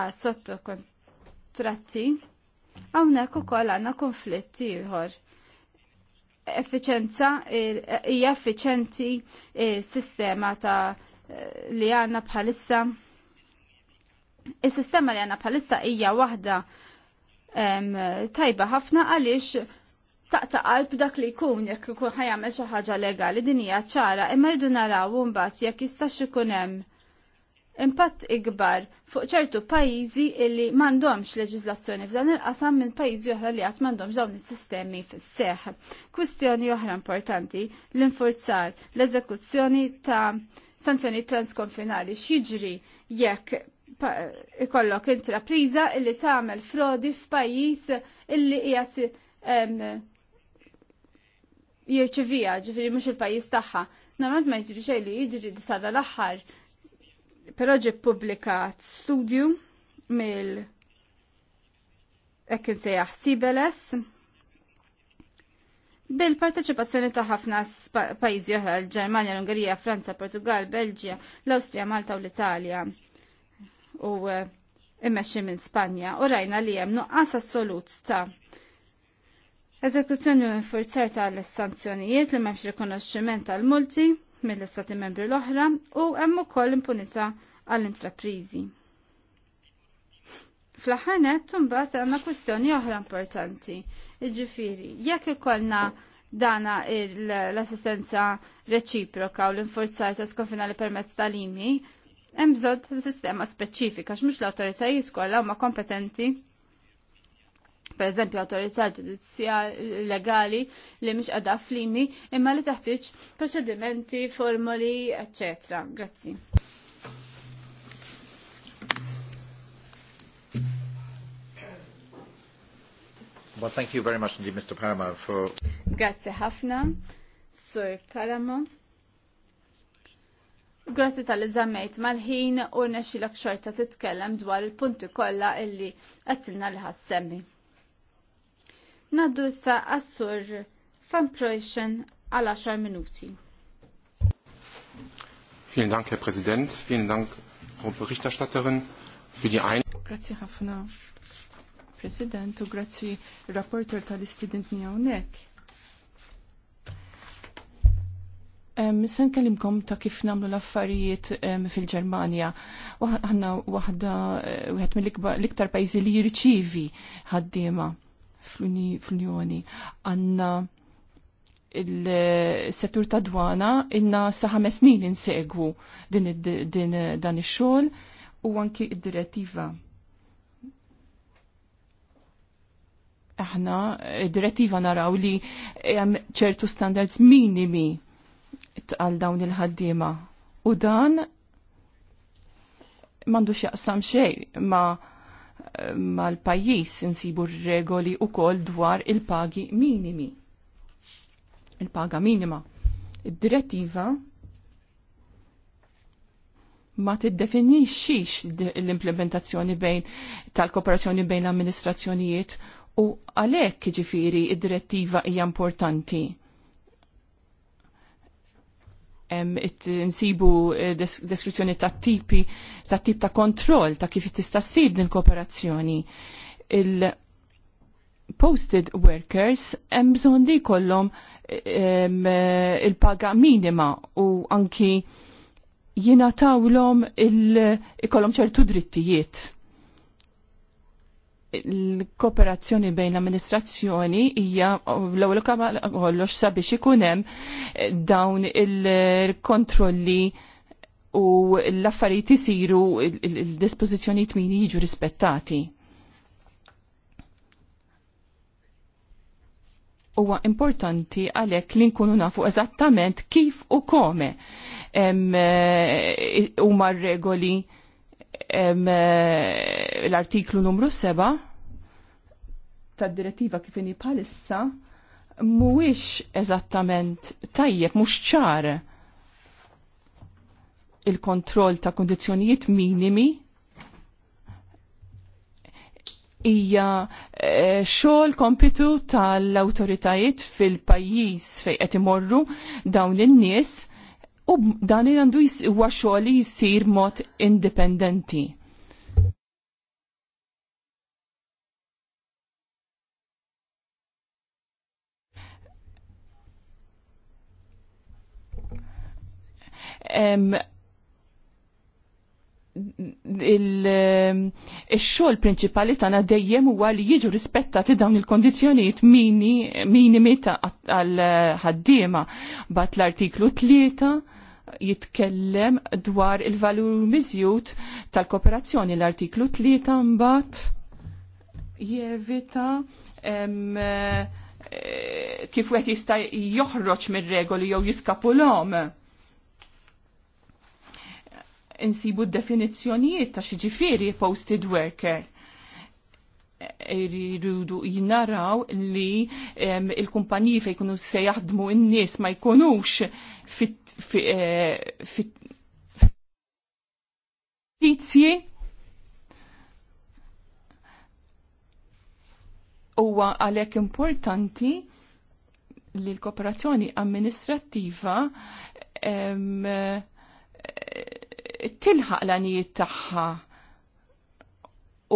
għal sotto kontratti hawnhekk ukoll għandna konflitt ieħor effiċenza hija effiċenti sistema ta' li għandna bħalissa is-sistema li għandna bħalissa hija waħda tajba ħafna għaliex taqta' qalb dak li jkun jekk ikun ħajamel xi ħaġa legali din hija ċara, imma jridu naraw mbagħad jekk jistax ikun hemm impatt ikbar fuq ċertu pajjiżi illi m'għandhomx leġiżlazzjoni f'dan il-qasam minn pajjiżi oħra li qatt m'għandhomx dawn is-sistemi fis-seħ. Kwistjoni oħra importanti l-infurzar l-eżekuzzjoni ta' sanzjoni transkonfinali x'jiġri jekk ikollok intrapriża illi tagħmel frodi f'pajjiż illi qiegħed jirċivija, ġifiri mux il-pajis taħħa. Normalment ma jġri xej li jġri disada l-axħar. Pero ġi publikat studju mill ekkim sejjaħ Sibeles bil-parteċipazzjoni ta' ħafna pajjiżi oħra l-Ġermanja, l-Ungerija, Franza, Portugal, Belġija, l-Awstrija, Malta u l-Italja u eh, immexxi minn Spanja u rajna li hemm nuqqas assolut ta' Eżekuzzjoni u infurzar tal-sanzjonijiet li m'hemmx rikonoxximent tal-multi mill-istati membri l-oħra u hemm ukoll impunità għall-intraprizi. Fl-aħħar nett imbagħad għandna kwistjoni oħra importanti. Jiġifieri, jekk ikollna dana l-assistenza reċiproka u l-infurzar ta' li permezz tal-imi, hemm bżonn ta' sistema speċifika x'mhux l-awtoritajiet kollha huma kompetenti per eżempju autorità ġudizzja legali li mhix għadha flimi imma li taħtiġ proċedimenti, formuli, eċċetera. Grazzi. Well, thank you very much indeed, Mr. Paramo, for... Grazie ħafna, Sir Paramo. Grazzi tal-eżamejt mal-ħin u nexilak xorta titkellem dwar il-punti kollha illi qed li ħassemmi. Naddu issa għassur fan projxen għal 10 minuti. Vielen Dank, Herr Präsident. Vielen Dank, Frau Berichterstatterin, für die Ein... Grazie Hafna. Präsident, und grazie, Rapporteur, tal-istudentni għonek. Sen kellimkom ta' kif namlu l-affarijiet fil-Ġermanja. Għanna wahda, għet eh, mill-iktar pajzi li jirċivi ħaddiema fl-Unjoni. Għanna il-settur ta' dwana inna sa' ħames snin insegwu din, dan ix-xogħol u anki id-direttiva. Aħna id-direttiva naraw li hemm ċertu standards minimi għal dawn il-ħaddiema u dan mandu xaqsam xej ma' mal-pajjiż insibu regoli wkoll dwar il-pagi minimi. Il-paga minima. Id-direttiva ma tiddefinixxix l-implementazzjoni bejn tal-kooperazzjoni bejn l-amministrazzjonijiet u għalhekk ġifiri id-direttiva hija importanti nsibu eh, deskrizzjoni ta' tipi, ta' tip ta' kontroll ta' kif tista' ssib din kooperazzjoni. Il-posted workers hemm bżonn li jkollhom eh, il-paga minima u anki jingħatawlhom il-kollhom ċertu drittijiet l-kooperazzjoni bejn l-amministrazzjoni hija l-ewwel kollox sabiex ikun hemm eh, dawn il-kontrolli u l-affarijiet isiru l-dispożizzjonijiet min jiġu rispettati. Huwa importanti għalhekk li nkunu nafu eżattament kif u kome eh, huma regoli eh, l-artiklu numru 7 tad-direttiva kif inhi bħalissa mhuwiex eżattament tajjeb mhux ċar il-kontroll ta' kondizzjonijiet minimi hija eh, xogħol kompitu tal-awtoritajiet fil-pajjiż fejn qed imorru dawn in-nies u dan għandu huwa xogħol li jsir mod indipendenti. il-xol prinċipali tana dejjem huwa li jiġu rispettati dawn il-kondizjonijiet minimi għal-ħaddiema. Bat l-artiklu 3 jitkellem dwar il-valur mizjut tal-kooperazzjoni l-artiklu 3 mbagħad jevita eh, kif wieħed jista' joħroġ mir-regoli jew jiskapulhom insibu d-definizzjonijiet ta' xiġifieri posted worker jridu jinaraw li um, il-kumpaniji fej kunu se jaħdmu n-nies ma jkunux fit, eh, fit, uh, fit, fittizji huwa għalhekk importanti li l-kooperazzjoni amministrattiva um, tilħaq l-anijiet tagħha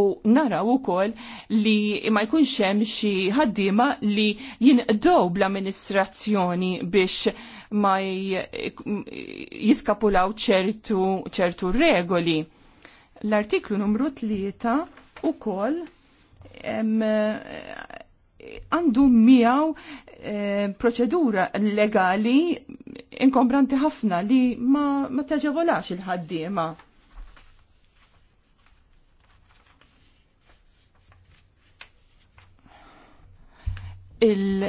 u naraw ukoll li ma jkunx hemm xi ħaddiema li jinqdow bl-amministrazzjoni biex ma jiskapulaw ċertu, ċertu regoli. L-artiklu numru 3 kol għandu miegħu eh, proċedura legali inkombranti ħafna li ma, ma taġevolax il-ħaddiema. il-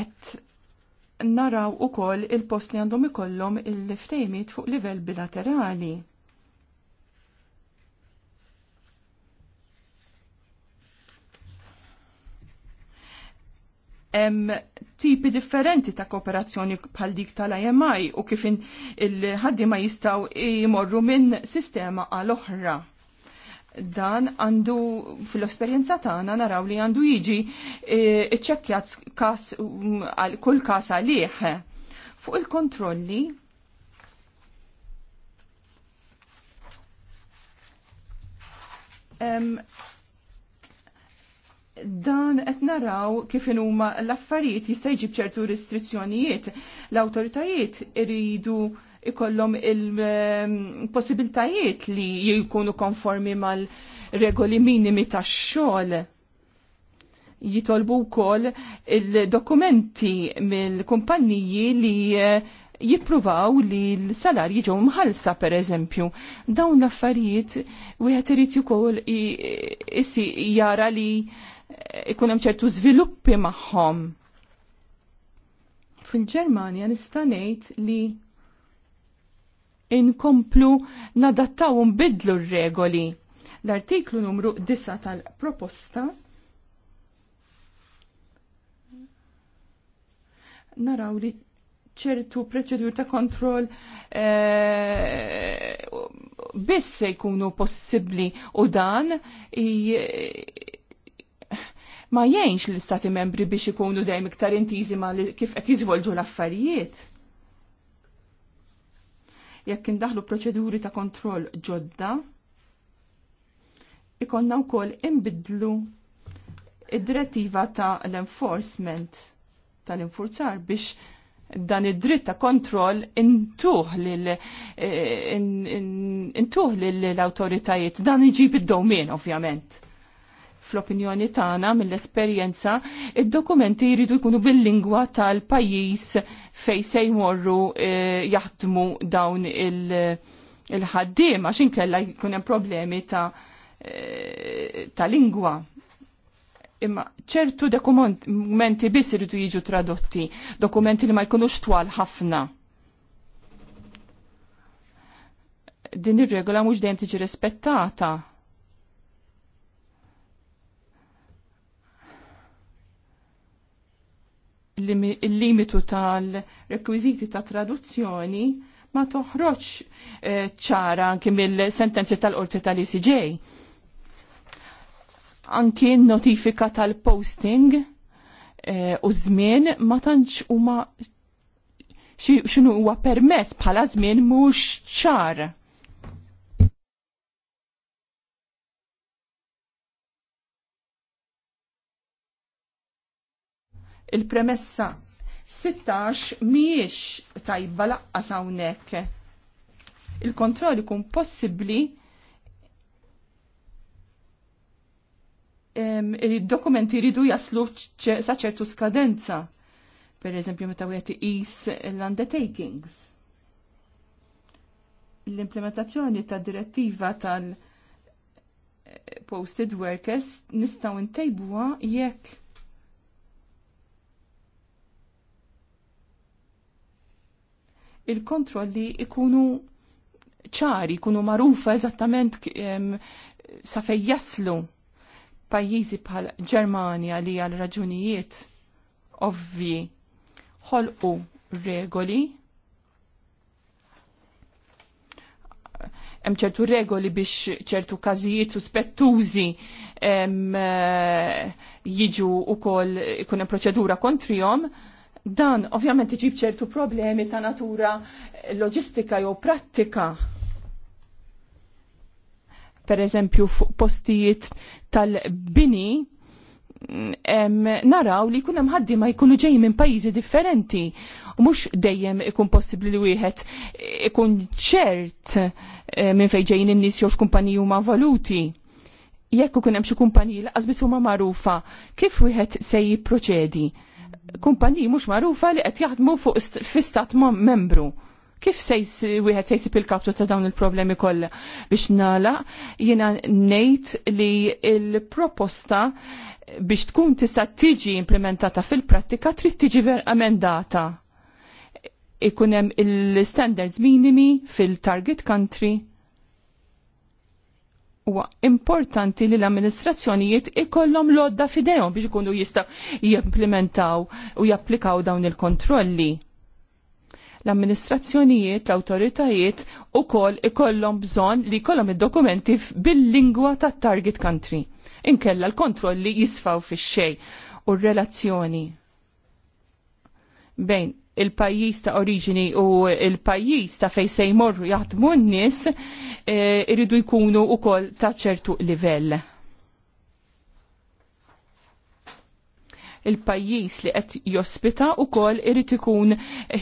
et naraw u koll il-post li għandhom ikollhom il liftejmit fuq livell bilaterali. hemm tipi differenti ta' kooperazzjoni bħal dik tal-IMI u kif il-ħaddi ma jistaw jimorru minn sistema għal oħra dan għandu fil-esperienza tagħna naraw li għandu jiġi e, iċċekkjat kas mm, għal kull kas għalih. Fuq il-kontrolli um, dan qed naraw kif huma l-affarijiet jista' jġib ċertu restrizzjonijiet. L-awtoritajiet iridu ikollhom il-possibiltajiet li jkunu konformi mal-regoli minimi tax-xogħol jitolbu wkoll il-dokumenti mill-kumpanniji li eh, jippruvaw li l-salarji ġew mħalsa per eżempju. Dawn l-affarijiet wieħed irid ukoll jara li ikun hemm ċertu żviluppi magħhom. Fil-Ġermanja nista' ngħid li inkomplu nadattaw nbidlu r-regoli. L-artiklu numru 9 tal-proposta naraw li ċertu preċedur ta' kontroll eh, biss se jkunu possibbli u dan ma jgħinx l-istati membri biex ikunu dejjem iktar intiżi ma kif qed jiżvolġu l-affarijiet. Jekk indaħlu proċeduri ta' kontroll ġodda, ikonna wkoll imbidlu id-direttiva ta' l-enforcement tal-infurzar biex dan id-dritt ta' kontroll intuħ l-autoritajiet, eh, dan iġib id-domin ovvjament fl-opinjoni tagħna mill-esperjenza, id-dokumenti jridu jkunu bil-lingwa tal-pajjiż fejn se jmorru eh, jaħdmu dawn il-ħaddiem għax inkella jkun hemm problemi ta' eh, ta' lingwa. Imma ċertu dokumenti biss iridu jiġu tradotti, dokumenti li ma jkunux twal ħafna. Din ir-regola mhux dejjem tiġi rispettata il-limitu tal-rekwiziti ta' traduzzjoni ma toħroċ eh, ċara anki mill-sentenzi tal-qorti tal-ICJ. Anki notifika tal-posting eh, u żmien ma tantx huma xinu huwa permess bħala żmien mhux ċar Il-premessa 16 miex tajba laqqas hawnhekk. Il-kontroll ikun possibbli il-dokumenti jridu jaslu saċertu skadenza. Per eżempju, meta wieħed iqis l-undertakings. L-implementazzjoni ta' direttiva tal- eh, posted workers nistaw intejbuha jekk il-kontrolli ikunu ċari, ikunu marufa eżattament sa fej jaslu pajjiżi bħal Ġermanja li għal raġunijiet ovvi ħolqu regoli hemm ċertu regoli biex ċertu każijiet suspettużi jiġu wkoll ikun hemm proċedura kontrihom, Dan ovvjament iġib ċertu problemi ta' natura loġistika jew prattika. Per eżempju, fuq postijiet tal-bini naraw li kunem ħaddi ma jkunu ġej minn pajjiżi differenti. U mux dejjem ikun possibli li wieħed ikun ċert eh, minn fejn ġejjin in-nies jew x'kumpaniji huma valuti. Jekk ikun hemm xi kumpaniji laqas biss huma magħrufa, kif wieħed se jipproċedi? kumpanji mhux magħrufa li qed jaħdmu fuq fistat membru. Kif sejs wieħed sejs il-kaptu ta' dawn il-problemi kollha biex nala jiena ngħid li il-proposta biex tkun tista' tiġi implementata fil-prattika trid tiġi amendata. Ikun hemm il-standards minimi fil-target country huwa importanti li l-amministrazzjonijiet ikollhom lodda fidejhom biex ikunu jistgħu jimplementaw u japplikaw dawn il-kontrolli. L-amministrazzjonijiet, l-awtoritajiet ukoll ikollhom bżonn li jkollhom id-dokumenti bil-lingwa tat-target country. Inkella l-kontrolli jisfaw fix-xejn u r-relazzjoni bejn il-pajjiż ta' oriġini u il-pajjiż ta' fejn se jmorru jaħdmu n-nies eh, iridu jkunu wkoll ta' ċertu livell. il-pajjiż li qed jospita wkoll irid ikun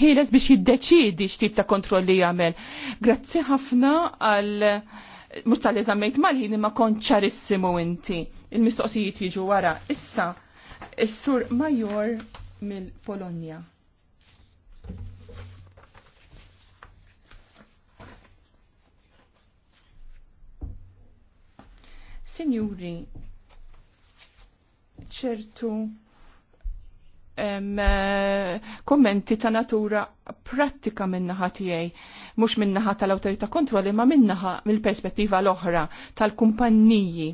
ħieles biex jiddeċiedi x'tip ta' kontrolli jagħmel. Grazzi ħafna għal mhux tal-eżammejt mal-ħin imma kont ċarissimu inti. Il-mistoqsijiet jiġu wara. Issa, is-sur major mill-Polonja. Sinjuri, ċertu eh, kommenti ta' natura prattika minnaħa tiegħi, mhux minnaħa tal autorita kontrolli ma minnaħa mill-perspettiva l-oħra tal-kumpanniji.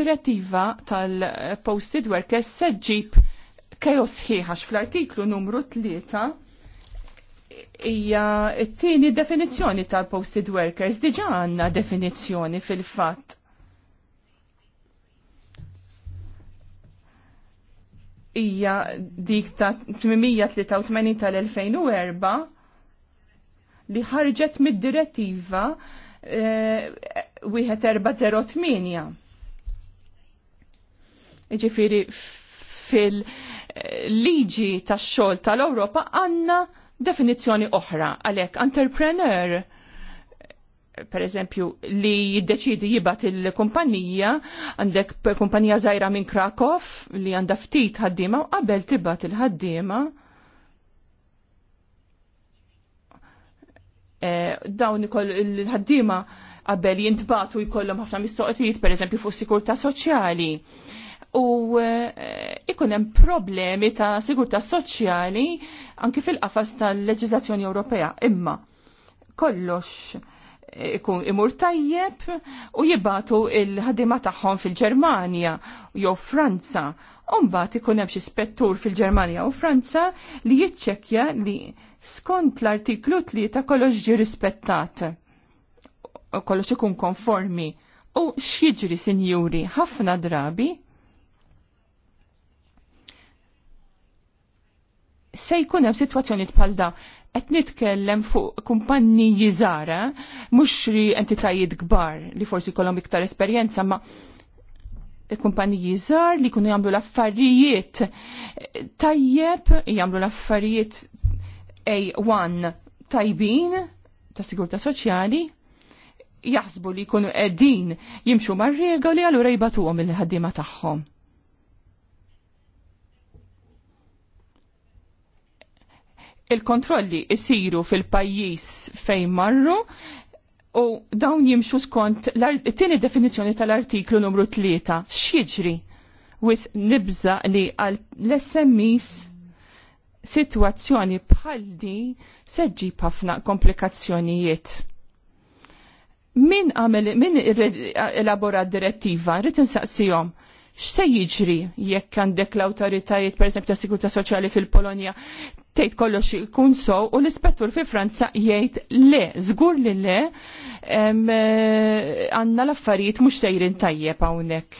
Direttiva tal-posted workers seġġib ġib kejos ħieħax fl-artiklu numru 3 hija t-tieni definizzjoni tal-posted workers diġà għandna definizzjoni fil-fatt hija dik ta' 883 tal-2004 li ħarġet mid-direttiva eh, wieħed erba' 1408. Jiġifieri fil-liġi tax-xogħol tal-Ewropa għandna definizzjoni oħra għalhekk entrepreneur per eżempju, li jiddeċidi jibat il-kumpanija, għandek kumpanija zaħira minn Krakow li għanda ftit ħaddima u qabel tibat il-ħaddima. E, dawn il-ħaddima qabel jintbatu jkollhom ħafna mistoqtijiet, per eżempju, fuq sikurta soċjali u e, ikun hemm problemi ta' sigurtà soċjali anki fil-qafas tal-leġiżlazzjoni Ewropea. Imma kollox ikun imur tajjeb u jibatu il-ħadima tagħhom fil-Ġermanja jew Franza. Umbat ikun hemm xi spettur fil-Ġermanja u Franza li jiċċekkja li skont l-artiklu tlieta kollox ġi rispettat. Kollox ikun konformi. U x'jiġri sinjuri ħafna drabi se jkun hemm sitwazzjoni bħal dawn qed nitkellem fuq kumpanniji żara mhux entitajiet kbar li forsi jkollhom iktar esperjenza ma kumpanniji żgħar li jkunu jagħmlu l-affarijiet tajjeb, jagħmlu l-affarijiet A1 tajbin ta' sigurta soċjali, jaħsbu li jkunu qegħdin jimxu mar-regoli allura jibatuhom il-ħaddiema tagħhom il-kontrolli isiru fil-pajjiż fejn marru u dawn jimxu skont t tieni definizzjoni tal-artiklu numru 3 x'jiġri wis nibża li għal l-SMEs situazzjoni bħal di seġġi ħafna komplikazzjonijiet. Min għamel, min elabora direttiva, rritin saqsijom, x'se jiġri jekk għandek l-awtoritajiet pereżempju ta' sigurtà soċjali fil-Polonja tgħid kollox ikun sow u l-ispettur fi Franza jgħid le, żgur li le eh, għandna l-affarijiet mhux sejrin tajjeb hawnhekk.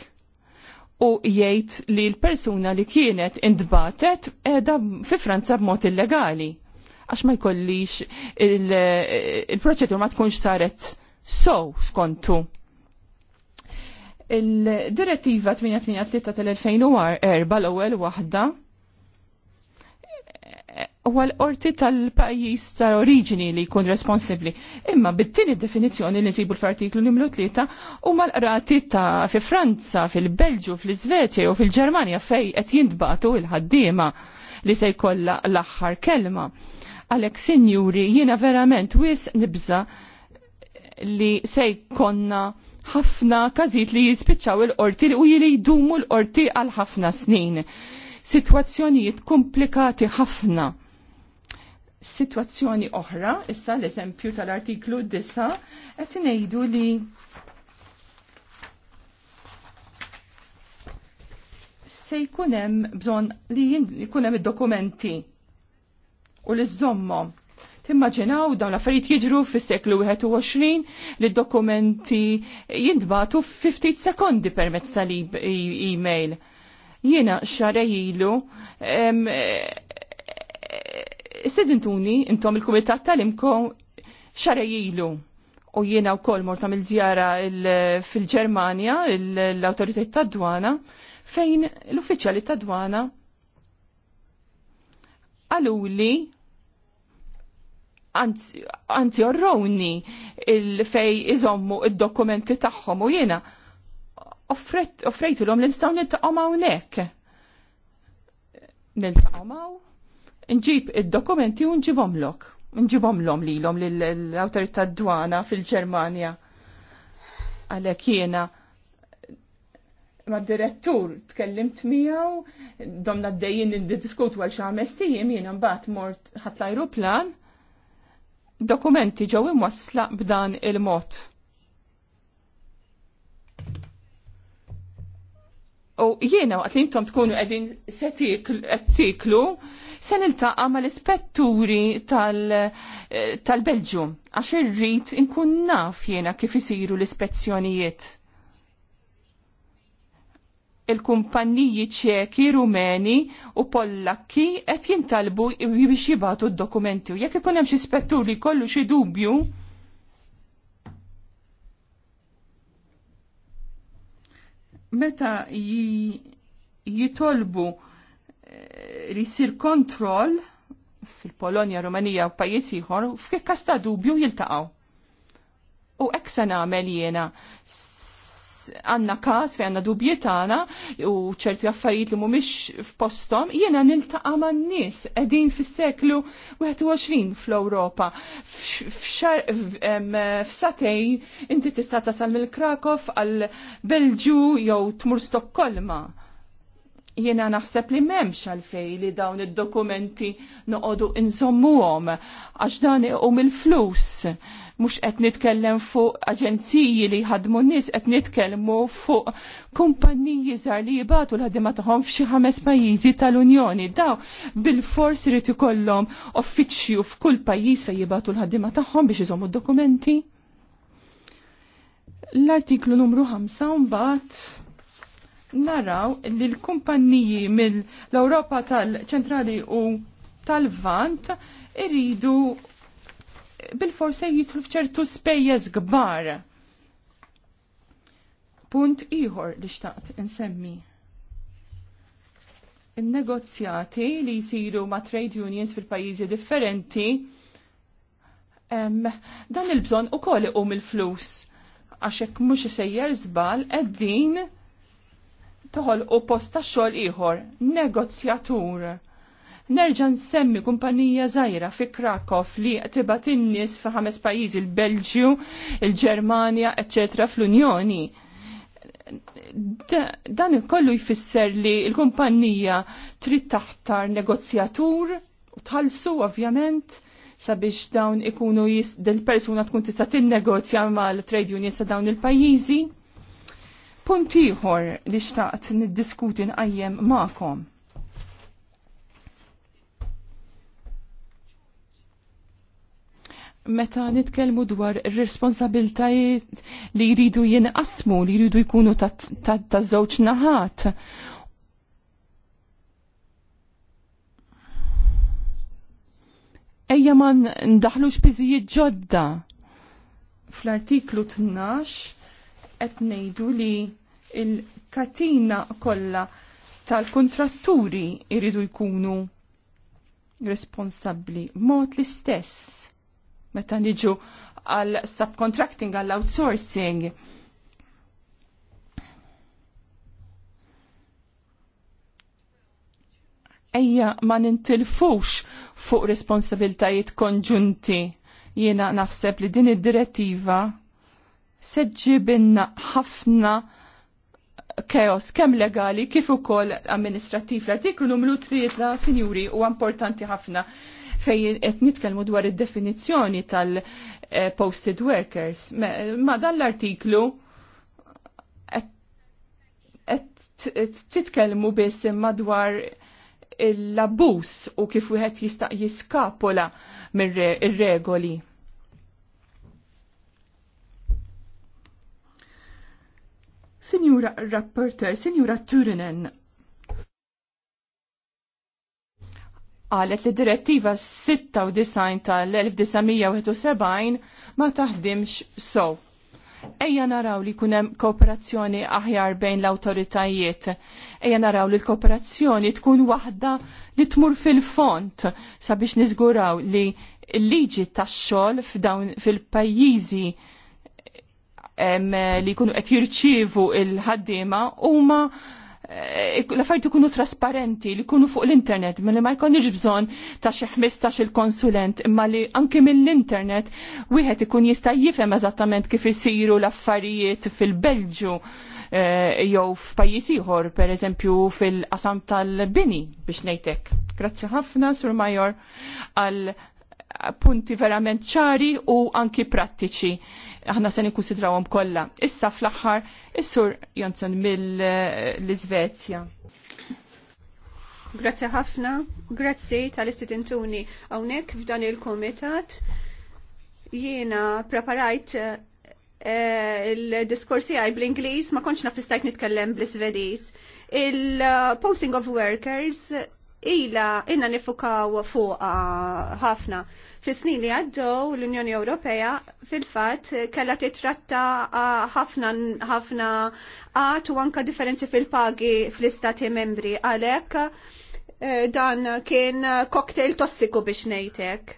U jgħid li l-persuna li kienet intbatet qiegħda fi Franza b'mod illegali għax ma jkollix il-proċedur ma tkunx saret sow skontu Il-direttiva 883 tal-2004 l-ewwel waħda huwa l-qorti tal-pajjiż ta' oriġini li jkun responsibbli. Imma bit-tieni definizzjoni li nsibu l artiklu numru 3 huma l-qrati ta' fi Franza, fil-Belġu, fl-Iżvezja u fil-Ġermanja fej qed jintbagħtu il-ħaddiema li se jkollha l-aħħar kelma. Għalhekk sinjuri jiena verament wis nibża li se jkollna ħafna każijiet li jispiċċaw il-qorti u jili jdumu l-qorti għal ħafna snin. Sitwazzjonijiet komplikati ħafna. Sitwazzjoni oħra, issa l-eżempju tal-artiklu 9, qed ngħidu li se jkun hemm bżonn li jkun hemm id-dokumenti u li żommhom Timmaġinaw dawn l-affarijiet jiġru fis-seklu 21 li dokumenti jindbatu 50 sekondi permezz tal-email. Jiena ilu eh, sedintuni intom il-Kumitat tal-Imkom xarejlu u jiena wkoll morta mill zjara fil-Ġermanja l-awtoritajiet tad-dwana fejn l-uffiċjali tad-dwana għaluli anzi orrowni il-fej iżommu il dokumenti il tagħhom u jiena offrejtilhom l nistgħu niltaqgħu hawnhekk. Niltaqgħu nġib id-dokumenti u nġibhomlok. om lilhom lill d dwana fil-Ġermanja. Għalhekk jiena ma' direttur tkellimt miegħu, domna d-dejjin diskutu għal xi ħames jena jiena mbagħad mort ħat l-ajruplan dokumenti ġew imwassla b'dan il-mod. U jiena waqt li intom tkunu qegħdin se tiklu se niltaqa' mal-ispetturi eh, tal-Belġium għax irrid inkun naf jiena kif isiru l-ispezzjonijiet il-kumpanniji ċeki, rumeni u pollakki qed jintalbu biex jibatu d-dokumenti. Jekk ikun hemm xi spettur li jkollu xi dubju, meta jitolbu eh, li jsir kontroll fil-Polonja, Rumanija u pajjiż ieħor, f'kik ta' dubju jiltaqgħu. U hekk se nagħmel jiena għanna kas fej għanna dubji tagħna u ċerti affarijiet li mhumiex f'postom, jiena niltaqa' man-nies qegħdin fis-seklu 21 fl-Ewropa. F'satej inti tista' tasal mill-Krakow għal Belġu jew tmur Stokkolma. Jiena naħseb li memx għalfej li dawn id-dokumenti noqogħdu insommuhom għax dan hum il-flus mhux qed nitkellem fuq aġenziji li jħadmu n-nies qed nitkellmu fuq kumpanniji żgħar li jibatu l-ħadima tagħhom f'xi ħames pajjiżi tal-Unjoni. Daw bil-fors irid ikollhom uffiċċju f'kull pajjiż fejn jibatu l-ħadima tagħhom biex iżommu d-dokumenti. L-artiklu numru 5 mbagħad naraw li l-kumpanniji mill ewropa tal-ċentrali u tal-Vant iridu bil forse jitlu fċertu spejjeż kbar. Punt ieħor li xtaqt insemmi. In-negozjati li jsiru ma' trade unions fil-pajjiżi differenti dan il-bżonn ukoll iqum il-flus għax hekk mhux isejjer żball qegħdin toħolqu post ta' xogħol ieħor, negozjatur Nerġa' nsemmi kumpanija żgħira fi Krakow li tibgħat in-nies fi ħames pajjiżi il-Belġju, il-Ġermanja, eċetera fl-Unjoni. Da, dan kollu jfisser li l-kumpanija trid taħtar negozjatur u tħallsu ovvjament sabiex dawn ikunu jis, persuna tkun tista' tinnegozja mal-trade unions ta' dawn il-pajjiżi. Punt ieħor li xtaqt niddiskuti nqajjem magħkom meta nitkellmu dwar responsabiltajiet li jridu jinqasmu, li jridu jkunu ta' żewġ naħat. Ejja ma ndaħlux biżijiet ġodda. Fl-artiklu 12 qed ngħidu li il-katina kollha tal-kontratturi jridu jkunu responsabbli mod l-istess meta niġu għal subcontracting, għal outsourcing. Ejja ma nintilfux fuq responsabiltajiet konġunti. Jiena naħseb li din id-direttiva seġġibinna ħafna keos kemm legali kif ukoll amministrattiv. L-artiklu numru 3, sinjuri, huwa importanti ħafna fejn qed nitkellmu dwar id-definizzjoni tal-posted workers. Ma dan l-artiklu qed titkellmu biss madwar l-abbuż u kif wieħed jista' jiskapola mir-regoli. Signora Rapporter, Sinjura Turinen, qalet li direttiva 96 tal-1971 ma taħdimx so. Ejja naraw li kunem kooperazzjoni aħjar bejn l-autoritajiet. Ejja naraw li l-kooperazzjoni tkun waħda li tmur fil-font sabiex nizguraw li l-liġi tax-xogħol f'dawn fil-pajjiżi li jkunu qed jirċievu il-ħaddiema huma Eh, eh, l-affarijiet ikunu trasparenti li jkunu fuq l-internet milli ma jkunx bżonn ta' xi ħmistax il-konsulent imma li anke mill-internet wieħed ikun jista' jifhem eżattament kif isiru l-affarijiet fil-Belġu eh, jew f'pajjiż ieħor pereżempju fil-qasam tal-bini biex ngħidlek. Grazzi ħafna Sur Major għal punti verament ċari u anki prattiċi. Aħna se nikkunsidrawhom kollha. Issa fl-aħħar is-sur Jonsen mill-Iżvezja. Grazzi ħafna, grazzi tal istituni hawnhekk f'dan il-komitat. Jiena preparajt eh, il-diskorsi għaj bl-Inglis, ma konċ naf nistajt nitkellem bl-Svediż. Il-posting of workers ila inna nifukaw fuqa ħafna. Fis-snin li għaddew l-Unjoni Ewropea fil-fatt kellha titratta ħafna ħafna għat u anka differenzi fil-pagi fl-istati membri għalhekk eh, dan kien cocktail tossiku biex ngħidlek.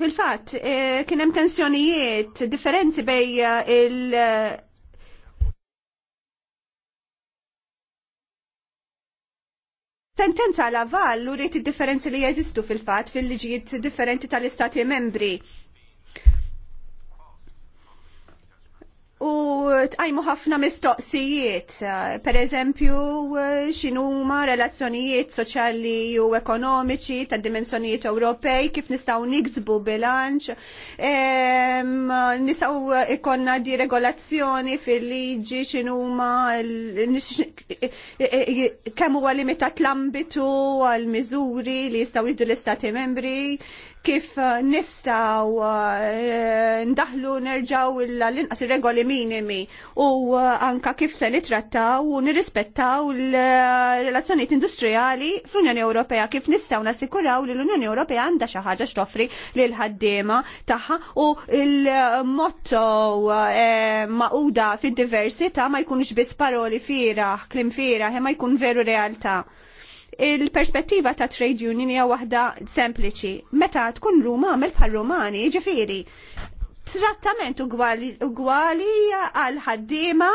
fil fatt eh, kien hemm tensjonijiet differenti bej Sentenza għal val u rrit differenzi li jeżistu fil-fat fil-liġijiet differenti tal-istati membri. u tqajmu ħafna mistoqsijiet, eh, per eżempju, eh, x'inhuma relazzjonijiet soċjali u ekonomiċi tad dimensjonijiet Ewropej, kif nistgħu niksbu bilanċ, nistgħu ikonna di regolazzjoni fil-liġi x'inhuma kemm huwa limitat l-ambitu għal miżuri li jistgħu jiddu l-istati membri, kif eh, nistaw eh, ndaħlu nerġaw l-inqas regoli minimi u eh, anka kif se nitrattaw u nirrispettaw l-relazzjoniet industrijali fl-Unjoni Ewropea kif nistaw nasikuraw li l-Unjoni Ewropea għandha xi ħaġa x'toffri lil ħaddiema tagħha u l-motto maquda fid-diversità ma jkunx biss paroli fieraħ, klim fieraħ, ma jkun veru realtà il-perspettiva ta' trade union hija waħda sempliċi. Meta tkun Ruma għamel bħal Rumani, ġifiri, trattament ugwali għal ħaddiema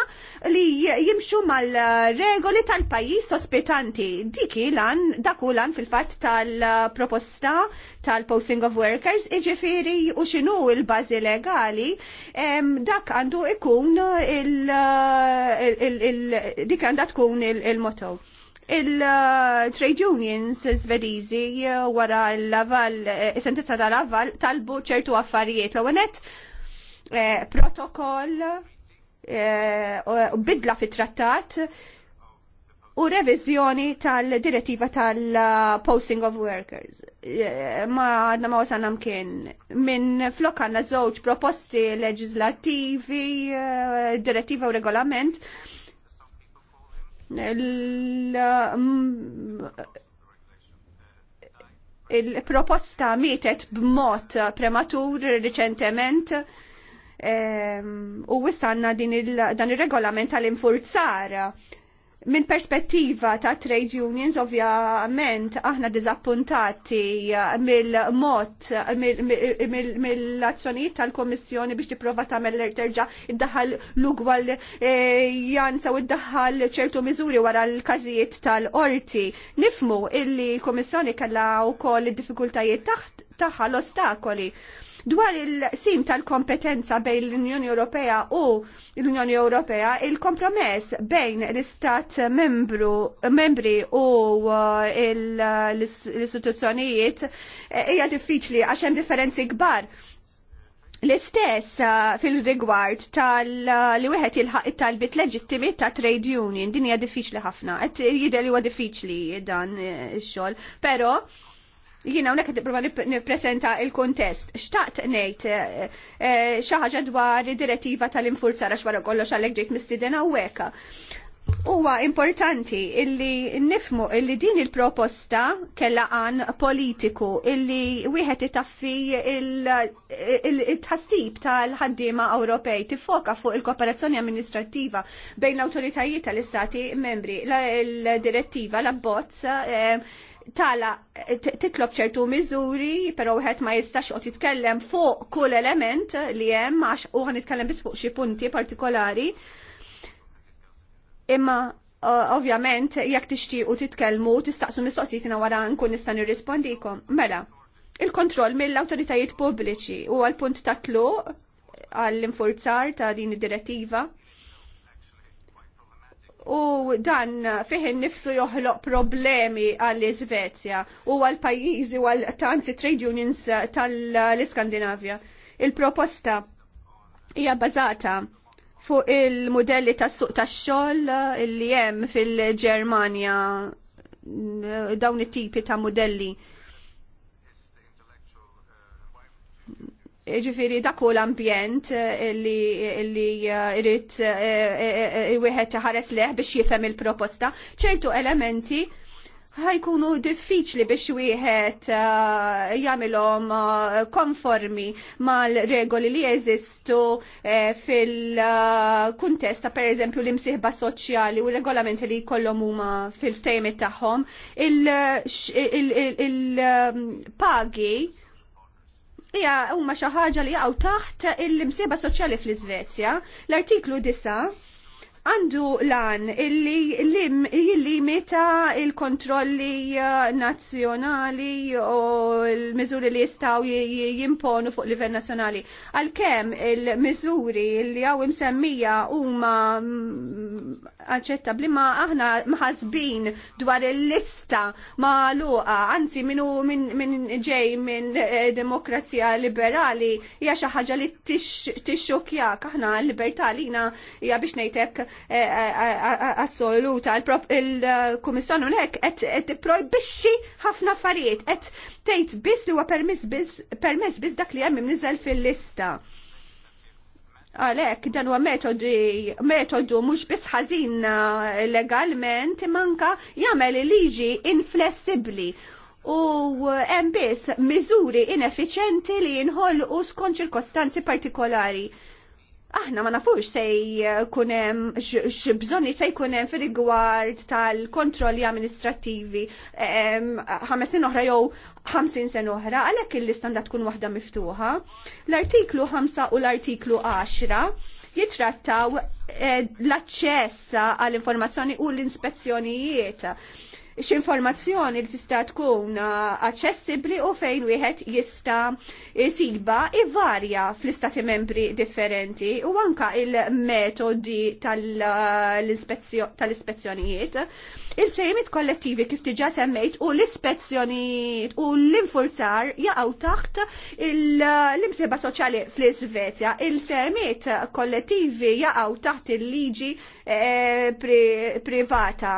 li jimxu mal-regoli tal-pajis ospitanti. Diki lan, daku lan fil-fat tal-proposta tal-posting of workers, iġifiri u xinu il-bazi legali, dak għandu ikun il-dik għandat kun il-motto. il, il, il, il, il, il, il, il Il-trade unions svedizi eh, wara l laval eh, sentenza tal-aval, talbu ċertu affarijiet. L-għonet eh, protokoll u bidla fit trattat u revizjoni tal-direttiva tal-posting of workers. ma għadna ma wasan kien minn flok għanna zoċ proposti leġislativi, direttiva u regolament il-proposta mietet b'mod prematur riċentement ehm, u wissanna dan il-regolament għal infurzar Min perspettiva ta' trade unions, ovvjament, aħna dizappuntati eh, mill-mod, eh, mill-azzjonijiet tal-Komissjoni biex tipprova tagħmel terġa' iddaħħal l-ugwal eh, janza u iddaħħal ċertu miżuri wara l-każijiet tal-qorti. Nifmu illi l-Komissjoni kellha wkoll id-diffikultajiet tagħha l-ostakoli. Dwar il-sim tal-kompetenza bejn l-Unjoni Ewropea u l-Unjoni Ewropea, il-kompromess bejn l-Istat membri u uh, l-istituzzjonijiet eh, hija diffiċli għax hemm differenzi kbar. L-istess uh, fil-rigward tal-li uh, wieħed jilħaq talbit leġittimi ta' trade union, din hija diffiċli ħafna, qed jidher li huwa diffiċli dan eh, ix-xogħol, però jina unek id-prova niprezenta il-kontest. Xtaqt nejt eh, eh, xaħġa dwar direttiva tal infurzara xwara wara kollox għalek ġejt u weka. Huwa importanti illi nifmu illi din il-proposta kella għan politiku illi wieħed itaffi il-tħassib tal-ħaddiema Ewropej tifoka fuq il-kooperazzjoni amministrattiva bejn l-awtoritajiet tal-istati membri. Il-direttiva l-abbozz eh, tala titlob ċertu miżuri, pero wieħed ma jistax qed jitkellem fuq kull element li hemm għax u nitkellem bis fuq xi punti partikolari. Imma ovvjament jekk tixtiequ titkellmu tistaqsu mistoqsijiet wara nkun nista' nirrispondikom. Mela, il-kontroll mill-awtoritajiet pubbliċi u għal punt ta' tluq għall-infurzar ta' din id-direttiva u dan fiħin nifsu joħloq problemi għall iżvezja u għall-pajjiżi u għal tanzi trade unions tal-Iskandinavja. Il-proposta hija bazata fuq il-modelli tas suq tax-xogħol li hemm fil-Ġermanja dawn it-tipi ta' modelli. ġifiri dak u l-ambjent eh, li eh, irrit eh, wieħed ħares leħ biex jifhem il-proposta, ċertu elementi ħajkunu diffiċli biex wieħed jagħmilhom konformi mal-regoli li jeżistu fil-kuntest ta' pereżempju l-imsieħba soċjali u regolamenti li jkollhom huma fil-ftejmet tagħhom il-pagi Ija, huma xi ħaġa li jaqgħu taħt il msiba soċjali fl-Iżvezja. L-artiklu disa' għandu lan illi lim meta il-kontrolli uh, nazzjonali u l-miżuri li jistaw jimponu fuq livell nazzjonali. Għalkemm il-miżuri li għaw imsemmija huma mm, aċċettabbli ma aħna maħazbin dwar il-lista ma luqa, anzi minu minn ġej minn eh, demokrazija liberali hija xi ħaġa li tixxokjak aħna l libertalina lina hija biex ngħidlek Eh, eh, eh, assoluta. Il-Kummissjoni unek qed tipprojbixxi ħafna affarijiet, qed tgħid biss li huwa permess biss dak li hemm imniżel fil-lista għalek dan huwa metodi metodu mhux biss ħażin legalment manka jagħmel liġi inflessibbli u hemm biss miżuri ineffiċenti li jinħolqu skont ċirkostanzi partikolari aħna ma nafux se jkunem x'bżonni se jkunem fil rigward tal-kontrolli amministrattivi ħamessin oħra jew ħamsin sen oħra, għalhekk il-listanda tkun waħda miftuħa. L-artiklu 5 u l-artiklu 10 jitrattaw eh, l-aċċess għall-informazzjoni u l-inspezzjonijiet x'informazzjoni li tista' tkun uh, aċċessibbli u fejn wieħed jista' jsiba ivarja fl-istati membri differenti u anka il-metodi tal-ispezzjonijiet. Il-fejmit kollettivi kif tiġa semmejt u l-ispezzjonijiet u l-infurzar jaqgħu taħt l-imsiba soċjali fl-Iżvezja. Il-fejmit kollettivi jaqgħu taħt il-liġi eh, privata.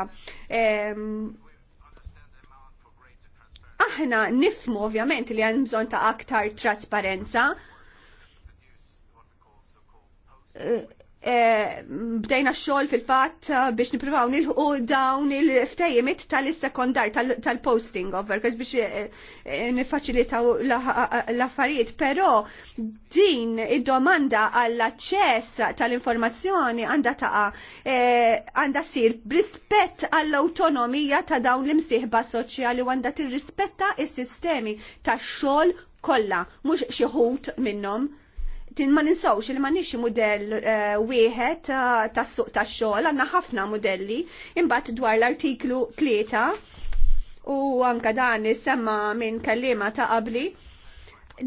Aħna nifmu ovvjament li għan bżon ta' aktar trasparenza. Eh, bdejna xogħol fil-fatt eh, biex nippruvaw nilħu dawn il ftejimit tal-sekondar tal-posting of workers biex eh, nifaċilitaw l-affarijiet, però din id-domanda għall-aċċess tal-informazzjoni għandha taqa' għandha ssir b'rispett għall-awtonomija ta' dawn l-imsieħba soċjali u għandha rispetta s-sistemi tax-xogħol kollha, mhux xi ħut minnhom Tin ma ninsawx li ma nix modell eh, wieħed eh, tas-suq tax-xogħol għandna ħafna modelli imbagħad dwar l-artiklu tlieta, u anka dan semma minn kallima ta' qabli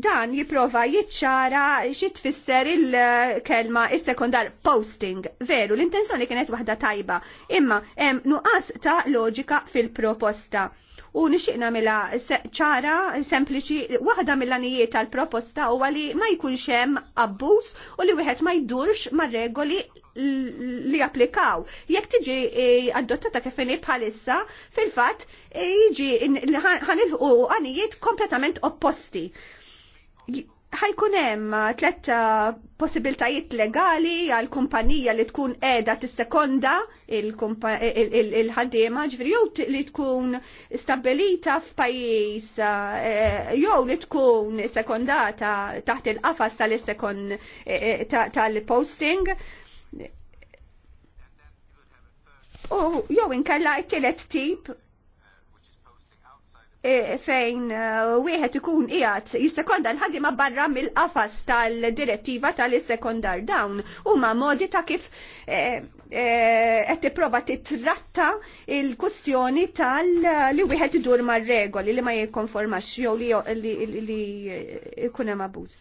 dan jiprofa jiċċara xi tfisser il-kelma is-sekondar posting. Veru, l-intenzjoni kienet waħda tajba, imma hemm nuqqas ta' loġika fil-proposta u nixtieq nagħmilha ċara sempliċi waħda mill-anijiet tal-proposta huwa li ma jkunx hemm abbuż u li wieħed ma jdurx mar-regoli li applikaw. Jekk tiġi e, adottata kif inhi bħalissa, fil-fatt e, jiġi ħanilħu għanijiet kompletament opposti ħajkun hemm tlet eh, possibiltajiet legali għal kumpanija li tkun qiegħda tissekonda il-ħaddiema, ġifieri jew li tkun stabilita f'pajjiż eh, jew li tkun sekondata taħt il-qafas tal-sekon eh, tal-posting. U jew inkella t-tielet tip Eh, fejn eh, wieħed ikun qiegħed jissekonda l-ħadima barra mill-qafas tal-direttiva tal-sekondar dawn huma modi ta' kif eh, qed tipprova titratta il-kustjoni tal li wieħed idur mar-regoli li ma jikkonformax jew li jkun hemm abuż.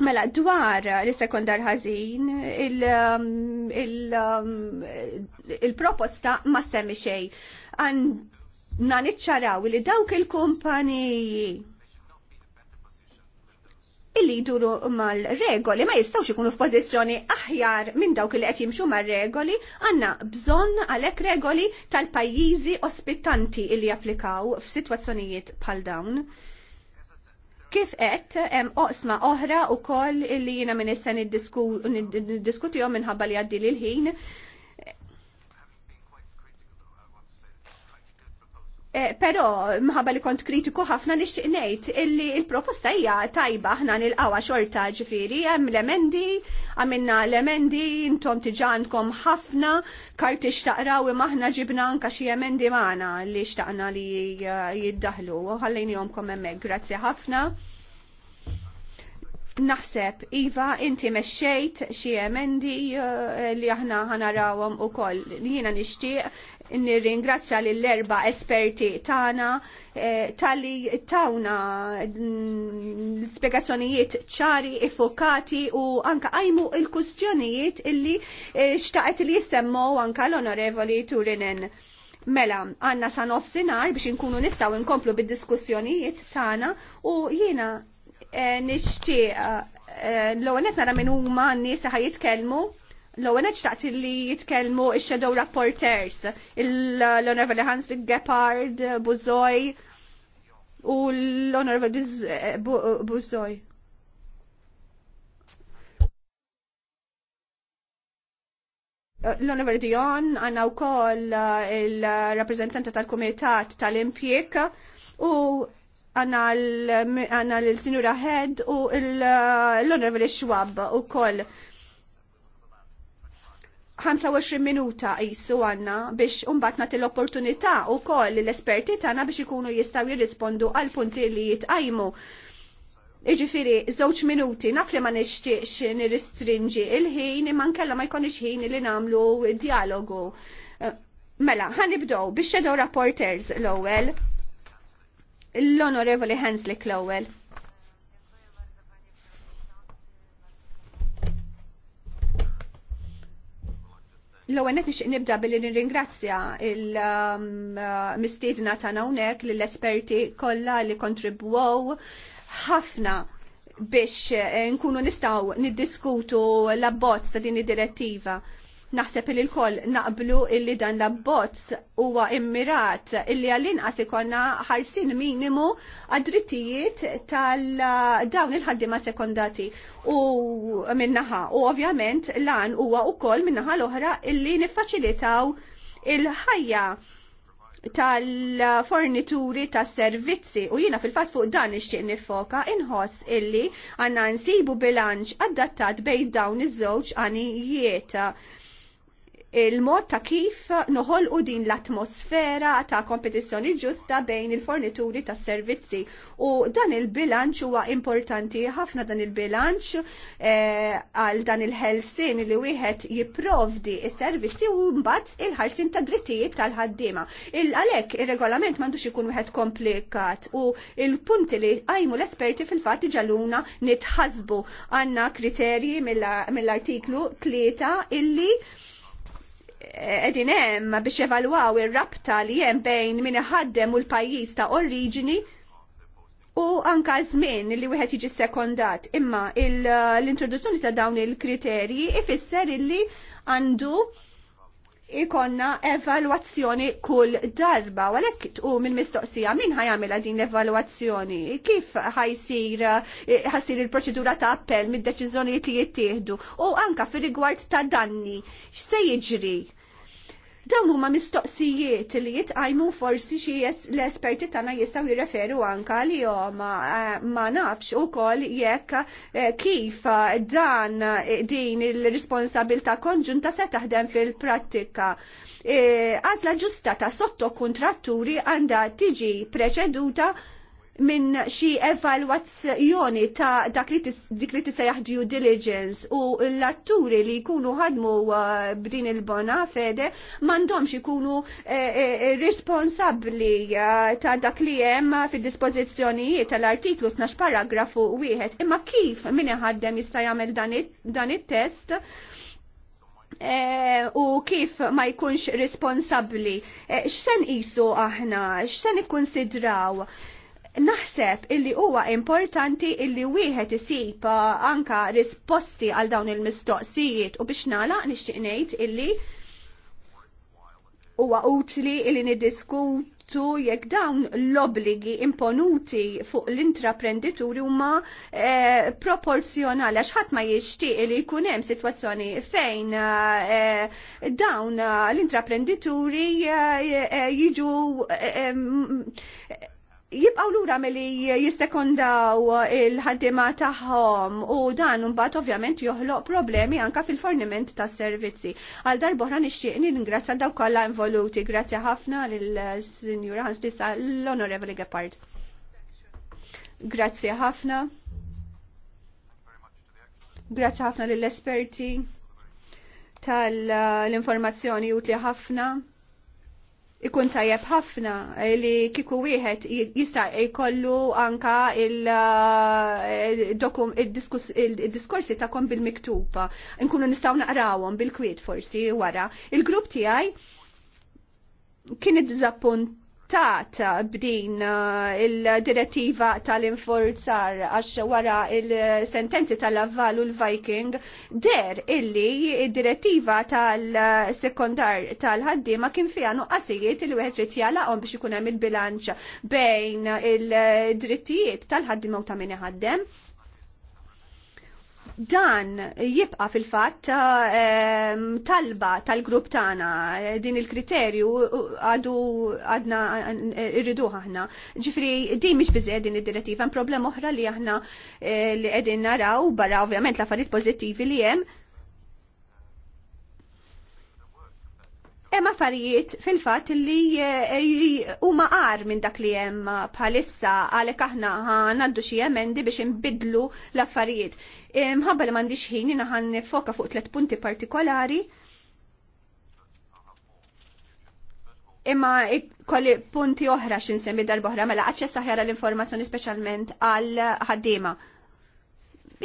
Mela, dwar l sekondar ħażin, um, um, il-proposta ma semmi xejn na niċċaraw li dawk il-kumpaniji illi jduru mal-regoli ma jistawx ikunu f'pożizzjoni aħjar minn dawk li qed jimxu mar-regoli, għandna bżonn għalhekk regoli tal-pajjiżi ospitanti illi japplikaw f'sitwazzjonijiet bħal dawn. Kif qed hemm oqsma oħra wkoll illi jiena minn issa niddiskutihom minħabba li għaddi l-ħin Eh, Pero, mħabba li kont kritiku ħafna nixtieq ngħid illi il-proposta hija tajba ħna nilqawa xorta ġifieri hemm l-emendi, għamilna l-emendi intom tiġankom ħafna karti xtaqraw imma aħna ġibna anka xi emendi magħna li xtaqna li eh, jiddaħlu. Ħallejnihomkom hemmhekk, grazzi ħafna. Naħseb, Iva, inti mexxejt xi emendi eh, li aħna ħanarawhom ukoll. Jiena nixtieq nirringrazzja lill erba esperti tagħna eh, tal-li tawna mm, spiegazzjonijiet ċari, effokati u anka għajmu il-kustjonijiet illi eh, xtaqet li jissemmow anka l-onorevoli Turinen. Mela, għanna sa' sinar biex nkunu nistaw nkomplu bid-diskussjonijiet tagħna u jiena eh, nixtieq eh, l-għonet nara minn huma n-nies ħajitkellmu L-ewwel xtaqt li jitkellmu il shadow rapporters, l-Honorable Hans Gepard, Buzoj u l-Honorable eh, eh, Buzoj. L-Honorable Dion għanna u koll eh, il-rappresentanta tal-Komitat tal-Impjek u għanna l sinura Head u l-Honorable Schwab u koll 25 minuta jissu għanna biex umbat nati l-opportunità u koll l-esperti tana biex ikunu jistaw jirrispondu għal punti li jitqajmu. Iġifiri, zoċ minuti, naf li ma nishtiqx nirristringi il-ħin, ma nkella ma jkonix ħin li namlu dialogu. Eh, mela, ħanibdow biex xedow rapporters l-ewel, l-onorevoli Hanslik l-ewel. L-ewwel qed nibda billi nirringrazzja il mistidna tagħna hawnhekk lill-esperti kollha li kontribwow ħafna biex eh, nkunu nistgħu niddiskutu l-abbozz ta' din id-direttiva. Naħseb li l-koll naqblu illi dan l-abbozz huwa immirat illi għall-inqas ikonna ħarsin minimu għad-drittijiet tal-dawn uh, il-ħaddima sekondati u minnaħa. U ovvjament lan huwa wkoll minnaħa l-oħra illi niffaċilitaw il-ħajja tal-fornituri ta' servizzi u jina fil-fat fuq dan nixtieq nifoka inħoss illi għanna nsibu bilanċ adattat bejn dawn iż-żewġ għanijiet il-mod ta' kif noħolqu din l-atmosfera ta' kompetizzjoni ġusta bejn il-fornituri ta' servizzi. U dan il-bilanċ huwa importanti ħafna dan il-bilanċ eh, għal dan il-ħelsin li wieħed jipprovdi is-servizzi u mbagħad il-ħarsin ta' drittijiet tal-ħaddiema. Għalhekk ir-regolament m'għandux ikun wieħed komplikat u il-punti li għajmu l-esperti fil-fatt ġaluna nitħasbu għandna kriterji mill-artiklu tlieta illi edin hemm biex evalwaw ir-rabta li hemm bejn min iħaddem u l-pajjiż ta' oriġini u anka żmien li wieħed jiġi sekondat. Imma l-introduzzjoni ta' dawn il-kriterji ifisser illi għandu ikonna evalwazzjoni kull darba. għalhekk u minn mistoqsija, min ħajamela din l-evalwazzjoni? Kif ħajsir ħasir il-proċedura ta' appell mid deċiżjonijiet li jittieħdu? U anka fir rigward ta' danni, x'se jiġri? Dawn huma mistoqsijiet li jitqajmu forsi xi l-esperti tagħna jistgħu jirreferu anka li eh, ma nafx ukoll jekk eh, kif dan eh, din il-responsabilità konġunta se taħdem fil-prattika. Għażla ġusta ta' sotto kontratturi għandha tiġi preċeduta minn xi evalwazzjoni ta' dak li dik li tisejjaħ due diligence u l-atturi li jkunu ħadmu uh, b'din il-bona fede m'għandhomx ikunu eh, eh, responsabbli uh, ta' dak li hemm fid-dispożizzjonijiet tal-artiklu 12 paragrafu wieħed. Imma kif min iħaddem jista' jagħmel dan it-test? Eh, u kif ma jkunx responsabli. E, x'sen aħna, x'sen ikkonsidraw? Naħseb illi huwa importanti illi wieħed isib uh, anka risposti għal dawn il-mistoqsijiet u biex nagħlaq nixtieq ngħid illi huwa utli illi niddiskutu jekk dawn l-obligi imponuti fuq l-intraprendituri huma eh, proporzjonali għax ħadd ma jixtieq li jkun hemm sitwazzjoni fejn eh, eh dawn eh, l-intraprendituri eh, eh jiġu jibqaw lura milli jissekondaw il-ħaddima tagħhom u dan mbagħad ovvjament joħloq problemi anka fil-forniment tas servizzi. Għal darbohra nixtieq ningrazzja daw kollha involuti, grazzja ħafna l-Senjur Hans Tissa, l-Onorevoli Gepard. Grazzi ħafna. Grazzi ħafna lill-esperti tal-informazzjoni utli ħafna ikun tajjeb ħafna eh, li kiku wieħed jista' jkollu anka eh, il-diskorsi tagħkom bil-miktuba. Nkunu nistgħu naqrawhom bil-kwiet forsi wara. Il-grupp tiegħi kien iddiżappunt Tat b'din eh, il-direttiva tal-infurzar għax wara il-sentenzi tal-avval u l-Viking der illi il-direttiva tal-sekondar tal-ħaddima kien fija nuqqasijiet il wieħed trid jalaqhom biex ikun hemm il-bilanċ bejn il-drittijiet tal-ħaddima u ta' min iħaddem dan jibqa fil-fatt ehm, talba tal-grupp tagħna din il-kriterju għadu għadna irridu aħna. Ġifri din mhix biżgħed din id-direttiva, hemm problema oħra li aħna eh, li qegħdin naraw barra ovvjament l-affarijiet pożittivi li hemm hemm affarijiet fil-fatt li eh, eh, huma qar minn dak li hemm bħalissa għalhekk aħna għandu xi emendi biex inbidlu l-affarijiet. Eh, Mħabba li m'għandix ħin jiena ħan fuq tliet punti partikolari. Imma kolli punti oħra x'insemmi darba oħra mela aċċess aħjar l-informazzjoni speċjalment għal ħaddiema.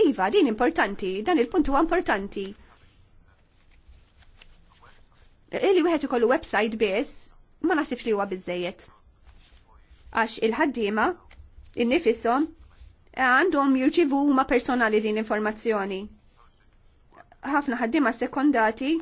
Iva, din importanti, dan il-punt huwa importanti. Illi wieħed ikollu website biss ma nasibx li huwa biżejjed. Għax il-ħaddiema innifisom għandhom jirċivu huma personali din informazzjoni. Ħafna ħaddiema sekondati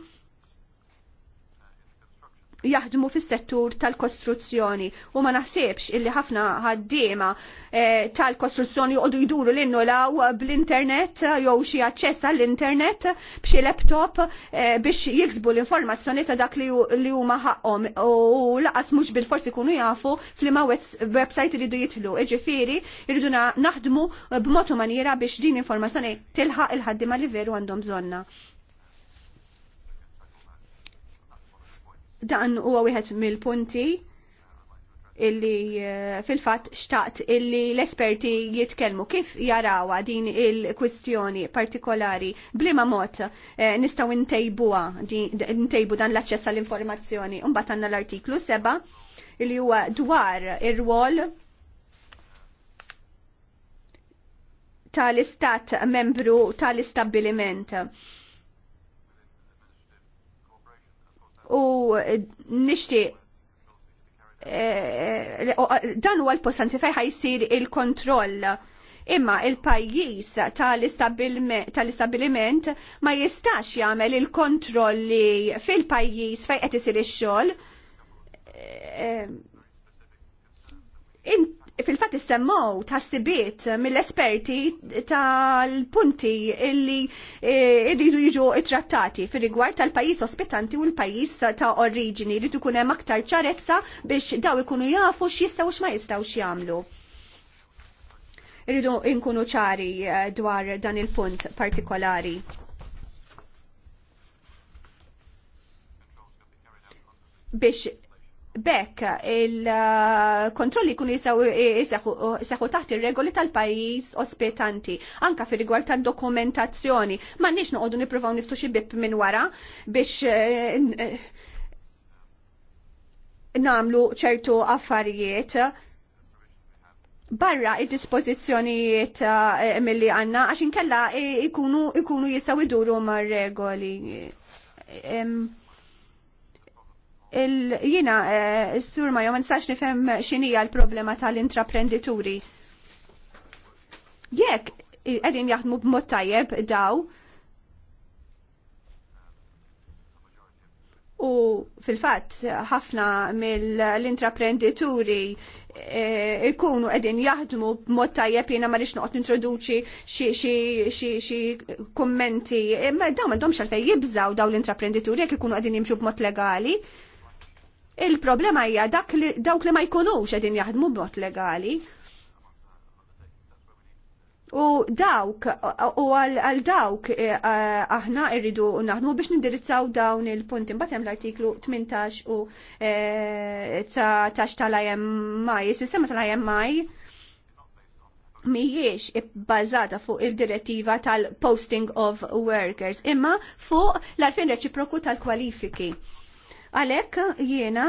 jaħdmu fis-settur tal-kostruzzjoni u ma naħsibx illi ħafna ħaddiema eh, tal-kostruzzjoni jqogħdu jduru l law bl-internet jew xi aċċess għall-internet b'xi laptop eh, biex jiksbu l-informazzjoni ta' dak li huma ħaqhom u laqas mhux bil-forsi jkunu jafu flima website iridu jitlu. jiġifieri jridu naħdmu b'mod maniera biex din informazzjoni tilħaq il-ħaddiema li veru għandhom bżonna. dan huwa wieħed mill-punti illi eh, fil-fatt xtaqt illi l-esperti jitkellmu kif jarawa din il-kwistjoni partikolari blima mod eh, nistaw ntejbuha ntejbu dan l-aċċess għall-informazzjoni. Imbagħad għandna l-artiklu seba' illi huwa dwar ir-rwol tal-istat membru tal-istabbiliment. u nishti eh, eh, eh, dan huwa l-postanti fejn ħajsir il-kontroll. Imma il-pajjiż tal-istabiliment ma jistax jagħmel il-kontrolli fil-pajjiż fejn qed isir ix-xogħol fil-fat semmow ta' sibiet mill-esperti tal-punti illi eh, irridu jiġu trattati fil rigward tal-pajis ospitanti u l-pajis ta' oriġini li tkun hemm aktar ċarezza biex daw ikunu jafu x'jistgħu x'ma jistgħux jagħmlu. Irridu nkunu ċari eh, dwar dan il-punt partikolari. biex bekk il-kontrolli kun jisaw jisaxu taħt ir-regoli tal-pajis ospitanti. Anka fi rigward tal dokumentazzjoni. Ma nix noqodu niprofaw niftu xie bib minn wara biex eh, eh, namlu ċertu affarijiet barra il dispozizjonijiet eh, mill-li għanna għax inkella ikunu jistaw iduru mar regoli jina, s-sur eh, ma jom nistax nifhem xinija l-problema tal-intraprendituri. Jekk qegħdin jaħdmu b'mod tajjeb daw u fil-fatt ħafna mill-intraprendituri eh, ikunu edin jaħdmu b'mod tajjeb jiena ma noqgħod nintroduċi xi kummenti. Eh, ma dawn m'għandhomx għalfejn jibżaw dawn l-intraprendituri jekk ikunu qegħdin jimxu b'mod legali. Il-problema hija dawk li ma jkunux qegħdin jaħdmu b'mod legali. U dawk, u għal dawk eh, eh, aħna rridu naħdmu biex nindirizzaw dawn il-punti. Mbagħad hemm l-artiklu 18 u 19 eh, tal-IMI, is-sistema tal-IMI mhijiex ibbażata fuq il-direttiva tal-posting of workers, imma fuq l-arfin reċiproku tal-kwalifiki. Għalhekk jiena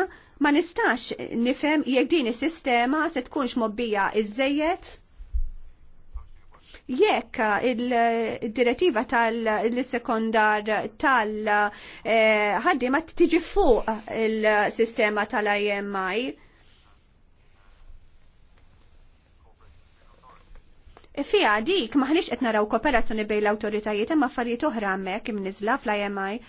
ma nistax nifhem jekk din is-sistema se tkunx mobbija iż-żejjed jekk il-direttiva tal-sekondar tal-ħaddi eh, ma tiġi fuq il-sistema tal-IMI Fija dik maħniex qed naraw kooperazzjoni bejn l-awtoritajiet imma affarijiet oħra hemmhekk imniżla fl-IMI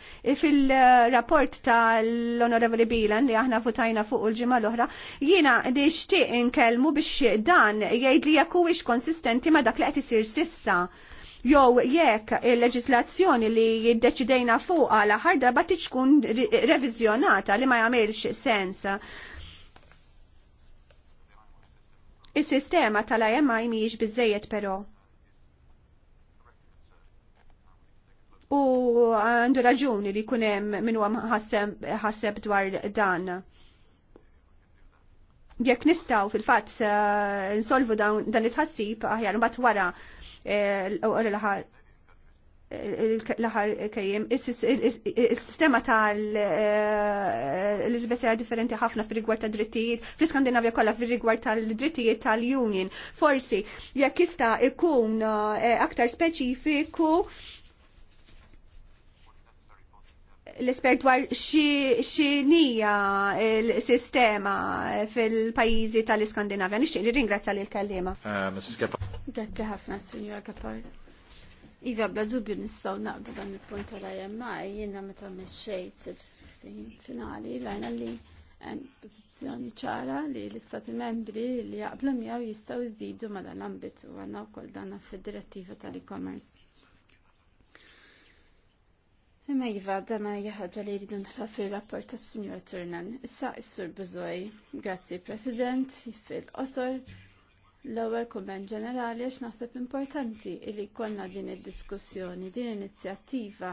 fil-rapport tal-Onorevoli Bilan li aħna votajna fuq il-ġimgħa l-oħra jiena nixtieq inkellmu biex dan jgħid li jekk huwiex konsistenti ma' dak li qed isir sissa jew jekk il-leġislazzjoni li jiddeċidejna fuqha l-aħħar darba tkun revizjonata li ma jagħmilx sens Is-sistema tal-IMI mhijiex bizzejet però. U għandu raġuni li kunem minu għam ħasseb dwar dan. Jekk nistaw fil-fatt eh, nsolvu dan it-ħassib aħjar mbagħad wara l eh, l-ħar l ħar kejjem, il-sistema tal-Elizabetha differenti ħafna fil-rigward ta' drittijiet, fl-Skandinavja kollha fil-rigward tal-drittijiet tal-Union. Forsi, jekk jista' ikun eh, aktar speċifiku l-espert dwar xinija l-sistema fil-pajizi tal-Iskandinavja. Nixtieq li ringrazzja li l-kallima. Eh, Grazzi ħafna, Signora Kapar. Iva, bla dubju nistaw naqdu dan il-punt tal-IMI, jenna meta meċċejt il-finali, lajna li hemm espożizzjoni ċara li l-Istati membri li jaqblu miegħu jistgħu jżidu ma dan l għanna għandna wkoll dan fid-direttiva tal-e-commerce. Imma jiva dana ħaġa li jridu nħla fil-rapport tas Signor Turnan. Issa is-Sur Buzoj, grazzi President, fil-qosor L-ewwel kumment ġenerali għax naħseb importanti li jkollna din id-diskussjoni, din inizjattiva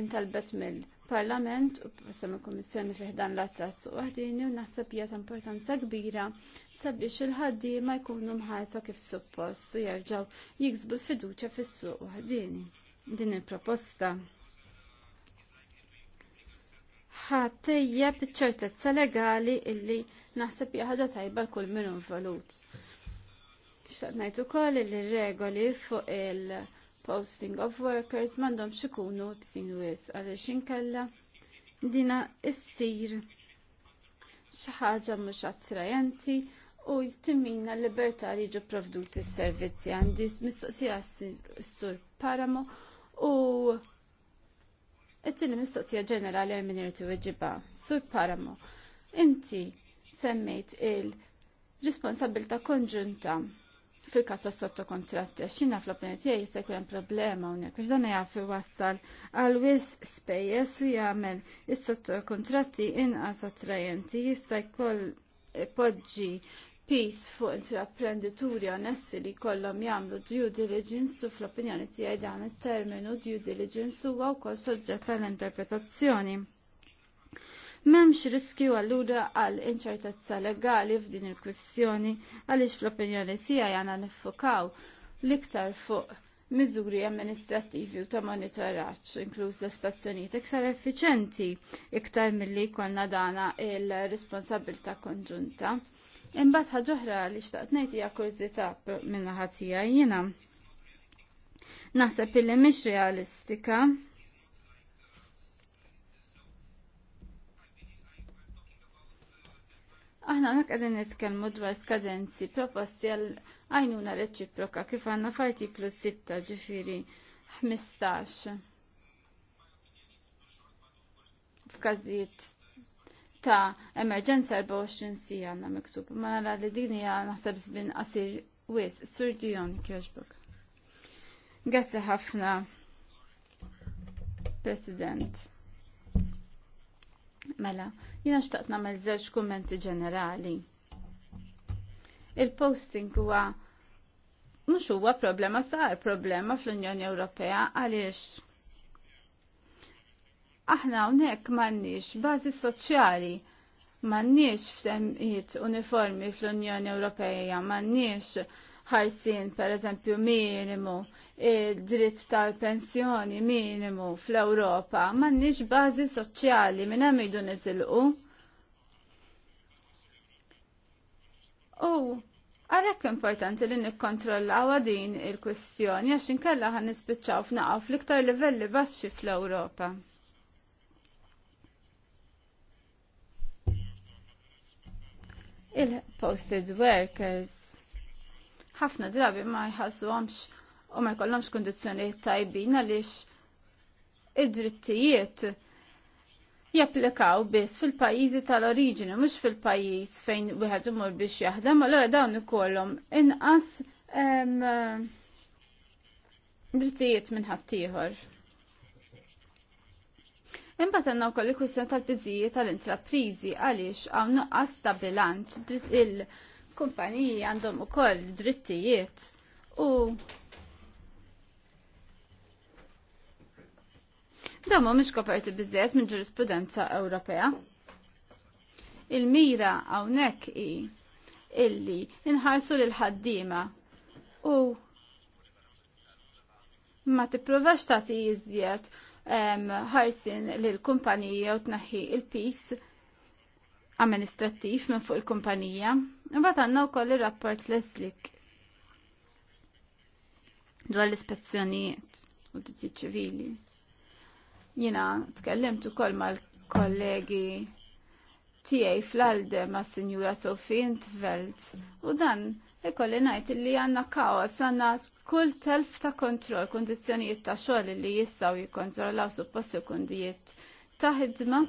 intalbet mill-Parlament u basta mill-Kummissjoni fiħdan l-attas u għahdini u naħseb hija ta' importanza kbira sabiex il-ħaddiema jkunu mħarsa kif suppost u jerġgħu jiksbu l-fiduċja fis-suq waħdini. Din il-proposta ħatejja ċertezza legali illi naħseb ħaġa tajba l kull minn involut. Xtaqt ngħid ukoll li regoli fuq il-posting of workers m'għandhomx ikunu b'sin wis għaliex inkella dina issir xi ħaġa mhux attrajenti u jittimina l-libertà li ġu provduti s-servizzi għandi mistoqsija s-sur Paramo u it-tini mistoqsija ġenerali għal minirti irtu iġiba, sur paramo, inti semmejt il-responsabilta konġunta fil kassa sotto kontratti, xina fl-opinjoni tiegħi jista' jkun hemm problema hawnhekk biex dan jaf iwassal għal wis spejjeż u jagħmel is-sotto kontratti inqas attrajenti jista' jkoll poġġi pis fuq intraprendituri onesti li kollhom jagħmlu due diligence u fl-opinjoni tiegħi dan it-terminu due diligence huwa wkoll soġġett għall interpretazzjoni. Memx riskju għalluda għal inċertezza legali f'din il-kwistjoni għaliex fl-opinjoni tiegħi għana nifokaw l-iktar fuq miżuri amministrativi u ta' monitoraċ, inkluż l-ispezzjonijiet iktar effiċenti, iktar milli konna dana il-responsabilta konġunta. Imbat ħaġa oħra li xtaqt ngħid hija kurzità minn ħatija jiena. Naħseb illi mhix realistika Aħna għanak għadin nitkelmu dwar skadenzi proposti għal għajnuna reċiproka kif għanna f'artiklu 6 ġifiri 15. F'każijiet ta' emerġenza 24 sija għanna miktub. Ma nara li dini għanna naħseb zbin għasir wis, sur dijon kjoġbuk. Grazie ħafna, President. Mela, jina xtaqt namel zewġ kummenti ġenerali. Il-posting huwa mhux huwa problema sar problema fl-Unjoni Ewropea għaliex aħna hawnhekk m'għandniex bażi soċjali m'għandniex f'temijiet uniformi fl-Unjoni Ewropea, m'għandniex ħarsin per eżempju minimu, il-dritt tal-pensjoni minimu fl-Ewropa, m'għandniex bażi soċjali minn hemm nitilqu. U għalhekk importanti li nikkontrolla din il-kwistjoni għax inkella għan nispiċċaw f'naqgħu fl-iktar livelli baxxi fl-Ewropa. il-posted workers ħafna drabi ma għamx u ma jkollhomx kundizzjonijiet tajbin għaliex id-drittijiet japplikaw biss fil-pajjiżi tal-oriġini mhux fil-pajjiż fejn wieħed imur biex jaħdem, allura dawn ikollhom inqas drittijiet minn ħaddieħor. Imbagħad għandna wkoll il-kwistjoni tal-biżijiet tal-intrapriżi għaliex hawn nuqqas ta' bilanċ il- kumpaniji għandhom ukoll drittijiet u Dawn mhumiex koperti biżejjed minn ġurisprudenza Ewropea. Il-mira hawnhekk hi illi inħarsu l ħaddiema u ma tippruvax tagħti jizziet ħarsin l kumpanija u tnaħħi il-pis amministrattiv minn fuq il-kumpanija għanna għandna wkoll ir-rapport l l-eslik dwar l-ispezzjonijiet u d ċivili. Jina tkellimt ukoll mal-kollegi tiegħi fl-alde ma' Sinjura Sofi Intveld u dan ikolli najt li għanna kawas għanna kull telf ta' kontrol, kondizjonijiet ta' xogħol li jistaw jikontrollaw suppost sekundijiet ta' ħidma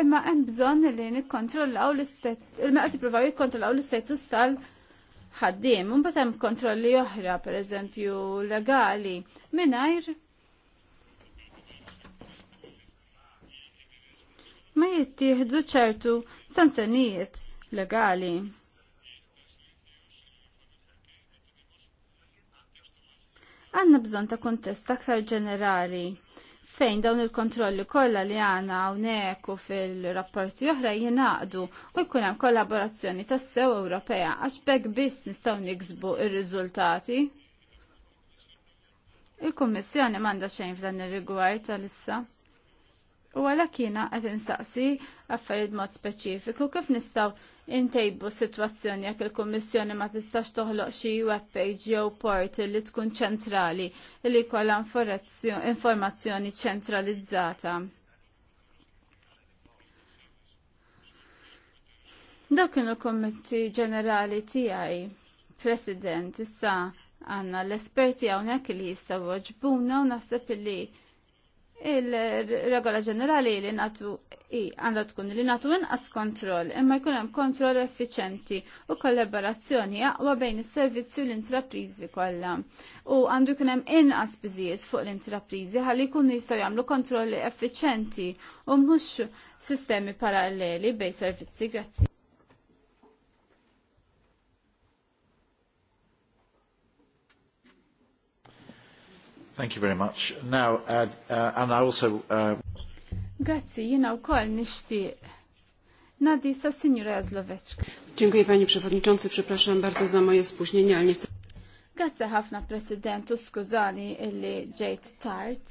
imma hemm bżonn li nikkontrollaw l-istat imma qed jippruvaw jikkontrollaw l-istatus tal ħaddiem. Mbagħad hemm kontrolli oħra, pereżempju legali, mingħajr ma jittieħdu ċertu sanzjonijiet legali. Għanna bżon ta' kontest aktar ġenerali fejn dawn il-kontrolli kollha li għana hawnhekk u fil-rapporti oħra jingħaqdu u jkun hemm kollaborazzjoni tas-sew Ewropea għax bekk biss nistgħu niksbu ir-riżultati. Il-Kummissjoni m'għandha xejn f'dan ir-rigward tal-issa. U għala kiena għed insaqsi għaffariet mod speċifiku kif nistaw intejbu situazzjoni jekk il-Kommissjoni ma tistax toħloq xi webpage jew portal li tkun ċentrali li jkollha informazzjoni ċentralizzata. Dak kienu kommenti ġenerali tiegħi, President, issa għanna l-esperti għawnek li jistaw ġbuna u naħseb li il-regola ġenerali li natu i għanda tkun li natu inqas kontroll imma jkun hemm kontroll effiċenti u kollaborazzjoni aqwa bejn is-servizzi u l-intrapriżi kollha. U għandu jkun hemm inqas biżijiet fuq l-intrapriżi ħalli jkunu jistgħu jagħmlu kontrolli effiċenti u mhux sistemi paralleli bejn servizzi. Grazzi. Thank you very much. Now, uh, uh and I also... Uh, Grazie, jena u koll nishti Nadi, sa signora Jazloweczka. Dziękuję Panie Przewodniczący, przepraszam bardzo za moje spóźnienie, ale niestety... Grazie hafna Presidentu, skuzani illi ġejt tart.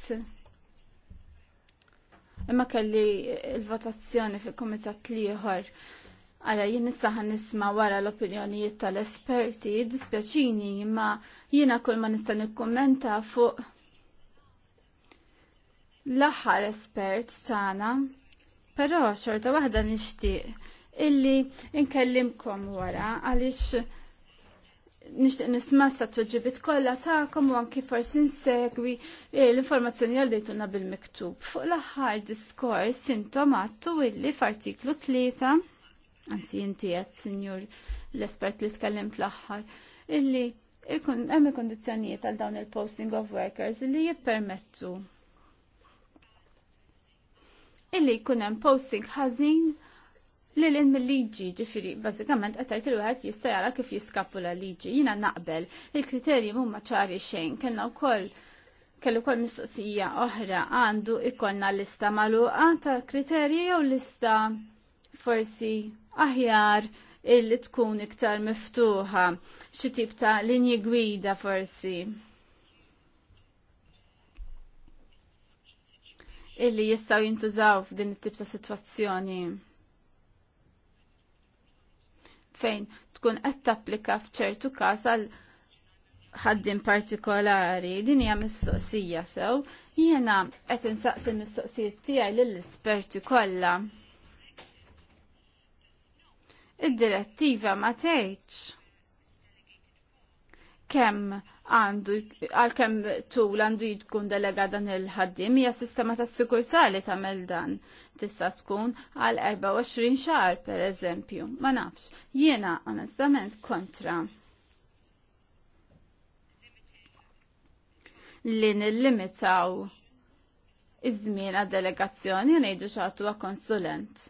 Imma kelli il-votazzjoni fil-Komitat liħor. Għara, jien issa nisma wara l-opinjonijiet tal-esperti, dispjaċini, imma jiena kull ma nista' nikkummenta fuq l-aħħar espert tagħna, però xorta waħda nixtieq illi nkellimkom wara għaliex nishtiq nisma' s-sattuġibit kollha tagħkom u anki forsi nsegwi l-informazzjoni għal dejtuna bil-miktub. Fuq l-aħħar diskors intom għattu illi f'artiklu tlieta, anzi jinti qed sinjur l-espert li tkellim fl aħħar illi hemm il-kondizzjonijiet għal dawn il-posting of workers li jippermettu illi jkun hemm posting ħażin li l mill-liġi ġifiri, bazzikament għattajt il-għat jistajara kif jiskapula liġi. Jina naqbel, il-kriterji mumma ċari xejn, kena u koll kellu kol mistoqsija oħra għandu ikonna lista maluqa ta' kriterji jew lista forsi aħjar illi tkun iktar miftuħa, xi tip ta' linji gwida forsi. illi jistaw jintużaw f'din it-tip ta' sitwazzjoni fejn tkun qed tapplika f'ċertu każ għal ħaddin partikolari, din hija mistoqsija sew, jiena qed insaqsi mistoqsijiet tiegħi lill isperti kollha. Id-direttiva ma tgħidx kemm għandu għal-kem tul għandu jkun delega dan il-ħaddim hija sistema ta' sikurtà li tagħmel dan tista' tkun għal 24 xahar pereżempju. Ma nafx, jiena onestament kontra li nillimitaw iż-żmien għad-delegazzjoni ngħidu xagħtu konsulent.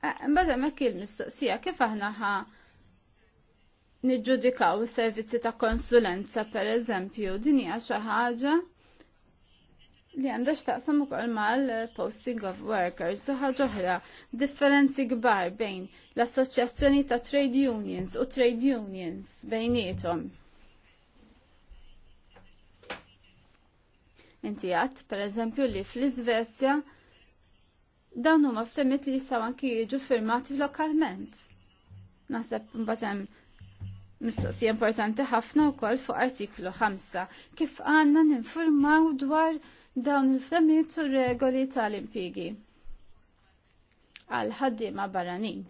Eh, Bada ma il mistoqsija kif aħna ħa niġġudikaw servizzi ta' konsulenza per eżempju din hija xi ħaġa li għandha x'taqsam ukoll mal-posting of workers u ħaġa oħra differenzi kbar bejn l-assoċjazzjoni ta' trade unions u trade unions bejniethom. Inti għat, per eżempju, li fl-Izvezja dawn huma ftemmit li jistgħu anki jiġu firmati lokalment. Naħseb mbagħad hemm mistoqsija importanti ħafna wkoll fuq artiklu 5 kif għandna ninfurmaw dwar dawn il-flamiet u regoli tal impigi għal ħaddiema barranin.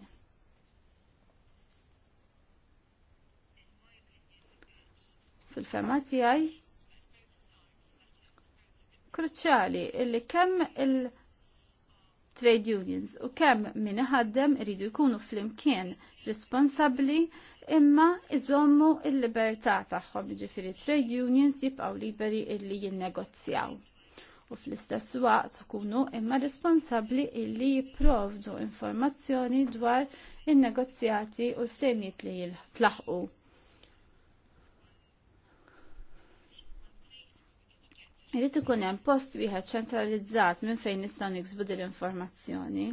Fil-fema tiegħi kruċjali illi kemm il-, -kem il trade unions u kemm min iħaddem iridu jkunu flimkien responsabbli imma iżommu l-libertà tagħhom jiġifieri trade unions jibqgħu liberi illi jinnegozjaw. U fl-istess waqt ikunu imma responsabbli illi jipprovdu informazzjoni dwar in-negozjati u l-ftehmiet li jilħqu. Irrid ikun hemm post wieħed ċentralizzat minn fejn nistgħu niksbu din l-informazzjoni.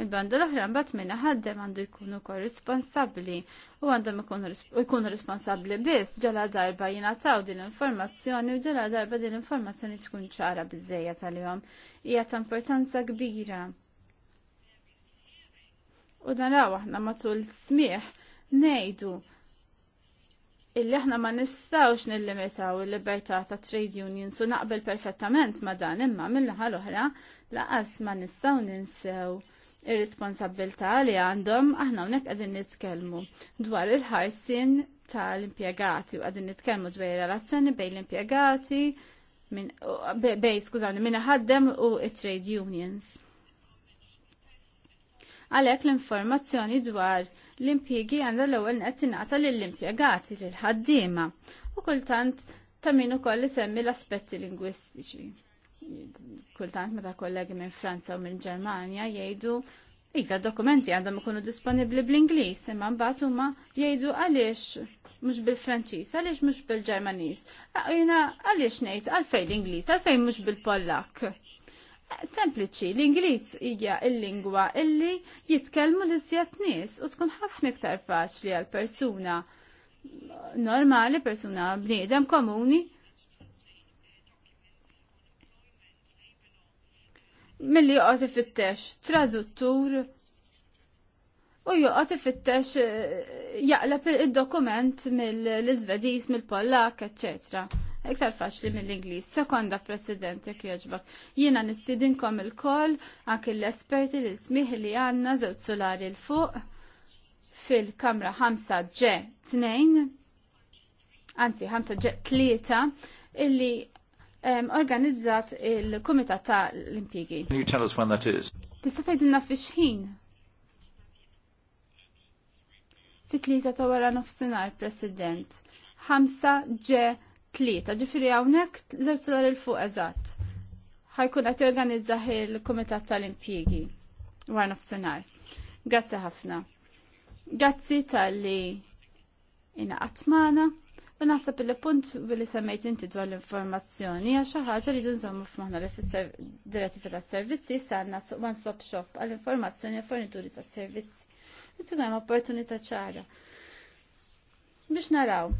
Mill-banda l-oħra mbagħad minna ħaddem għandu jkunu wkoll responsabbli u għandhom ikunu responsabbli biss ġala darba jingħataw din l-informazzjoni u ġala darba din l-informazzjoni tkun ċara biżejja tal-jom. Hija ta' importanza kbira. U naraw aħna matul smieħ ngħidu illi aħna ma nistawx nillimitaw il-libertà ta' trade unions u naqbel perfettament ma dan imma mill-naħa l-oħra laqas ma nistaw ninsew ir-responsabilità li għandhom aħna hawnhekk qegħdin nitkellmu dwar il-ħarsin tal-impjegati u qegħdin nitkellmu dwar relazzjoni bejn l-impjegati bej skużani minn ħaddem u trade unions. Għalhekk l-informazzjoni dwar l-impjiegi għandha l-ewwel qed tingħata lill-impjegati lill-ħaddiema u kultant ta' min ukoll semmi l-aspetti lingwistiċi. Kultant meta kollegi minn Franza u minn Ġermanja jgħidu Iva, dokumenti għandhom ikunu disponibli bl-Inglis, imma mbagħad huma jgħidu għaliex mhux bil-Franċiż, għaliex mhux bil-Ġermaniż. Jiena għaliex ngħid għalfejn l-Ingliż, għalfejn mhux bil-Pollak sempliċi, l-Ingliż hija l-lingwa illi jitkellmu l iżjed nies u tkun ħafna iktar faċli għal persuna normali, persuna bniedem komuni. Milli joqgħod ifittex traduttur u joqgħod ifittex eh, jaqleb id-dokument mill-Iżvediż, mill-Pollak, eċċetera iktar faċli mill-Ingliż. Sekonda President jekk jogħġbok. Jiena nistidinkom il-koll anke l-esperti li smih li għandna zewt solari l fuq fil-kamra 5 g 2 anzi 5 ġe 3 illi organizzat il-Kumitat ta' l impigi Can you tell us when that is? Tista' tgħidilna fix-ħin? Fit-tlieta ta' wara nofsinhar, President. 5 ġe tlieta, ġifiri hawnhekk żewġ solar il fuq eżatt. Ħajkun qed jorganizzah il-Kumitat tal-Impjiegi war nofsinhar. Grazzi ħafna. Grazzi tal-li jina magħna. U naħseb il punt billi semmejt inti dwar l-informazzjoni għax xi ħaġa li nżommu f'moħħna li fis f tas-servizzi sanna suq one stop shop għall-informazzjoni għal fornituri tas-servizzi. Intu hemm opportunità ċara. Biex naraw,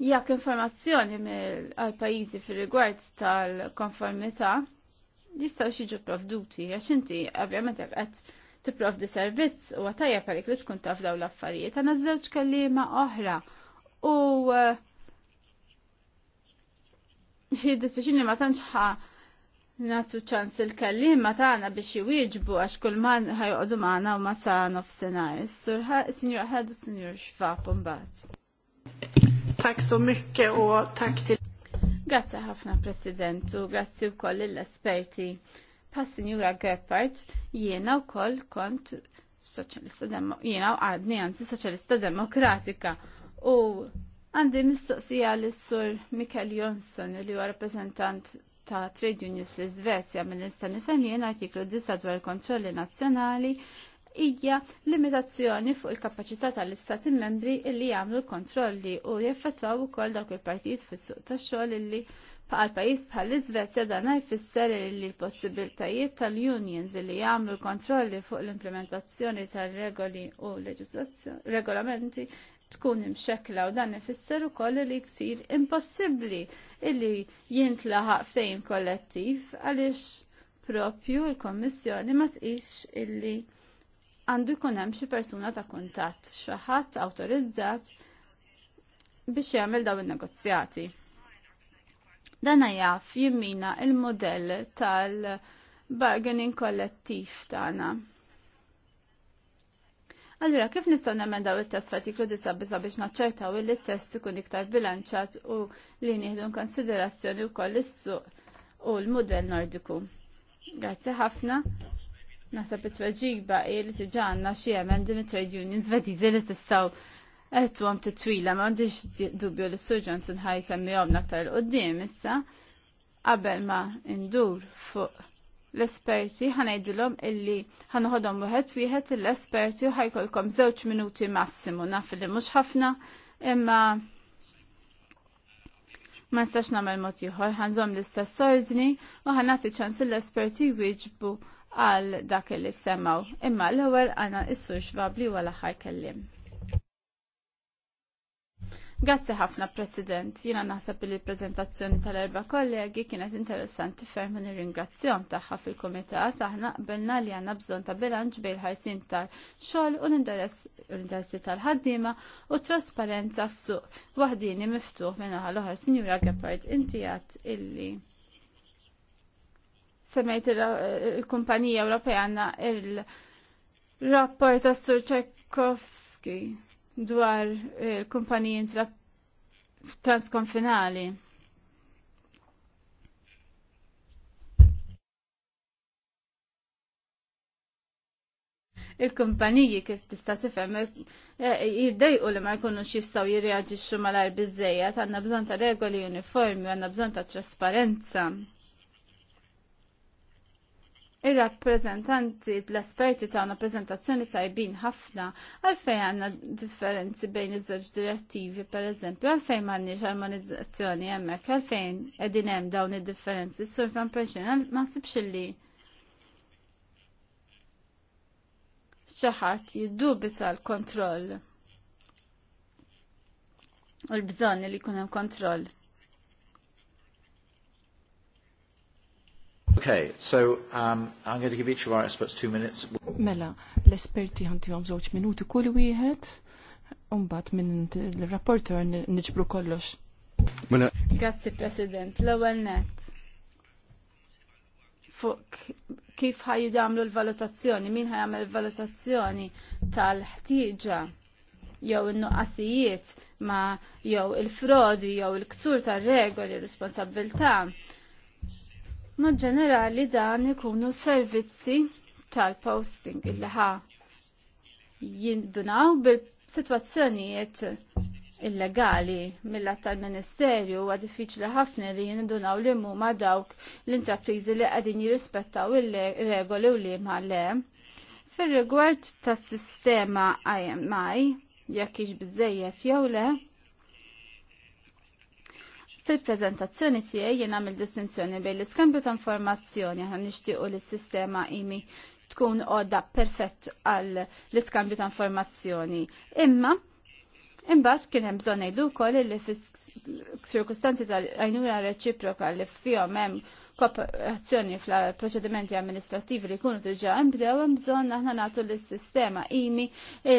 Jekk informazzjoni għal pajjiżi fir-rigward tal-konformità jistgħu jiġu provduti għax inti ovvjament jekk qed tipprovdi servizz u għatajja għalik li tkun taf daw l-affarijiet għandna żewġ kelliema oħra u jiddispeċini eh, ma tantx Nazzu ċans il-kellim ma taħna biex jwieġbu għax kull man ħajuqdu maħna u ma taħna f-senar. ħad ħadu, senjur xfa un Tack så mycket och tack till... Grazie ħafna President u e grazzi u koll l-esperti. Pa' Signora Gerpart, jiena u koll kont Demokratika, jiena u għadni għanzi soċjalista demokratika u għandi mistoqsija l-sur Mikael Jonsson li huwa rappresentant ta' trade unions fl-Svezja mill-nista nifhem jien artiklu 9 dwar kontrolli nazzjonali hija limitazzjoni fuq il-kapaċità tal-istati membri illi jagħmlu kontrolli u jeffettwaw ukoll dawk il-partijiet fis-suq tax-xogħol illi bħal pajjiż bħal iżvezja dan jfisser li l-possibiltajiet tal-unions illi jagħmlu kontrolli fuq l-implementazzjoni tal-regoli u regolamenti tkun imxekla u dan ifisser ukoll li jsir impossibbli illi jintlaħaq ftehim kollettiv għaliex propju l-Kommissjoni ma tqix illi għandu jkun hemm xi persuna ta' kuntatt, xi ħadd awtorizzat biex jagħmel dawn in-negozjati. Dan jaf jimmina il-modell tal-bargaining kollettiv tagħna. Allura, kif nistgħu nemendaw it-test f'artiklu 9 biex naċċertaw li test ikun iktar bilanċat u li nieħdu konsiderazzjoni wkoll is-suq u l-mudell nordiku. Grazzi ħafna. Nasab it-tweġiba li ġanna xie emendi mit-trade unions vedizi li tistaw għettu t-twila ma għandix dubju li s-surġan sinħaj semmi għom naktar l-qoddim issa, qabel ma indur fuq l-esperti ħanajdilom illi ħanuħodhom wieħed wieħed l-esperti u ħajkolkom żewġ minuti massimu naf li mhux ħafna imma ma nistax nagħmel mod ieħor ħanżom l-istess ordni u ħanati ċans l-esperti wieġbu għal dak li semmaw. Imma l-ewwel għana issu xbab li wara ħaj kellim. Grazzi ħafna, President. Jina naħseb li l-prezentazzjoni tal-erba kollegi kienet interessanti ferm nirringrazzjom taħħa fil-komitat aħna qbilna li għanna bżon ta' bilanċ bejn ħarsin tal-xogħol u l-interessi tal-ħaddiema u trasparenza f'suq waħdini miftuħ minn l oħra Sinjura Gepard inti għat illi semmejt il-Kumpanija Ewropea għanna il-rapport ta' Sur Tchaikovsky dwar il-kumpaniji transkonfinali. il-kumpaniji kif tista' tifhem eh, jiddejqu li ma jkunux jistgħu jirreaġixxu mal biżejjed għandna bżonn ta' regoli uniformi għandna bżonn ta' trasparenza. Ir-rappreżentanti l-esperti tagħna preżentazzjoni tajbin ħafna għalfejn għandna differenzi bejn iż-żewġ direttivi pereżempju, għalfejn m'għandniex armonizzazzjoni hemmhekk, għalfejn qegħdin hemm dawn id-differenzi, sur fan prexin ma sibx li xi ħadd jiddubita l-kontroll u l-bżonn li jkun hemm kontroll. Okay, so um, I'm going to give each of our experts two minutes. Mela, l-esperti għom zoċ minuti kull wieħed, umbat minn l-rapporter nġbru kollox. Mela. Grazzi, President. L-ewel net. Fuk, kif ħajju damlu l-valutazzjoni, min ħajamel l-valutazzjoni tal-ħtieġa jew il nuqqasijiet ma jew il-frodi jew il-ksur tar-regoli, il responsabilità ma ġenerali dan ikunu servizzi tal-posting illi ħa jindunaw bil-situazzjonijiet illegali mill għat tal-Ministerju huwa diffiċli ħafna li jindunaw li huma dawk l-intrapriżi li qegħdin jirrispettaw il-regoli u li ma le. Fir-rigward tas-sistema IMI, jekk ix biżejjed jew le, Fil-prezentazzjoni tiegħi jien għamil distinzjoni bejn l-iskambju ta' informazzjoni aħna nixtiequ li s-sistema imi tkun għodda perfett għal l-iskambju ta' informazzjoni. Imma Imbagħad kien hemm bżonn ngħidu wkoll li fis-sirkustanzi tal-għajnuna reċiproka li fihom hemm kooperazzjoni fl-proċedimenti amministrativi li jkunu diġà nbdew hemm bżonn aħna nagħtu lis-sistema imi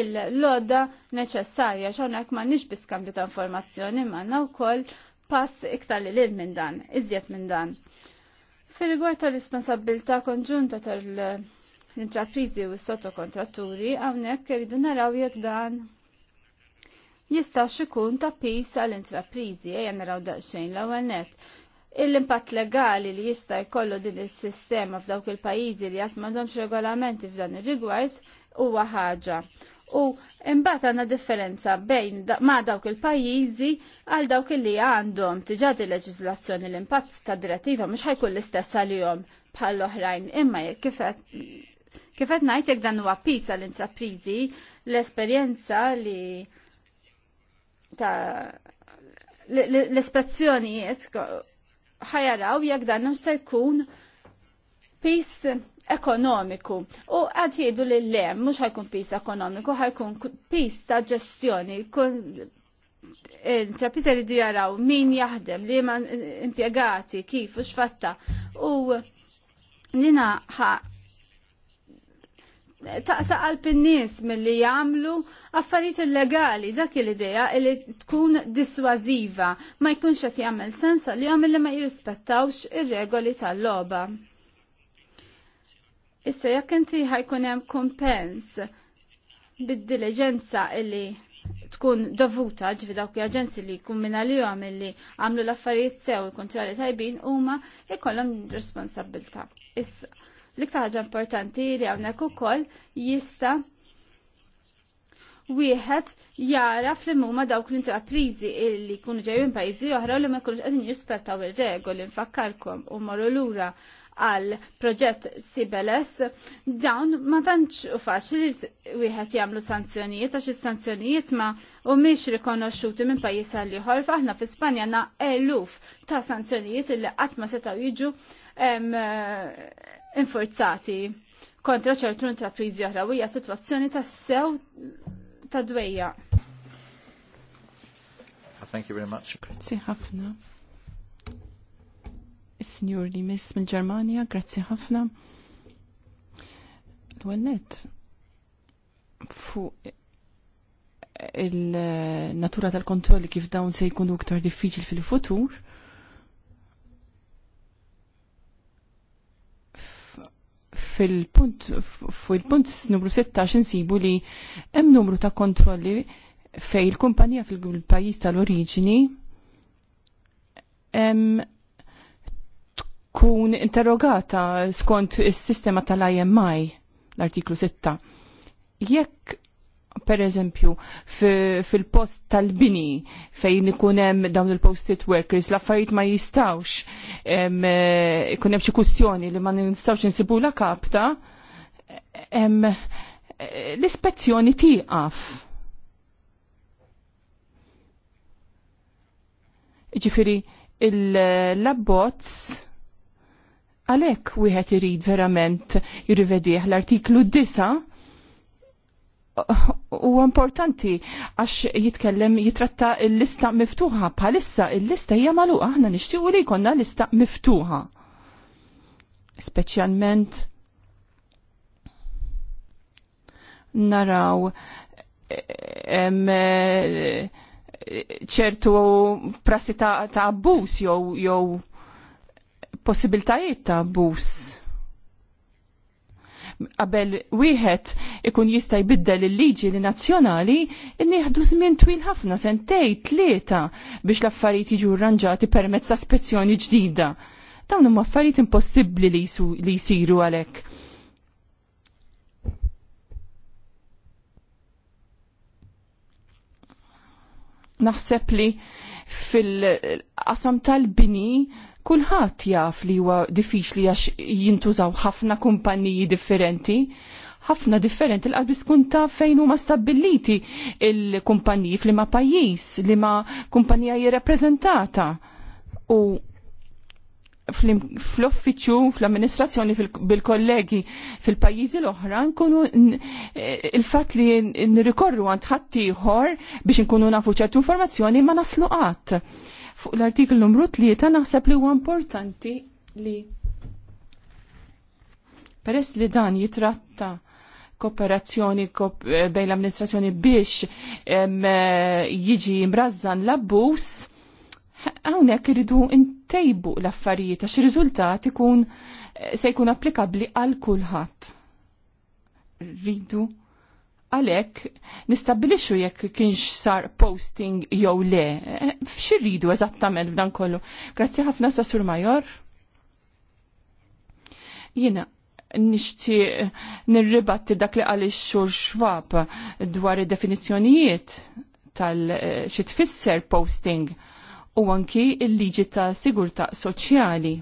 l-loda neċessarja x'hawnhekk m'għandniex biskambju ta' informazzjoni m'għandna wkoll pass iktar li lil minn dan, iżjed minn dan. Fir-rigward tal-responsabilità konġunta tal-intraprizi u s-sottokontratturi, hawnhekk irridu naraw jekk dan jista' xikun ta' pis għall-intraprizi, ejja naraw daqsxejn l-ewwel net. Il-impatt legali li jista' jkollu din is-sistema f'dawk il-pajjiżi li għas m'għandhomx regolamenti f'dan ir-rigward huwa ħaġa u imbata għandna differenza bejn ma' dawk il-pajjiżi għal dawk li għandhom tiġad il-leġiżlazzjoni l impazz ta' direttiva mhux ħajkun l-istess għalihom bħal oħrajn imma kif qed ngħid jekk dan huwa pisa l-intraprizi l-esperjenza li ta' l-ispezzjonijiet ħajaraw jekk dan se jkun pis ekonomiku. U għad jgħidu li l-lem, mux ħajkun pis ekonomiku, ħajkun pis ta' ġestjoni, kun intrapiżer jridu jaraw min jaħdem, li man impiegati, kif, u xfatta. U nina ħa taqsa qalb in-nies milli jagħmlu affarijiet illegali dak l-idea li tkun diswaziva ma jkunx qed jagħmel sens li jagħmel li ma jirrispettawx ir-regoli tal-logħba. Issa jekk inti ħajkun hemm kompens bid-diligenza li tkun dovuta ġifi dawk l-aġenzi li jkun minna li għam li għamlu l-affarijiet sew kontrali tajbin huma jkollhom responsabilta. Issa, l-iktar ħaġa importanti li hawnhekk ukoll jista' wieħed jara fl huma dawk l-intraprizi li jkunu ġejjin pajjiżi oħra li ma jkunux qegħdin jispettaw ir-regoli nfakkarkom u marru lura għal proġett CBLS, dawn ma tantx u faċli wieħed jagħmlu sanzjonijiet għax is-sanzjonijiet ma humiex rikonoxxuti minn pajjiż għal ieħor f'aħna f'Ispanja na eluf ta' sanzjonijiet illi qatt ma setgħu jiġu infurzati kontra ċertu intrapriżi oħra u hija sitwazzjoni tas-sew ta' dwejja. Thank you very much. Grazie Is-Sinjur li miss mill ġermania grazzi ħafna. l għennet fuq il-natura tal-kontrolli kif dawn se jkunu ktar diffiċil fil-futur, fil-punt fil-punt numru 16 nsibu li hemm numru ta' kontrolli fej il-kumpanija fil pajis tal-oriġini tkun interrogata skont is-sistema tal-IMI l-artiklu 6. Jekk per eżempju, fil-post tal-bini fejn ikun hemm dawn il-posted workers, l-affarijiet ma jistawx eh, ikun hemm xi kwistjoni li ma nistawx insibu la kapta, eh, l-ispezzjoni tieqaf. Ġifiri, il abbozz Għalhekk wieħed irid verament jirrivedih l-artiklu 9 u importanti għax jitkellem jitratta l-lista miftuħa bħalissa l-lista hija magħluqa aħna nixtiequ li jkollna lista miftuħa. Speċjalment naraw ċertu prassi ta' abbuż jew jew possibiltajiet ta' abbuż. Qabel wieħed ikun jista' jbiddel il-liġi li nazzjonali, nieħdu żmien twil ħafna sentej tlieta biex l-affarijiet jiġu rranġati permezz ta' spezzjoni ġdida. Dawn huma affarijiet impossibbli li jsiru għalhekk. naħseb li fil-qasam tal-bini Kulħadd jaf li huwa diffiċli għax jintużaw ħafna kumpaniji differenti, ħafna differenti l-qalbi tkun ta' fejn huma stabbiliti il-kumpaniji f'liema pajjiż, li ma kumpanija jirrappreżentata. U fl-uffiċċju, fl-amministrazzjoni, bil-kollegi fil-pajjiżi l-oħra, nkunu il-fatt li nirrikorru għand ħaddieħor biex nkunu nafu ċertu informazzjoni ma naslu qatt fuq l-artiklu numru 3 naħseb li huwa importanti li peress li dan jitratta kooperazzjoni kop, eh, bejn l-amministrazzjoni biex eh, jiġi mrażżan l-abbuż, hawnhekk iridu ntejbu l-affarijiet għax ir-riżultat ikun eh, se jkun applikabbli għal kulħadd. Ridu għalek nistabilixu jekk kienx sar posting jew le. F'xirridu eżattament b'dan kollu. Grazzi ħafna sa Sur Major. Jiena nixti nirribatti dak li għalix xur xwab dwar id-definizzjonijiet tal-xi tfisser posting u anki il-liġi ta' sigurta soċjali.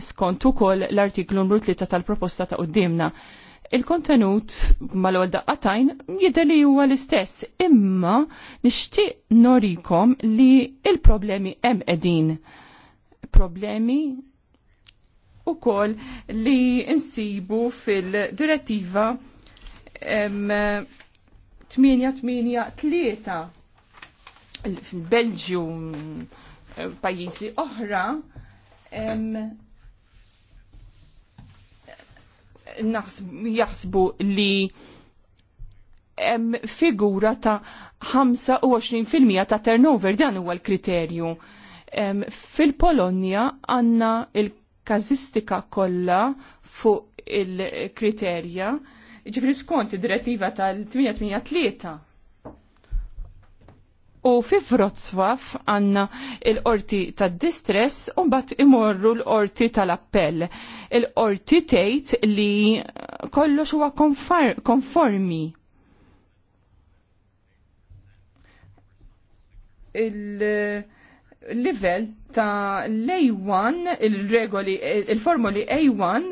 Skont ukoll l-artiklu numru 3 tal-proposta ta' qoddimna. Ta il-kontenut mal-għol daqqatajn jidher li huwa l-istess, imma nixtieq norikom li il-problemi hemm qegħdin. Problemi u kol li insibu fil-direttiva 883 fil-Belġju eh, pajjiżi oħra jaħsbu li hemm figura ta' 25% ta' turnover dan huwa l-kriterju. Fil-Polonja għanna il-kazistika kollha fuq il-kriterja ġifri skont id-direttiva tal-883 U fi Wrocław għanna il-qorti tad distress u mbagħad imorru l-qorti tal-appell. Il-qorti tgħid li kollox huwa konformi. Il-level ta' l-A1, il-regoli, il-formuli A1,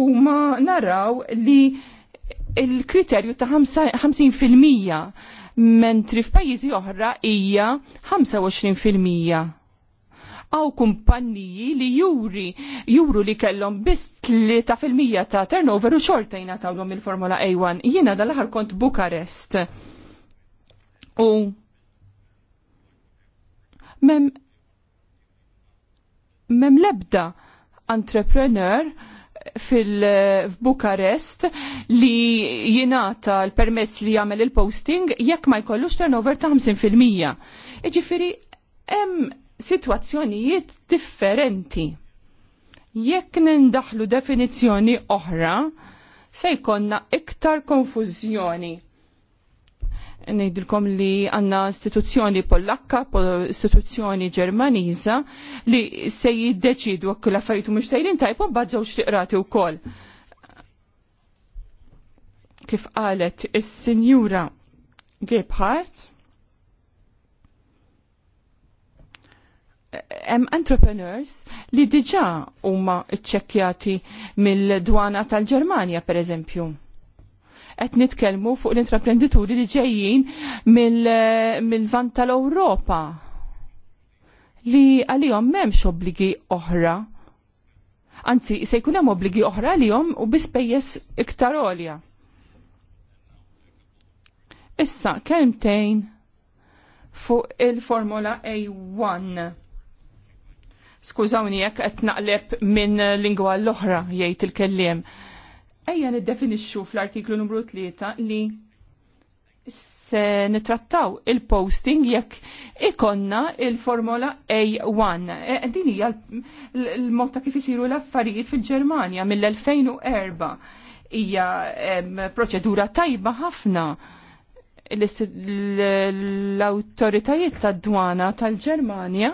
u ma naraw li il-kriterju ta' 50% mentri f'pajjiżi oħra hija 25%. Aw kumpanniji li juri juru li kellhom biss 3% ta' turnover u xorta jingħatawhom il-Formula A1. Jiena dal-aħħar kont Bukarest. U mem mem lebda entrepreneur fil-Bukarest li jinata l-permess li jagħmel il-posting jekk ma jkollux turnover ta' 50%. Iġifieri hemm sitwazzjonijiet differenti. Jekk nindaħlu definizzjoni oħra, se jkollna iktar konfużjoni ngħidilkom li għandna istituzzjoni Pollakka, istituzzjoni Ġermaniża li se jiddeċidu jekk l-affarijiet mhux sejrin tajb u mbagħad żewġ tiqrati wkoll. Kif qalet is-Sinjura Gebhardt, hemm entrepreneurs li diġà huma ċċekkjati mill-dwana tal-Ġermanja pereżempju qed nitkellmu fuq l-intraprendituri li ġejjin mill-vant mil tal-Ewropa li għalihom m'hemmx obbligi oħra. Anzi, se jkun hemm obbligi oħra għalihom u bispejjeż iktar għolja. Issa, kelmtejn fuq il-formula A1 skużawni jekk qed naqleb minn lingwa l-oħra jgħid il-kelliem ejja niddefinixxu fl-artiklu numru 3 li se nitrattaw il-posting jekk ikonna il-formola A1. E, din hija l-mod ta' kif isiru l-affarijiet fil-Ġermanja mill-2004. Hija proċedura tajba ħafna l-autoritajiet tad-dwana tal-Ġermanja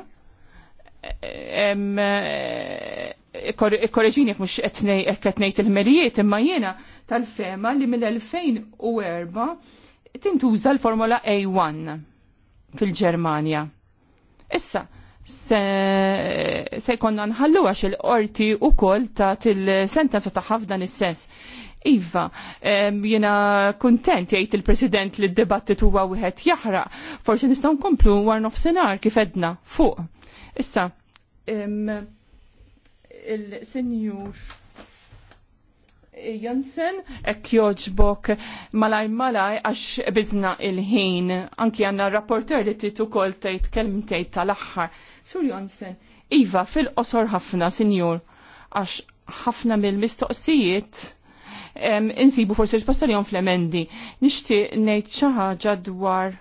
korreġini jek mux etnejt il-merijiet, imma jena tal-fema li mill-2004 tintuża l-formula A1 fil-Germania. Issa, se, jkonna nħallu għax il-qorti u kol ta' til-sentenza ta' ħafdan is-sess. Iva, jena kontent jgħid il-President li d-debattit huwa wieħed jaħraq, forsi nistgħu nkomplu war nofsinhar kif edna fuq. Issa, il-senjur Jansen ek joġbok malaj malaj għax bizna il-ħin. Anki għanna rapporter li titu kol tejt kelmtejt tal-axħar. Sur Jonsen, Iva, fil-qosor ħafna, senjur, għax ħafna mill-mistoqsijiet insibu forse risposta li fl-emendi. Nishti nejt xaħġa dwar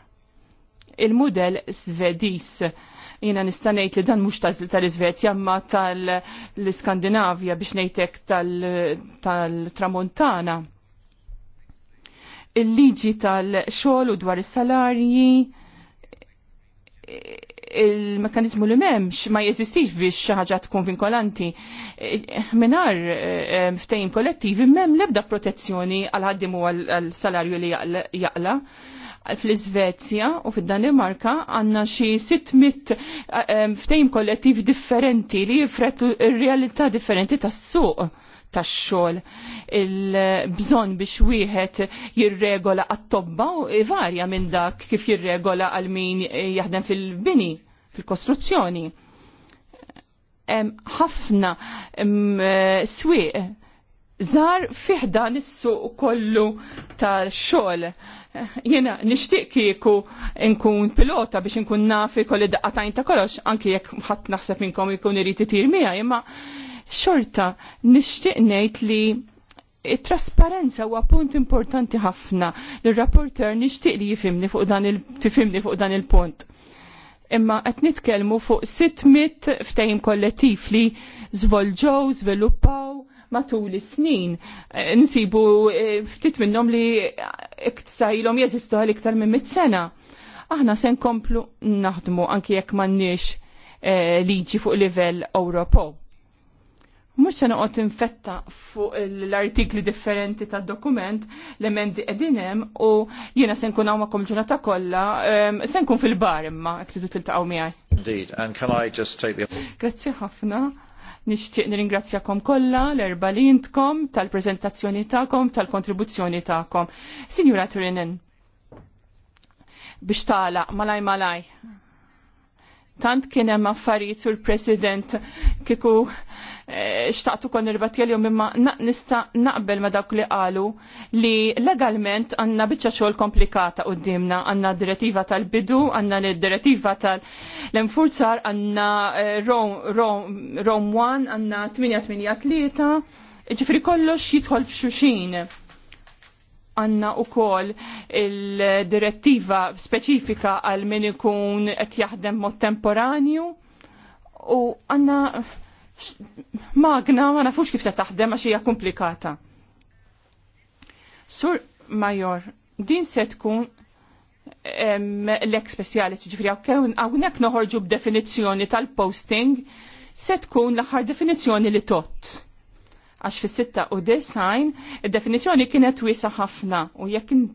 il-model Svedis Jina nistanejt li dan mux tal svezja ma tal-Skandinavja biex nejtek tal-Tramontana. Il-liġi tal-xol u dwar is-salarji, il-mekanizmu li memx ma jeżistix biex xaħġa tkun vinkolanti. Minar eh, ftejn kollettivi mem lebda protezzjoni għal ħaddimu għal salarju li jaqla fl-Svezja u fil-Danimarka għanna xi 600 eh, eh, ftejm kollettiv differenti li jifrettu r realità differenti tas-suq tax-xogħol. Il-bżonn biex wieħed jirregola għat-tobba varja minn dak kif jirregola għal min jaħdem fil-bini, fil-kostruzzjoni. Ħafna eh, swieq Zar fiħda is-suq kollu tal-xogħol. Jiena nixtieq kieku nkun pilota biex inkun nafi kolli daqqatajn ta' kollox, anke jekk ħadd naħseb minnkom ikun irid itir miegħi, imma xorta nixtieq ngħid li it-trasparenza huwa punt importanti ħafna. L-rapporter nixtieq li jifimni fuq dan il fuq dan il-punt. Imma qed nitkellmu fuq 600 ftehim kollettiv li żvolġew, żviluppaw, matul is-snin eh, nsibu eh, ftit minnhom li eh, iktsajlhom jeżistu għal iktar minn mit-sena. Aħna se nkomplu naħdmu anki jekk m'għandniex liġi fuq livell Ewropew. Mux se noqgħod infetta fuq l-artikli differenti tad dokument l-emendi qegħdin hemm u jiena se nkun hawn magħkom ġurnata kollha ehm, se nkun fil-bar imma jekk tridu tiltaqgħu miegħi. Indeed, and can I just take the Grazzi ħafna. Nixtieq nirringrazzjakom kollha l-erba li jintkom tal-preżentazzjoni tagħkom, tal-kontribuzzjoni tagħkom. Signora Turinen, biex tagħlaq malaj malaj. Tant kien hemm affarijiet sur President kieku Eh, xtaqtu kon nirbatjeli u mimma nista naqbel ma dawk li qalu li legalment għanna biċċa xogħol komplikata qudiemna għanna direttiva tal-bidu, għanna direttiva tal-enfurzar, għanna eh, Rome 1, għanna 883, ġifri kollox jidħol f'xuxin għanna u kol il-direttiva speċifika għal min ikun qed jaħdem mod temporanju u għanna magna ma nafux kif se taħdem għax hija komplikata. Sur Major, din se tkun l-ek specialist ġifri għawnek noħorġu b'definizzjoni tal-posting se tkun l-aħħar definizjoni li tot. Għax fis sitta u design, definizjoni kienet wisa ħafna u jekk e,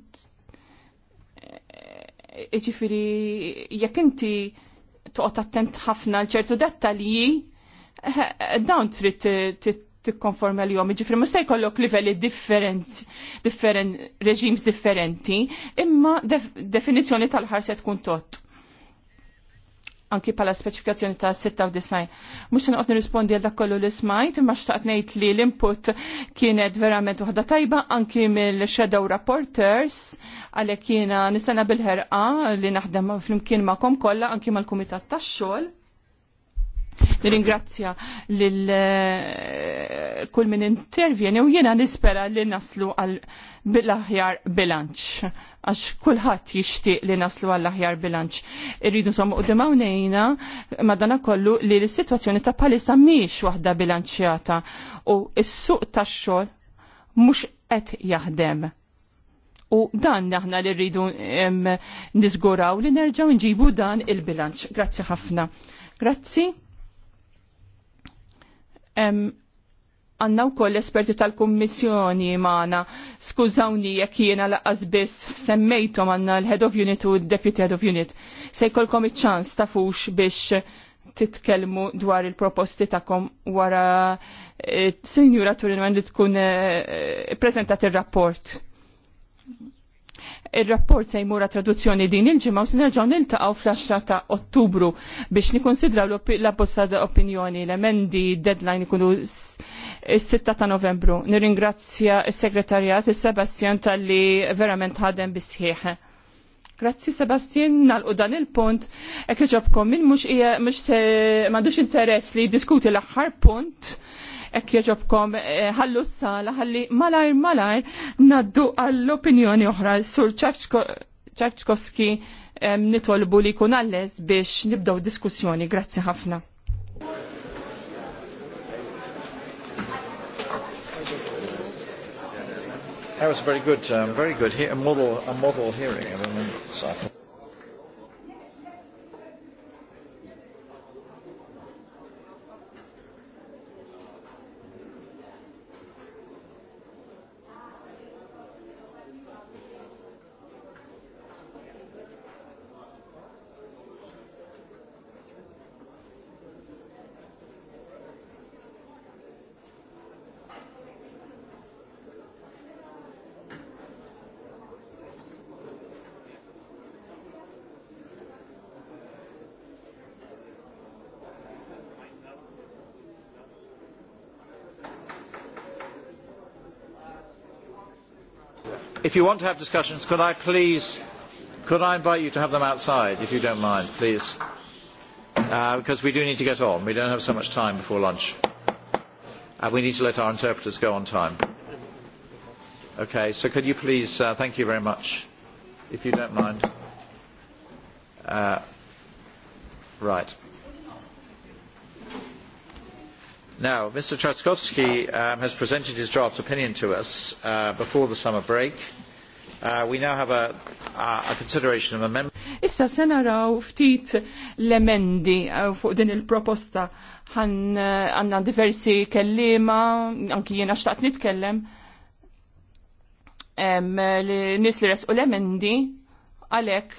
e, ġifiri jekk inti toqgħod attent ħafna l ċertu dettalji *laughs* dawn trid tikkonforma li jiġifier ġifri, ma se jkollok livelli different, different, reġims differenti, imma definizzjoni definizjoni tal se tkun tot. Anki pala speċifikazzjoni ta' 96. Mux nqot nirrispondi għal kollu li smajt, imma xtaqt ngħid li l-input kienet verament waħda tajba anki mill-shadow rapporters għalhekk jiena nistana bil-ħerqa li naħdem flimkien ma'kom kollha anki mal-kumitat tax-xogħol Nirringrazzja lil eh, kull min intervjeni u jiena nispera li naslu għal bil-aħjar bilanċ għax kulħadd jixtieq li naslu għall aħjar bilanċ. Irridu somma u dimawnejna madana kollu li l-sitwazzjoni ta' palissa miex waħda bilanċjata u s-suq tax-xogħol mhux qed jaħdem. U dan aħna li rridu nisguraw li nerġgħu nġibu dan il-bilanċ. Grazzi ħafna. Grazzi għanna u koll esperti tal-kommissjoni maħna. Skużawni jek jiena laqqas biss semmejtom għanna l-head of unit u l deputy head of unit. Sejkolkom iċ-ċans tafux biex titkelmu dwar il-proposti takom wara e, eh, sinjura Turin li tkun eh, prezentat il-rapport. Il-rapport se jmura traduzzjoni din il-ġimgħa u se nerġgħu niltaqgħu fl-10 ta' Ottubru biex nikkonsidraw l-abbozza opinjoni l-emendi deadline ikunu is-6 ta' Novembru. Nirringrazzja s-Segretarjat is-Sebastian tal-li verament ħadem bisħieħ. Grazzi Sebastian, nalqu dan il-punt, ek minn mux, mux mandux interess li diskuti l-aħħar punt Ek jġobkom eh, ħallu s-sala ħalli malajr malajr naddu għall-opinjoni uħra sur ċafċkoski eh, nitolbu li kun għalles biex nibdaw diskussjoni. Grazzi ħafna. That was very good, um, very good. He- a model, a model hearing. I mean, so. if you want to have discussions, could I please, could I invite you to have them outside, if you don't mind, please? Uh, because we do need to get on. We don't have so much time before lunch. And we need to let our interpreters go on time. Okay, so could you please, uh, thank you very much, if you don't mind. Uh, right. Now, Mr. Traskowski um, has presented his draft opinion to us uh, before the summer break. Uh, we now have a, a a consideration of amendments. Issa sena raw ftit l-emendi uh, fuq din il-proposta uh, għanna diversi kellima, anki jena xtaqt nitkellem, um, nis li resqu l-emendi, għalek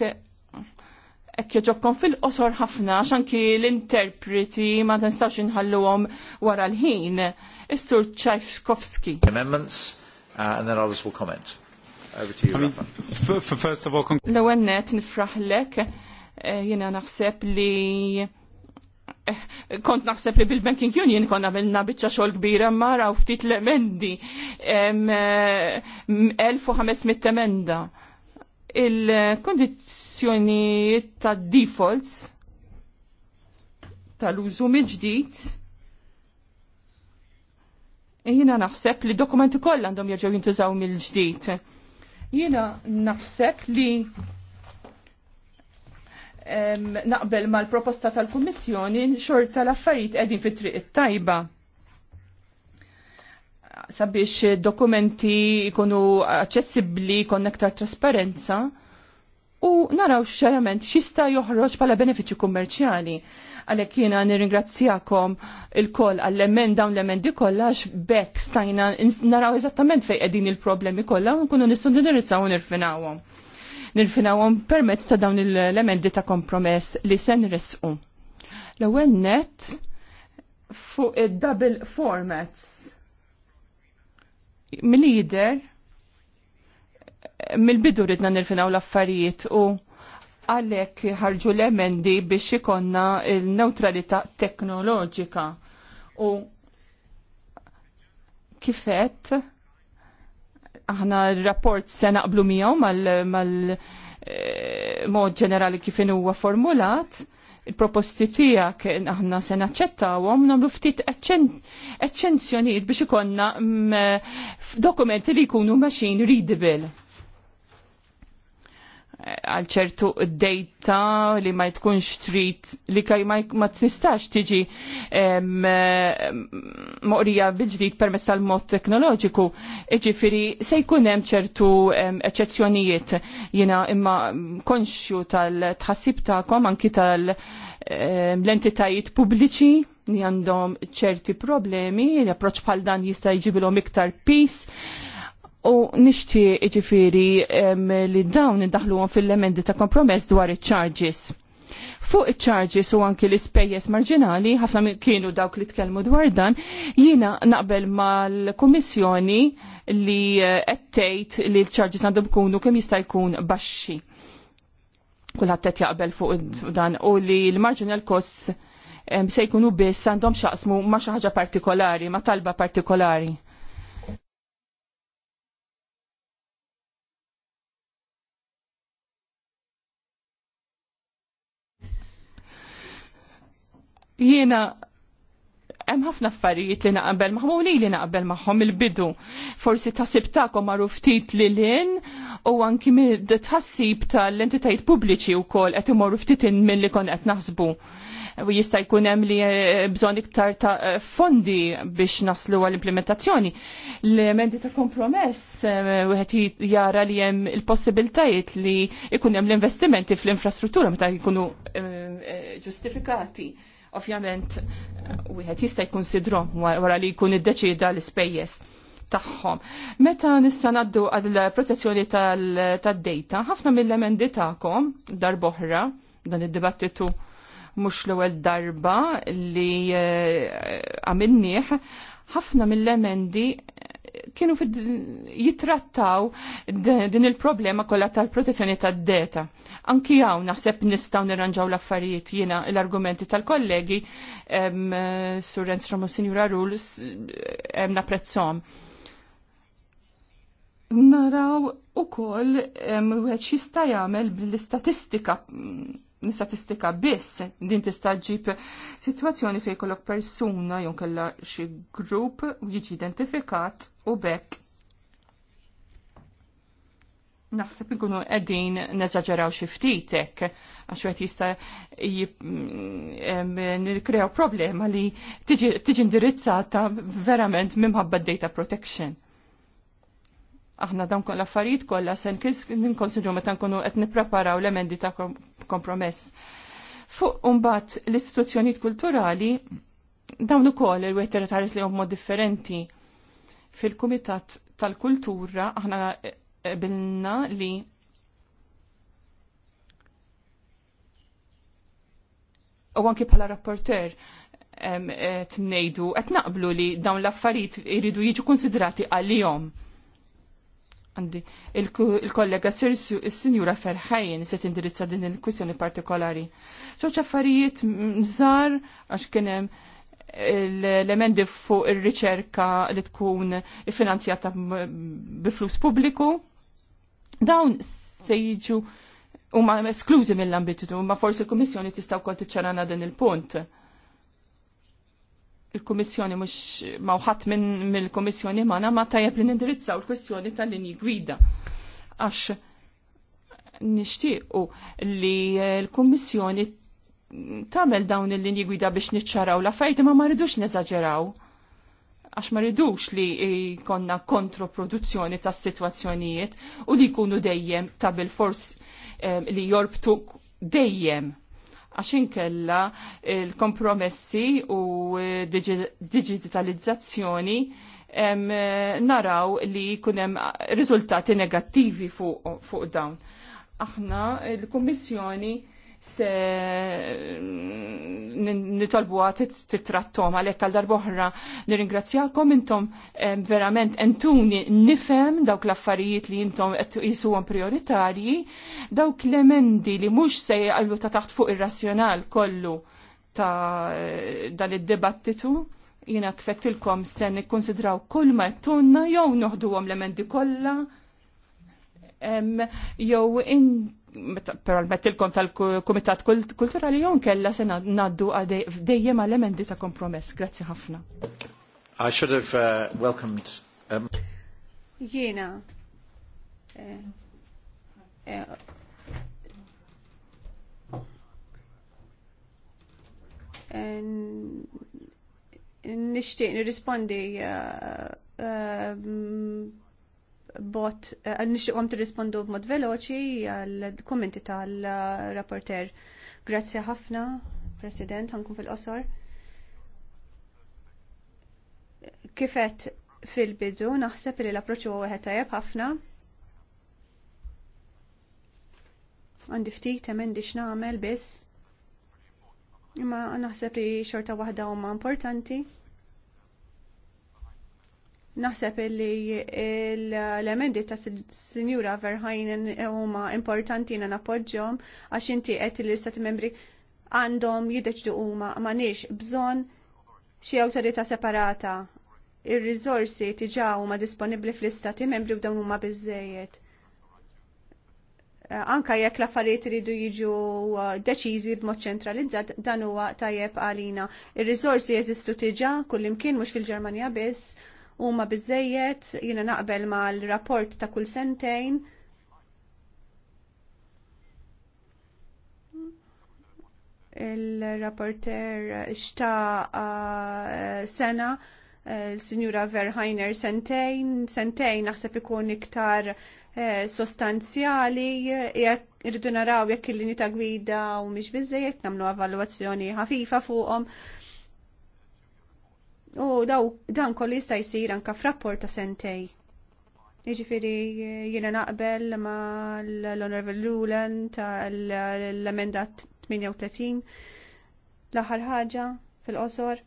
Ekk joġobkom fil-qosor ħafna xanki l-interpreti ma tistax għom wara l-ħin. Istur Tchaikovsky. Amendments uh, and then others will comment. Over to you, I Rafa. First of all, l-ewwel net nifraħlek eh, jena naħseb li eh, kont naħseb li bil-Banking Union konna għamilna bieċa xol kbira mara u ftit l-emendi 1500 eh, emenda. Il-kondizjoni l ta' defaults tal-użu mill-ġdid. E Jiena naħseb li dokumenti kollha għandhom jerġgħu jintużaw mill-ġdid. Jiena naħseb li em, naqbel mal-proposta tal-Kummissjoni xorta l-affarijiet qegħdin fit-triq it-tajba sabiex dokumenti jkunu aċċessibbli, jkun aktar trasparenza u naraw xerament xista joħroġ pala benefiċi kummerċjali. Għalek kiena nirringrazzjakom il-koll għall-emend dawn l-emendi kollax bekk stajna naraw eżattament fej edin il-problemi kollha u nkunu nistgħu nirizzaw nirfinawhom. Nirfinawhom permezz ta' dawn l-emendi ta' kompromess li se nresqu. L-ewwel net fuq id-double formats. Mill-lider mill-bidu ridna nirfinaw l-affarijiet u għalek ħarġu l-emendi biex ikonna il-neutralità teknoloġika u kifet aħna l-rapport se naqblu miegħu mal-mod eh, ġenerali kif huwa formulat il-proposti tijak aħna se naċċettawhom nagħmlu ftit eċċenzjonijiet biex ikonna mm, dokumenti li jkunu machine readable għal ċertu data li ma tkunx trid li kaj ma tistax tiġi moqrija bil-ġdid permezz tal-mod teknoloġiku, iġifiri se jkun hemm ċertu eċċezzjonijiet jina imma konxju tal-tħassib tagħkom anki tal-entitajiet pubbliċi li għandhom ċerti problemi, l-approċ bħal dan jista' jġibilhom iktar peace U nixtie ġifiri li dawn indaħluhom fil-emendi ta' kompromess dwar il charges Fuq il charges u anki l-ispejjeż marġinali, ħafna kienu dawk li tkellmu dwar dan, jiena naqbel mal-Kummissjoni li eh, qed tgħid li l-charges għandhom ikunu kemm jista' jkun baxxi Kull għattet jaqbel fuq dan u li l-marginal costs se jkunu biss għandhom xaqsmu ma xi ħaġa partikolari, ma talba partikolari. Jiena hemm ħafna affarijiet li naqbel magħhom li li naqbel magħhom il-bidu. Forsi tasib tagħkom magħruf ftit li lin u anki tħassib tal-entitajiet pubbliċi wkoll qed imorru ftit minn li kon qed naħsbu. U jista' jkun hemm li eh, bżonn iktar ta' eh, fondi biex naslu għall-implementazzjoni. L-emendi ta' kompromess eh, wieħed jara li hemm il-possibiltajiet li jkun hemm l-investimenti fl-infrastruttura meta jkunu ġustifikati. Uh, Ovvjament, wieħed jista' jkunsidrom wara li jkun iddeċida l-ispejjeż tagħhom. Meta nista' ngħaddu għal protezzjoni tad-data, ħafna mill-emendi tagħkom darboħra dan id-dibattitu mhux l-ewwel darba li eh, għamilnieh, ħafna mill-emendi kienu jitrattaw din il-problema kollha tal-protezzjoni tad-data. Anki hawn naħseb nistgħu nirranġaw l-affarijiet jiena l-argumenti tal-kollegi sur Renstrom u Sinjura Rules naprezzom. Naraw ukoll wieħed xista' jagħmel bl-istatistika nistatistika biss din tista' ġib sitwazzjoni fejn jkollok persuna jew kellha xi grupp jiġi identifikat u bekk naħseb ikunu qegħdin neżaġeraw xi ftitek għax qed jista' nikrew problema li tiġi indirizzata verament minħabba data protection. Aħna dawn l affarijiet kollha se nkonsidru meta nkunu qed nippreparaw l-emendi ta' kompromess. Fuq mbagħad l-istituzzjonijiet kulturali dawn ukoll il-wieħed ħares li mod differenti fil-Kumitat tal-Kultura aħna bilna li u anki bħala rapporter tnejdu qed naqblu li dawn l-affarijiet jridu jiġu konsidrati għalihom għandi il-kollega Sirsu, il-Sinjura Ferħajn, se tindirizza din il-kwissjoni partikolari. Soċ affarijiet mżar, għax kienem l-emendi fuq il-riċerka li tkun finanzjata flus publiku, dawn se jiġu u ma esklużi mill-ambitu, ma forsi il-Kommissjoni tista' wkoll tiċċarana din il-punt il-Kummissjoni mhux mawħat minn mill-Kummissjoni Mana ma tajjeb li nindirizzaw il-kwestjoni tal-linji gwida. Għax nixtiequ li l-Kummissjoni tagħmel dawn il-linji gwida biex niċċaraw la fajt ma ma rridux neżaġeraw għax ma rridux li konna kontroproduzzjoni ta' situazzjonijiet u li jkunu dejjem ta' bil-fors eh, li jorbtu dejjem għax inkella il-kompromessi u digitalizzazzjoni naraw li kunem riżultati negattivi fuq fu dawn. Aħna il-Kummissjoni se nitolbu għat t-trattom għalek għal darboħra nir-ingrazzjakom intom verament entuni nifem dawk l-affarijiet li intom jisuwan prioritarji dawk l-emendi li mux se għallu ta' taħt fuq ir-razzjonal kollu ta' dan id-dibattitu jina kfettilkom sen nikkonsidraw kull ma jtunna jew noħduhom l-emendi kollha jew int permettilkom tal-Kumitat Kulturali jon kella se naddu għaddejjem għal emendi ta' kompromess. Grazzi ħafna. I should have uh, welcomed um... Jena. Eh, eh, nishtiq nirrispondi uh, uh, bot għal eh, nixtiqom tirrispondu b'mod veloċi għal kommenti tal-rapporter. Grazzi ħafna, President, ħankun fil-qosor. Kifet fil-bidu, naħseb li l-approċċu huwa wieħed tajjeb ħafna. Għandi ftit emendi x'nagħmel biss. Imma naħseb li xorta waħda huma importanti. Naħseb illi l-emendi ta' Sinjura Verhajnen huma importanti na napoġġhom għax inti qed li l-istati membri għandhom jiddeċdu huma m'għandniex bżonn xi awtorità separata. Ir-riżorsi diġà huma disponibbli fl-istati membri u dawn huma biżejjed. Eh, anka jekk l-affarijiet iridu jiġu eh, deċiżi b'mod ċentralizzat dan huwa tajjeb għalina. Ir-riżorsi jeżistu diġà kullimkien mhux fil-Ġermanja biss huma biżejjed jiena naqbel mal-rapport ta' kull sentejn. il-rapporter xta uh, eh, sena eh, l-Sinjura Verheiner sentejn, sentejn naħseb ikun iktar eh, sostanzjali, jekk irridu naraw jekk il-lini ta' gwida u mhix biżejjed nagħmlu avaluazzjoni ħafifa fuqhom. -um U daw dan kolli jista' jsir anka frapport ta' sentej. Jiġifieri jiena naqbel ma l-Honorable Lulan ta' l-emenda 38 l-aħħar ħaġa fil-qosor.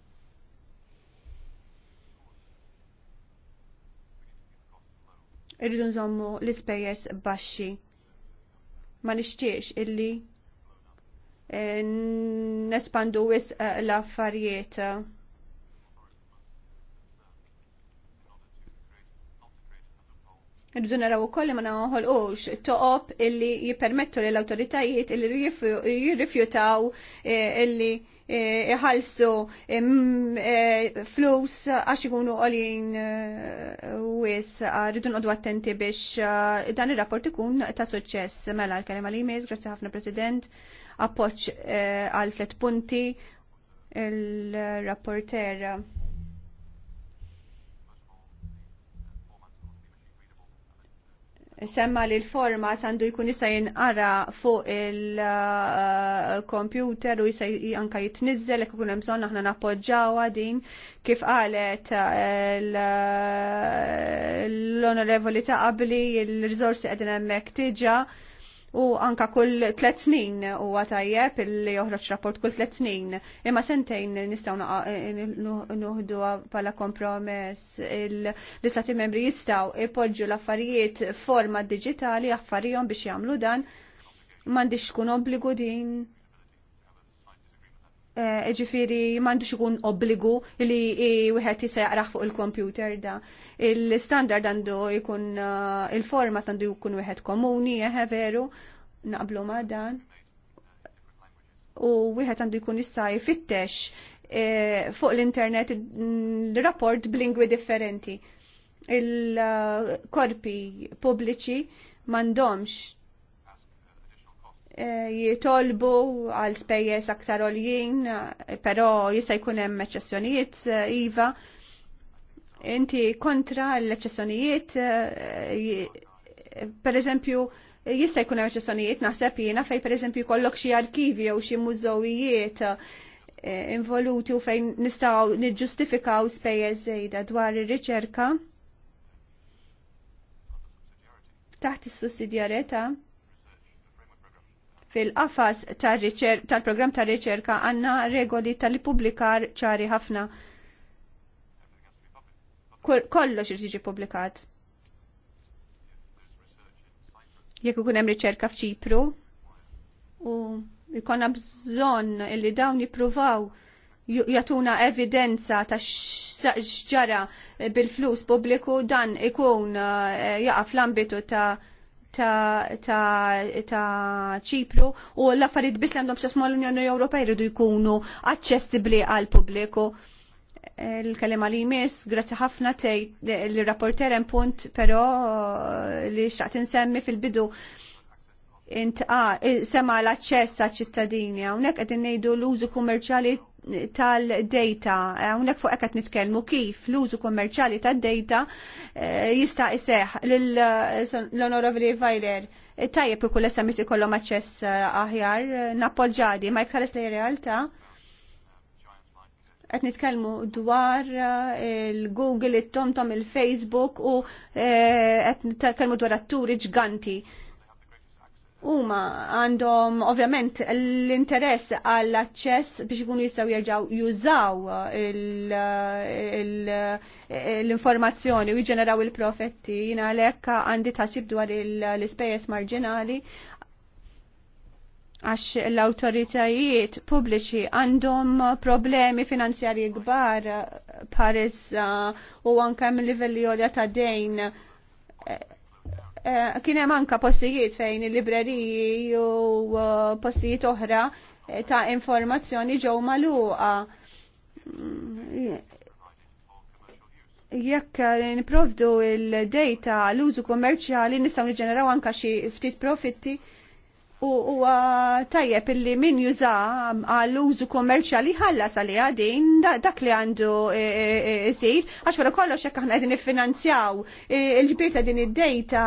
Irridu nżommu l-ispejjeż baxxi. Ma nixtiex illi eh, nespandu wisq eh, l-affarijiet Rridu naraw ukoll li ma ux toqob illi jippermettu lill awtoritajiet illi jirrifjutaw eh, illi jħalsu eh, eh, flus għax ikunu għolin wis ah, rridu nqodu attenti biex ah, dan ir-rapport ikun ta' suċċess. Mela l kalima li jmiss, grazzi ħafna President, appoġġ għal tliet punti il-rapporter semma li l-format għandu jkun jista' jinqara fuq il-kompjuter u jista' anka jitnizzel jekk ikun hemm bżonn aħna nappoġġawha din kif qalet eh, eh, l-onorevoli ta' qabli l-riżorsi qegħdin hemmhekk tiġa u anka kull tlet snin u għatajjeb li joħroġ rapport kull tlet snin. Imma sentejn nistaw eh, eh, nuħdu pala kompromess l-istati membri jistaw ipoġġu l-affarijiet forma digitali affarijom biex jamlu dan mandiċ tkun obbligu din Eh, ġifiri mandux ikun obbligu li wieħed jisejqraħ fuq il-kompjuter da. Il-standard għandu jkun eh, il-format għandu jkun wieħed komuni, eħe veru, naqblu ma dan. U wieħed għandu jkun jista' jfittex eh, fuq l-internet mm, rapport b'lingwi differenti. Il-korpi pubbliċi mandomx Eh, jitolbu għal spejjeż aktar oljin, eh, però jista' jkun hemm eċċessjonijiet eh, iva. Inti kontra l-eċċessjonijiet, per eżempju, jista' jkun hemm eċċessjonijiet naħseb jiena fejn pereżempju jkollok xi arkivi jew xi mużewijiet involuti u fejn nistgħu niġġustifikaw spejjeż żejda dwar ir-riċerka taħt is-sussidjarjetà. Fil-qafas tal-programm ta' riċerka għanna regoli tal-publikar ċari ħafna. Kollox tiġi publikat. Jekk ikun hemm riċerka f'Ċipru u jkollna bżonn illi dawn jippruvaw jatuna evidenza ta' xġara bil-flus pubbliku dan ikun eh, jaqaf l-ambitu ta' ta' ċipru u l-affarijiet biss li għandhom x'isma l-Unjoni Ewropea jridu jkunu aċċessibbli għal pubbliku. Il-kelema li jmiss, grazzi ħafna tgħid l-rapporter hemm punt però li xtaqt insemmi fil-bidu intqa ah, eh, sema l-aċċess għal ċittadini hawnhekk qegħdin ngħidu l-użu kummerċjali tal-data, eh, unek fuq ekat nitkelmu kif l-użu kommerċali tal-data eh, jista' iseħ eh, l-onorovri Vajler. Tajjeb u kull SMS ikollhom aċċess aħjar, nappoġġadi, ma jktar li realtà. Qed nitkellmu dwar il-Google, it-TomTom, il-Facebook u qed nitkellmu dwar atturi ġganti huma għandhom ovvjament l-interess għall aċċess biex ikunu jistgħu jerġgħu jużaw l-informazzjoni u jġeneraw il-profetti jina għalhekk għandi tasib dwar l-ispejjeż marġinali għax l-autoritajiet pubbliċi għandhom problemi finanzjarji kbar paris u anke mill-livelli għolja ta' dejn Eh, kien hemm anke postijiet fejn il-libreriji u uh, postijiet oħra eh, ta' informazzjoni ġew magħluqa. Jekk eh, niprovdu il-data l-użu kummerċjali nistgħu niġġeneraw anke xi ftit profitti u huwa tajjeb illi min juża um, għall użu kummerċjali ħallas għalija din dak li għandu e, e, e, isir għax wara kollox hekk aħna qegħdin niffinanzjaw il-ġbir ta' din id-dejta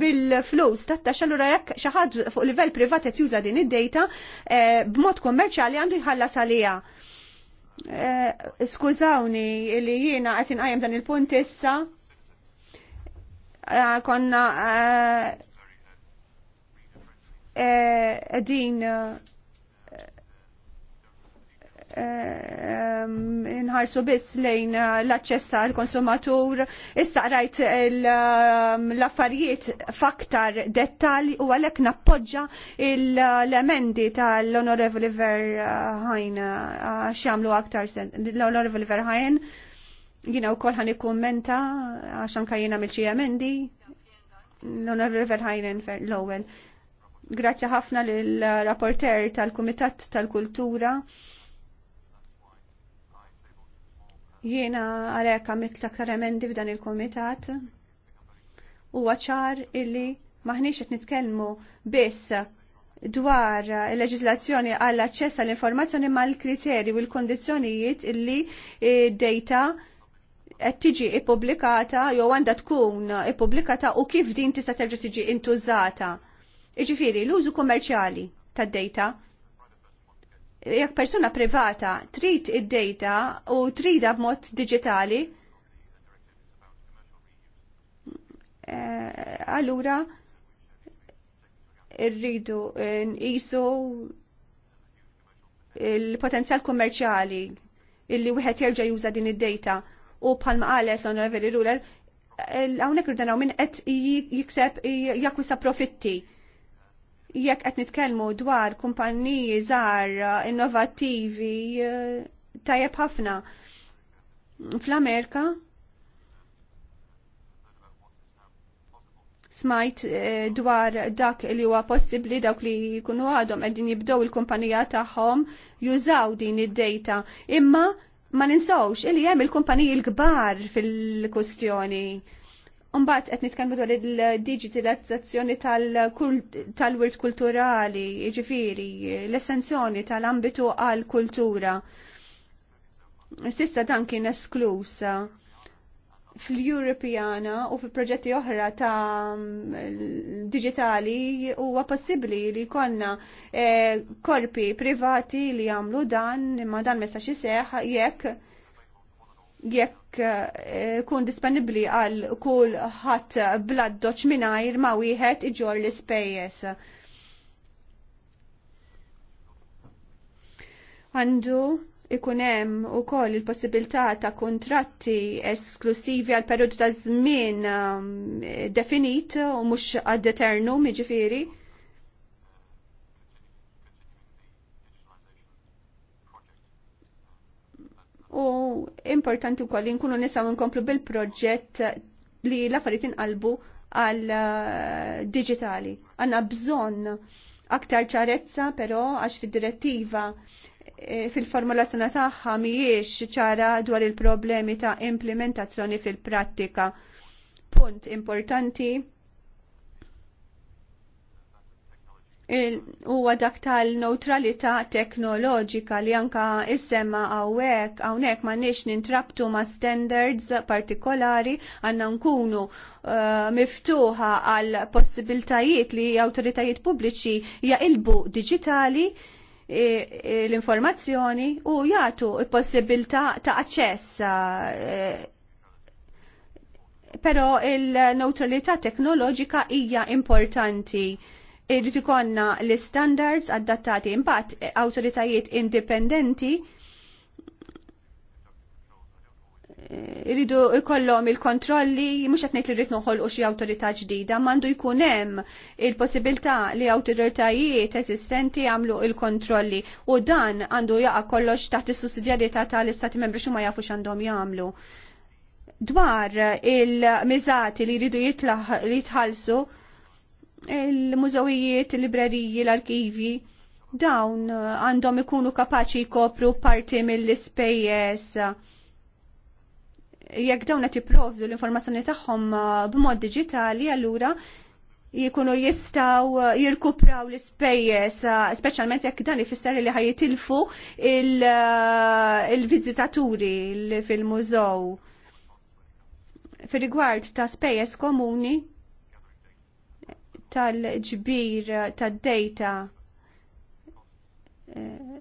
bil-flus tat-taxxa allura jekk xi ħadd fuq livell privat qed juża din id-dejta b'mod kummerċjali għandu jħallas għalija. Skużawni li jiena qed inqajjem dan il-punt issa konna għedin eh, eh, eh, nħarsu biss lejn l-aċċess tal-konsumatur, issa rajt l-affarijiet faktar dettali u għalhekk nappoġġa l-emendi tal-Onorevoli Verħajn xamlu aktar l-Onorevoli Verħajn jina u kolħan ħani kummenta għaxan kajjina milċi emendi l-Onorevoli Verħajn l ewel Grazzi ħafna lill rapporter tal-Kumitat tal-Kultura. Jiena għalhekk għamilt l-aktar emendi f'dan il-Kumitat. Huwa ċar illi maħniex qed nitkellmu biss dwar il-leġislazzjoni għall aċċess għall informazzjoni ma' l-kriterji u l-kondizzjonijiet illi data qed tiġi ippubblikata jew għandha tkun ippubblikata u kif din tista' terġa' tiġi intużata. Iġifiri, l-użu kummerċjali tad-data jekk persuna privata trid id-data u trida b'mod digitali, eh, allura rridu eh, nqisu il-potenzjal kummerċjali illi wieħed jerġa' juża din id-data u bħalma qalet l onorevoli Ruler eh, hawnhekk irdu minn qed jikseb jakkwista profitti jekk qed nitkellmu dwar kumpanniji żgħar uh, innovattivi uh, tajjeb ħafna fl-Amerika smajt uh, dwar dak li huwa possibbli dawk li jkunu għadhom qegħdin jibdew il-kumpanija tagħhom jużaw din id-data. Imma ma ninsawx illi hemm il-kumpaniji l-kbar fil-kustjoni Umbat qed nitkellmu dwar il-digitalizzazzjoni tal-wirt kulturali, ġifiri, l-essenzjoni tal-ambitu għal kultura. Sista dan kien esklusa fl-Europeana u fil-proġetti oħra ta' digitali huwa possibbli li konna eh, korpi privati li jagħmlu dan, imma dan mesta xiseħ, jekk jekk eh, kun disponibli għal kull ħadd bla doċ mingħajr ma wieħed iġor l-ispejjeż. Għandu ikun hemm ukoll il-possibilità ta' kontratti esklusivi għal perjodu ta' żmien ehm, definit u mhux għad deternu jiġifieri u importanti wkoll li nkunu nistgħu nkomplu bil-proġett li l-affarijiet inqalbu għal eh, digitali. Għandna bżonn aktar ċarezza però għax fid-direttiva eh, fil-formulazzjoni tagħha mhijiex ċara dwar il-problemi ta' implementazzjoni fil-prattika. Punt importanti huwa dak tal-neutralità teknoloġika li anka issemma hawnhekk hawnhekk m'għandniex nintrabtu ma' standards partikolari għandna nkunu uh, miftuħa għal possibiltajiet li awtoritajiet pubbliċi jaqilbu diġitali eh, eh, l-informazzjoni u jagħtu possibilità ta' aċċess Però il-neutralità teknoloġika hija importanti irrid ikonna l-standards adattati imbagħad eh, awtoritajiet indipendenti eh, iridu jkollhom il-kontrolli, mhux qed ngħid li rrid noħolqu xi awtorità ġdida, m'għandu jkun hemm il-possibilità li awtoritajiet eżistenti jagħmlu il-kontrolli u dan għandu jaqa' kollox taħt is-sussidjarjetà tal-istati membri x'u ma jafux għandhom jagħmlu. Dwar il-miżati li jridu jitħallsu il-mużawijiet, il-libreriji, l-arkivi, dawn eh, għandhom ikunu kapaċi jkopru parti mill-ispejjeż. Jekk dawn qed jipprovdu l-informazzjoni tagħhom eh, b'mod diġitali, allura jikunu jistaw eh, jirkupraw l-ispejjeż, speċjalment jekk dan ifisser li ħajitilfu il-viżitaturi il fil-mużow. mużew fil rigward ta' spejjeż komuni, tal-ġbir tad-data eh,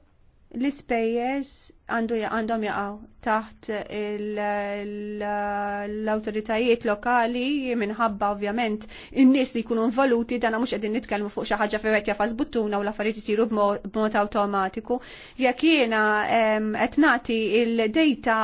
l-ispejjeż għandhom jaqgħu taħt l-awtoritajiet lokali minħabba ovvjament in-nies li jkunu involuti dan mhux qegħdin nitkellmu fuq xi ħaġa fejn qed jafas buttuna u l-affarijiet isiru b'mod awtomatiku. Jekk jiena qed nagħti l-data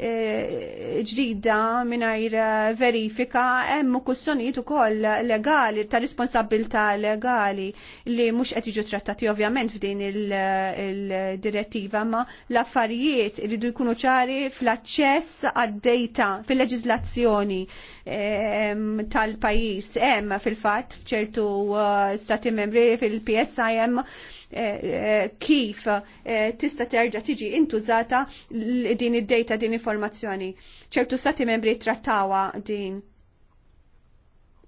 Eh, ġdida mingħajr eh, verifika hemm kussjonijiet ukoll legali ta' responsabilità legali li mhux qed jiġu trattati ovvjament f'din il-direttiva ma l-affarijiet iridu jkunu ċari fl-aċċess għad-dejta fil-leġiżlazzjoni tal-pajis hemm fil-fatt f'ċertu uh, stati membri fil-PSI hemm eh, eh, kif eh, tista' terġa' tiġi intużata din id-data din informazzjoni. ċertu stati membri trattawa din.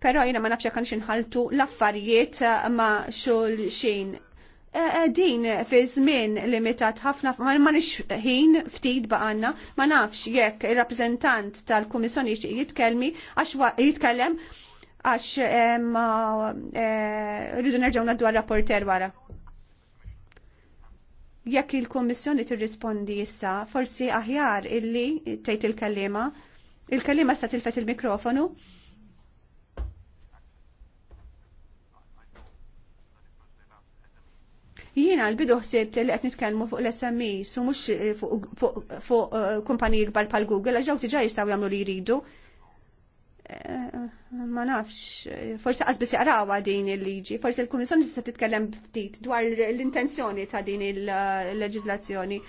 Però jiena ma nafx jekk inħaltu l-affarijiet ma' xulxin din fi żmien limitat ħafna ma nix ħin ftit baqanna ma nafx jekk ir-rappreżentant tal-Kummissjoni jitkellmi għax jitkellem għax eh, eh, rridu nerġgħu naddu rapporter wara. Jekk il-Kummissjoni tirrispondi issa, forsi aħjar illi tgħid il-kellima, il-kellima sa tilfet il-mikrofonu. il kellima il kellima sa tilfet il mikrofonu il tilfet il mikrofonu Jiena l-bidu ħsibt li qed nitkellmu fuq l-SMEs u mhux eh, fuq eh, kumpaniji kbar bħal Google għal ġew diġà jistgħu jagħmlu li jridu. Eh, ma nafx, forsi qasbis jaqrawha din il-liġi, forsi l-Kummissjoni tista' titkellem ftit dwar l-intenzjoni ta' din il-leġiżlazzjoni. il il leġiżlazzjoni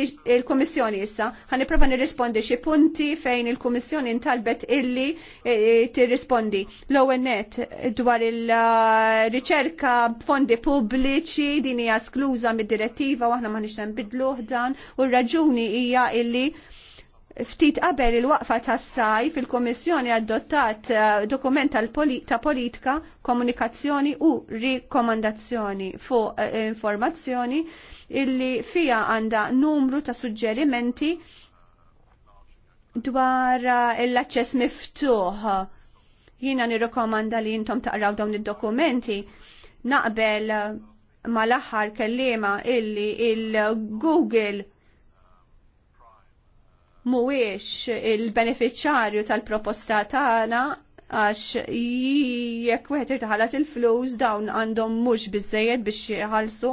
il-Komissjoni issa ħaniprofa nirrispondi xi punti fejn il-Komissjoni intalbet illi eh, eh, tirrispondi. L-ewwel dwar il-riċerka fondi pubbliċi din hija skluża mid-direttiva u aħna ma nix bidluħ dan u r-raġuni hija illi ftit qabel il-waqfa tas sajf il-Komissjoni adottat eh, dokument ta' politika, komunikazzjoni u rikomandazzjoni fuq eh, informazzjoni illi fija għanda numru ta' suġġerimenti dwar eh, l-aċċess miftuħ. Jina nirrikomanda li jintom taqraw dawn id-dokumenti naqbel mal-aħħar kellima illi il-Google mhuwiex il-beneficjarju tal-proposta tagħna għax jekk wieħed irtaħalat il-flus dawn għandhom mhux biżejjed biex jħallsu.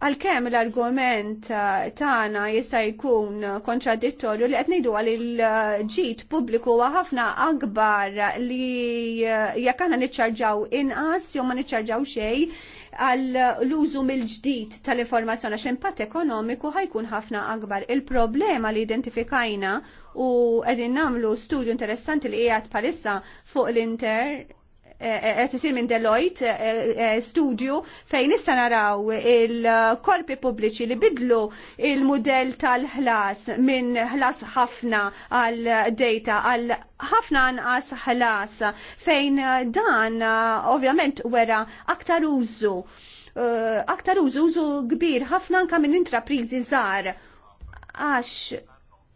Għalkemm l-argument eh, tagħna jista' jkun kontradittorju li qed ngħidu għal il-ġid pubbliku huwa ħafna akbar li eh, jekk aħna niċċarġaw inqas jew ma niċċarġaw xejn għal l-użu mill-ġdid tal-informazzjoni għax impatt ekonomiku ħajkun ħafna akbar. Il-problema li identifikajna u għedin nagħmlu studju interessanti li qiegħed palissa fuq l-inter qed isir minn Deloitte eh, eh, eh, studju fejn issa naraw il-korpi pubbliċi li bidlu il-mudell tal-ħlas minn ħlas ħafna għal data għal ħafna anqas ħlas fejn dan ovvjament wera aktar użu aktar użu użu kbir ħafna anka minn intrapriżi żgħar għax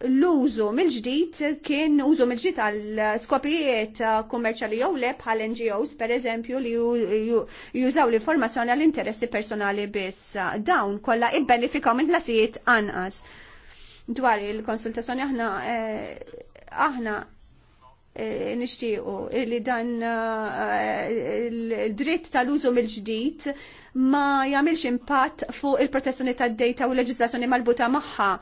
l-użu mill-ġdid kien użu mill-ġdid għal skopijiet kommerċali jew le bħal NGOs per eżempju li jużaw l-informazzjoni għal interessi personali biss. Dawn kollha ibbenefikaw minn ħlasijiet anqas. Dwar il-konsultazzjoni aħna eh, aħna eh, nixtiequ li dan eh, il-dritt tal-użu mill-ġdid ma jagħmilx impatt fuq il-protezzjoni tad-dejta u l-leġislazzjoni malbuta magħha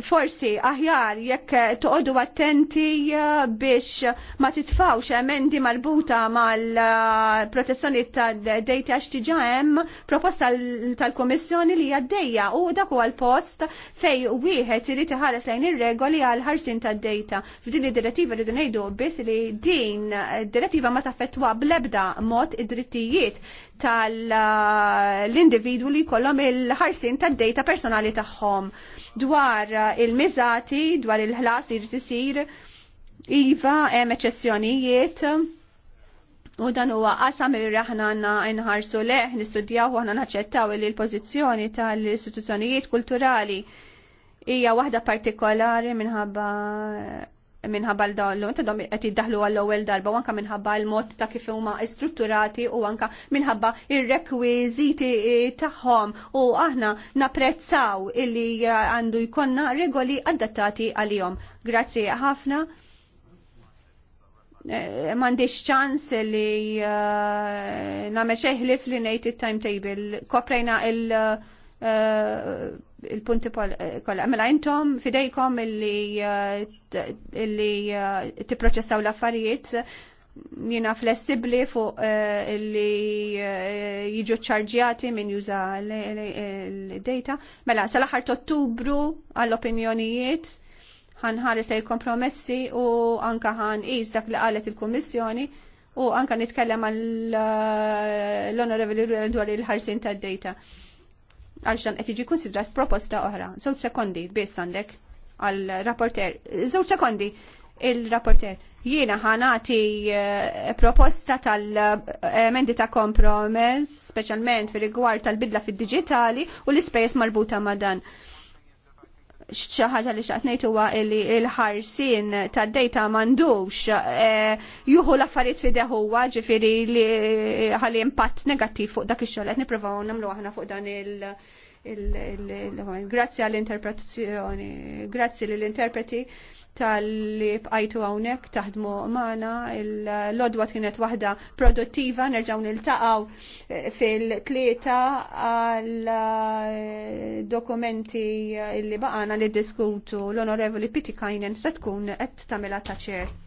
forsi aħjar jekk toqodu attenti eh, biex ma titfawx emendi marbuta mal-protezzjoni tad-dejta għax tiġa hemm proposta tal-Komissjoni li għaddejja u dak huwa l-post fej wieħed irid iħares lejn ir-regoli għal ħarsin tad-dejta. F'din id-direttiva rridu ngħidu biss li din id-direttiva ma taffettwa bl-ebda mod id-drittijiet tal-individwu li kollhom il-ħarsin tad-dejta personali tagħhom dwar il-miżati dwar il-ħlas li jrid isir iva hemm eċċessjonijiet u dan huwa qasam li aħna għandna nħarsu leħ nistudjaw u aħna naċċettaw li l-pożizzjoni tal-istituzzjonijiet kulturali hija waħda partikolari minħabba minħabba l-dallu, inta qed dahlu għall-ewwel darba u anke minħabba l-mod ta' kif huma istrutturati u anke minħabba il rekwiżiti e, tagħhom u aħna napprezzaw illi e, għandu jkollna regoli adattati għalihom. Grazzi ħafna e, mandiċ ċans li uh, nameċeħlif li nejt il-timetable. Koprejna il- uh, il-punti eh, kollha. Mela intom fidejkom illi eh, eh, tipproċessaw l-affarijiet jina flessibli fuq illi jiġu ċarġjati minn juża l-data. Mela, sal-aħħar ottubru għall-opinjonijiet ħanħares lej kompromessi u anka ħan iż dak li qalet il-Kummissjoni u anka nitkellem għall-Onorevoli dwar il-ħarsin tad-data għax dan qed jiġi konsidrat proposta oħra. Żewġ sekondi biss għandek għal rapporter. Żewġ sekondi il-rapporter. Jiena ħanati eh, proposta tal-emendi ta' kompromess, speċjalment fir rigward tal-bidla fid-diġitali u l ispejs marbuta ma' dan xi ħaġa li xaqt ngħid huwa li l-ħarsien tad-dejta m'għandux juhu l-affarijiet fideh huwa ġifieri li ħalli impatt negattiv fuq dak ix-xogħol qed nippruvaw nagħmlu aħna fuq dan il- Grazzi għall-interpretazzjoni, grazzi lill interpreti tal-li bqajtu għawnek taħdmu maħna. L-odwa kienet wahda produttiva, nerġaw nil-taqaw eh, fil-tlieta għal-dokumenti eh, li baqana li diskutu l-onorevoli Pitikajnen se tkun qed tamela taċer.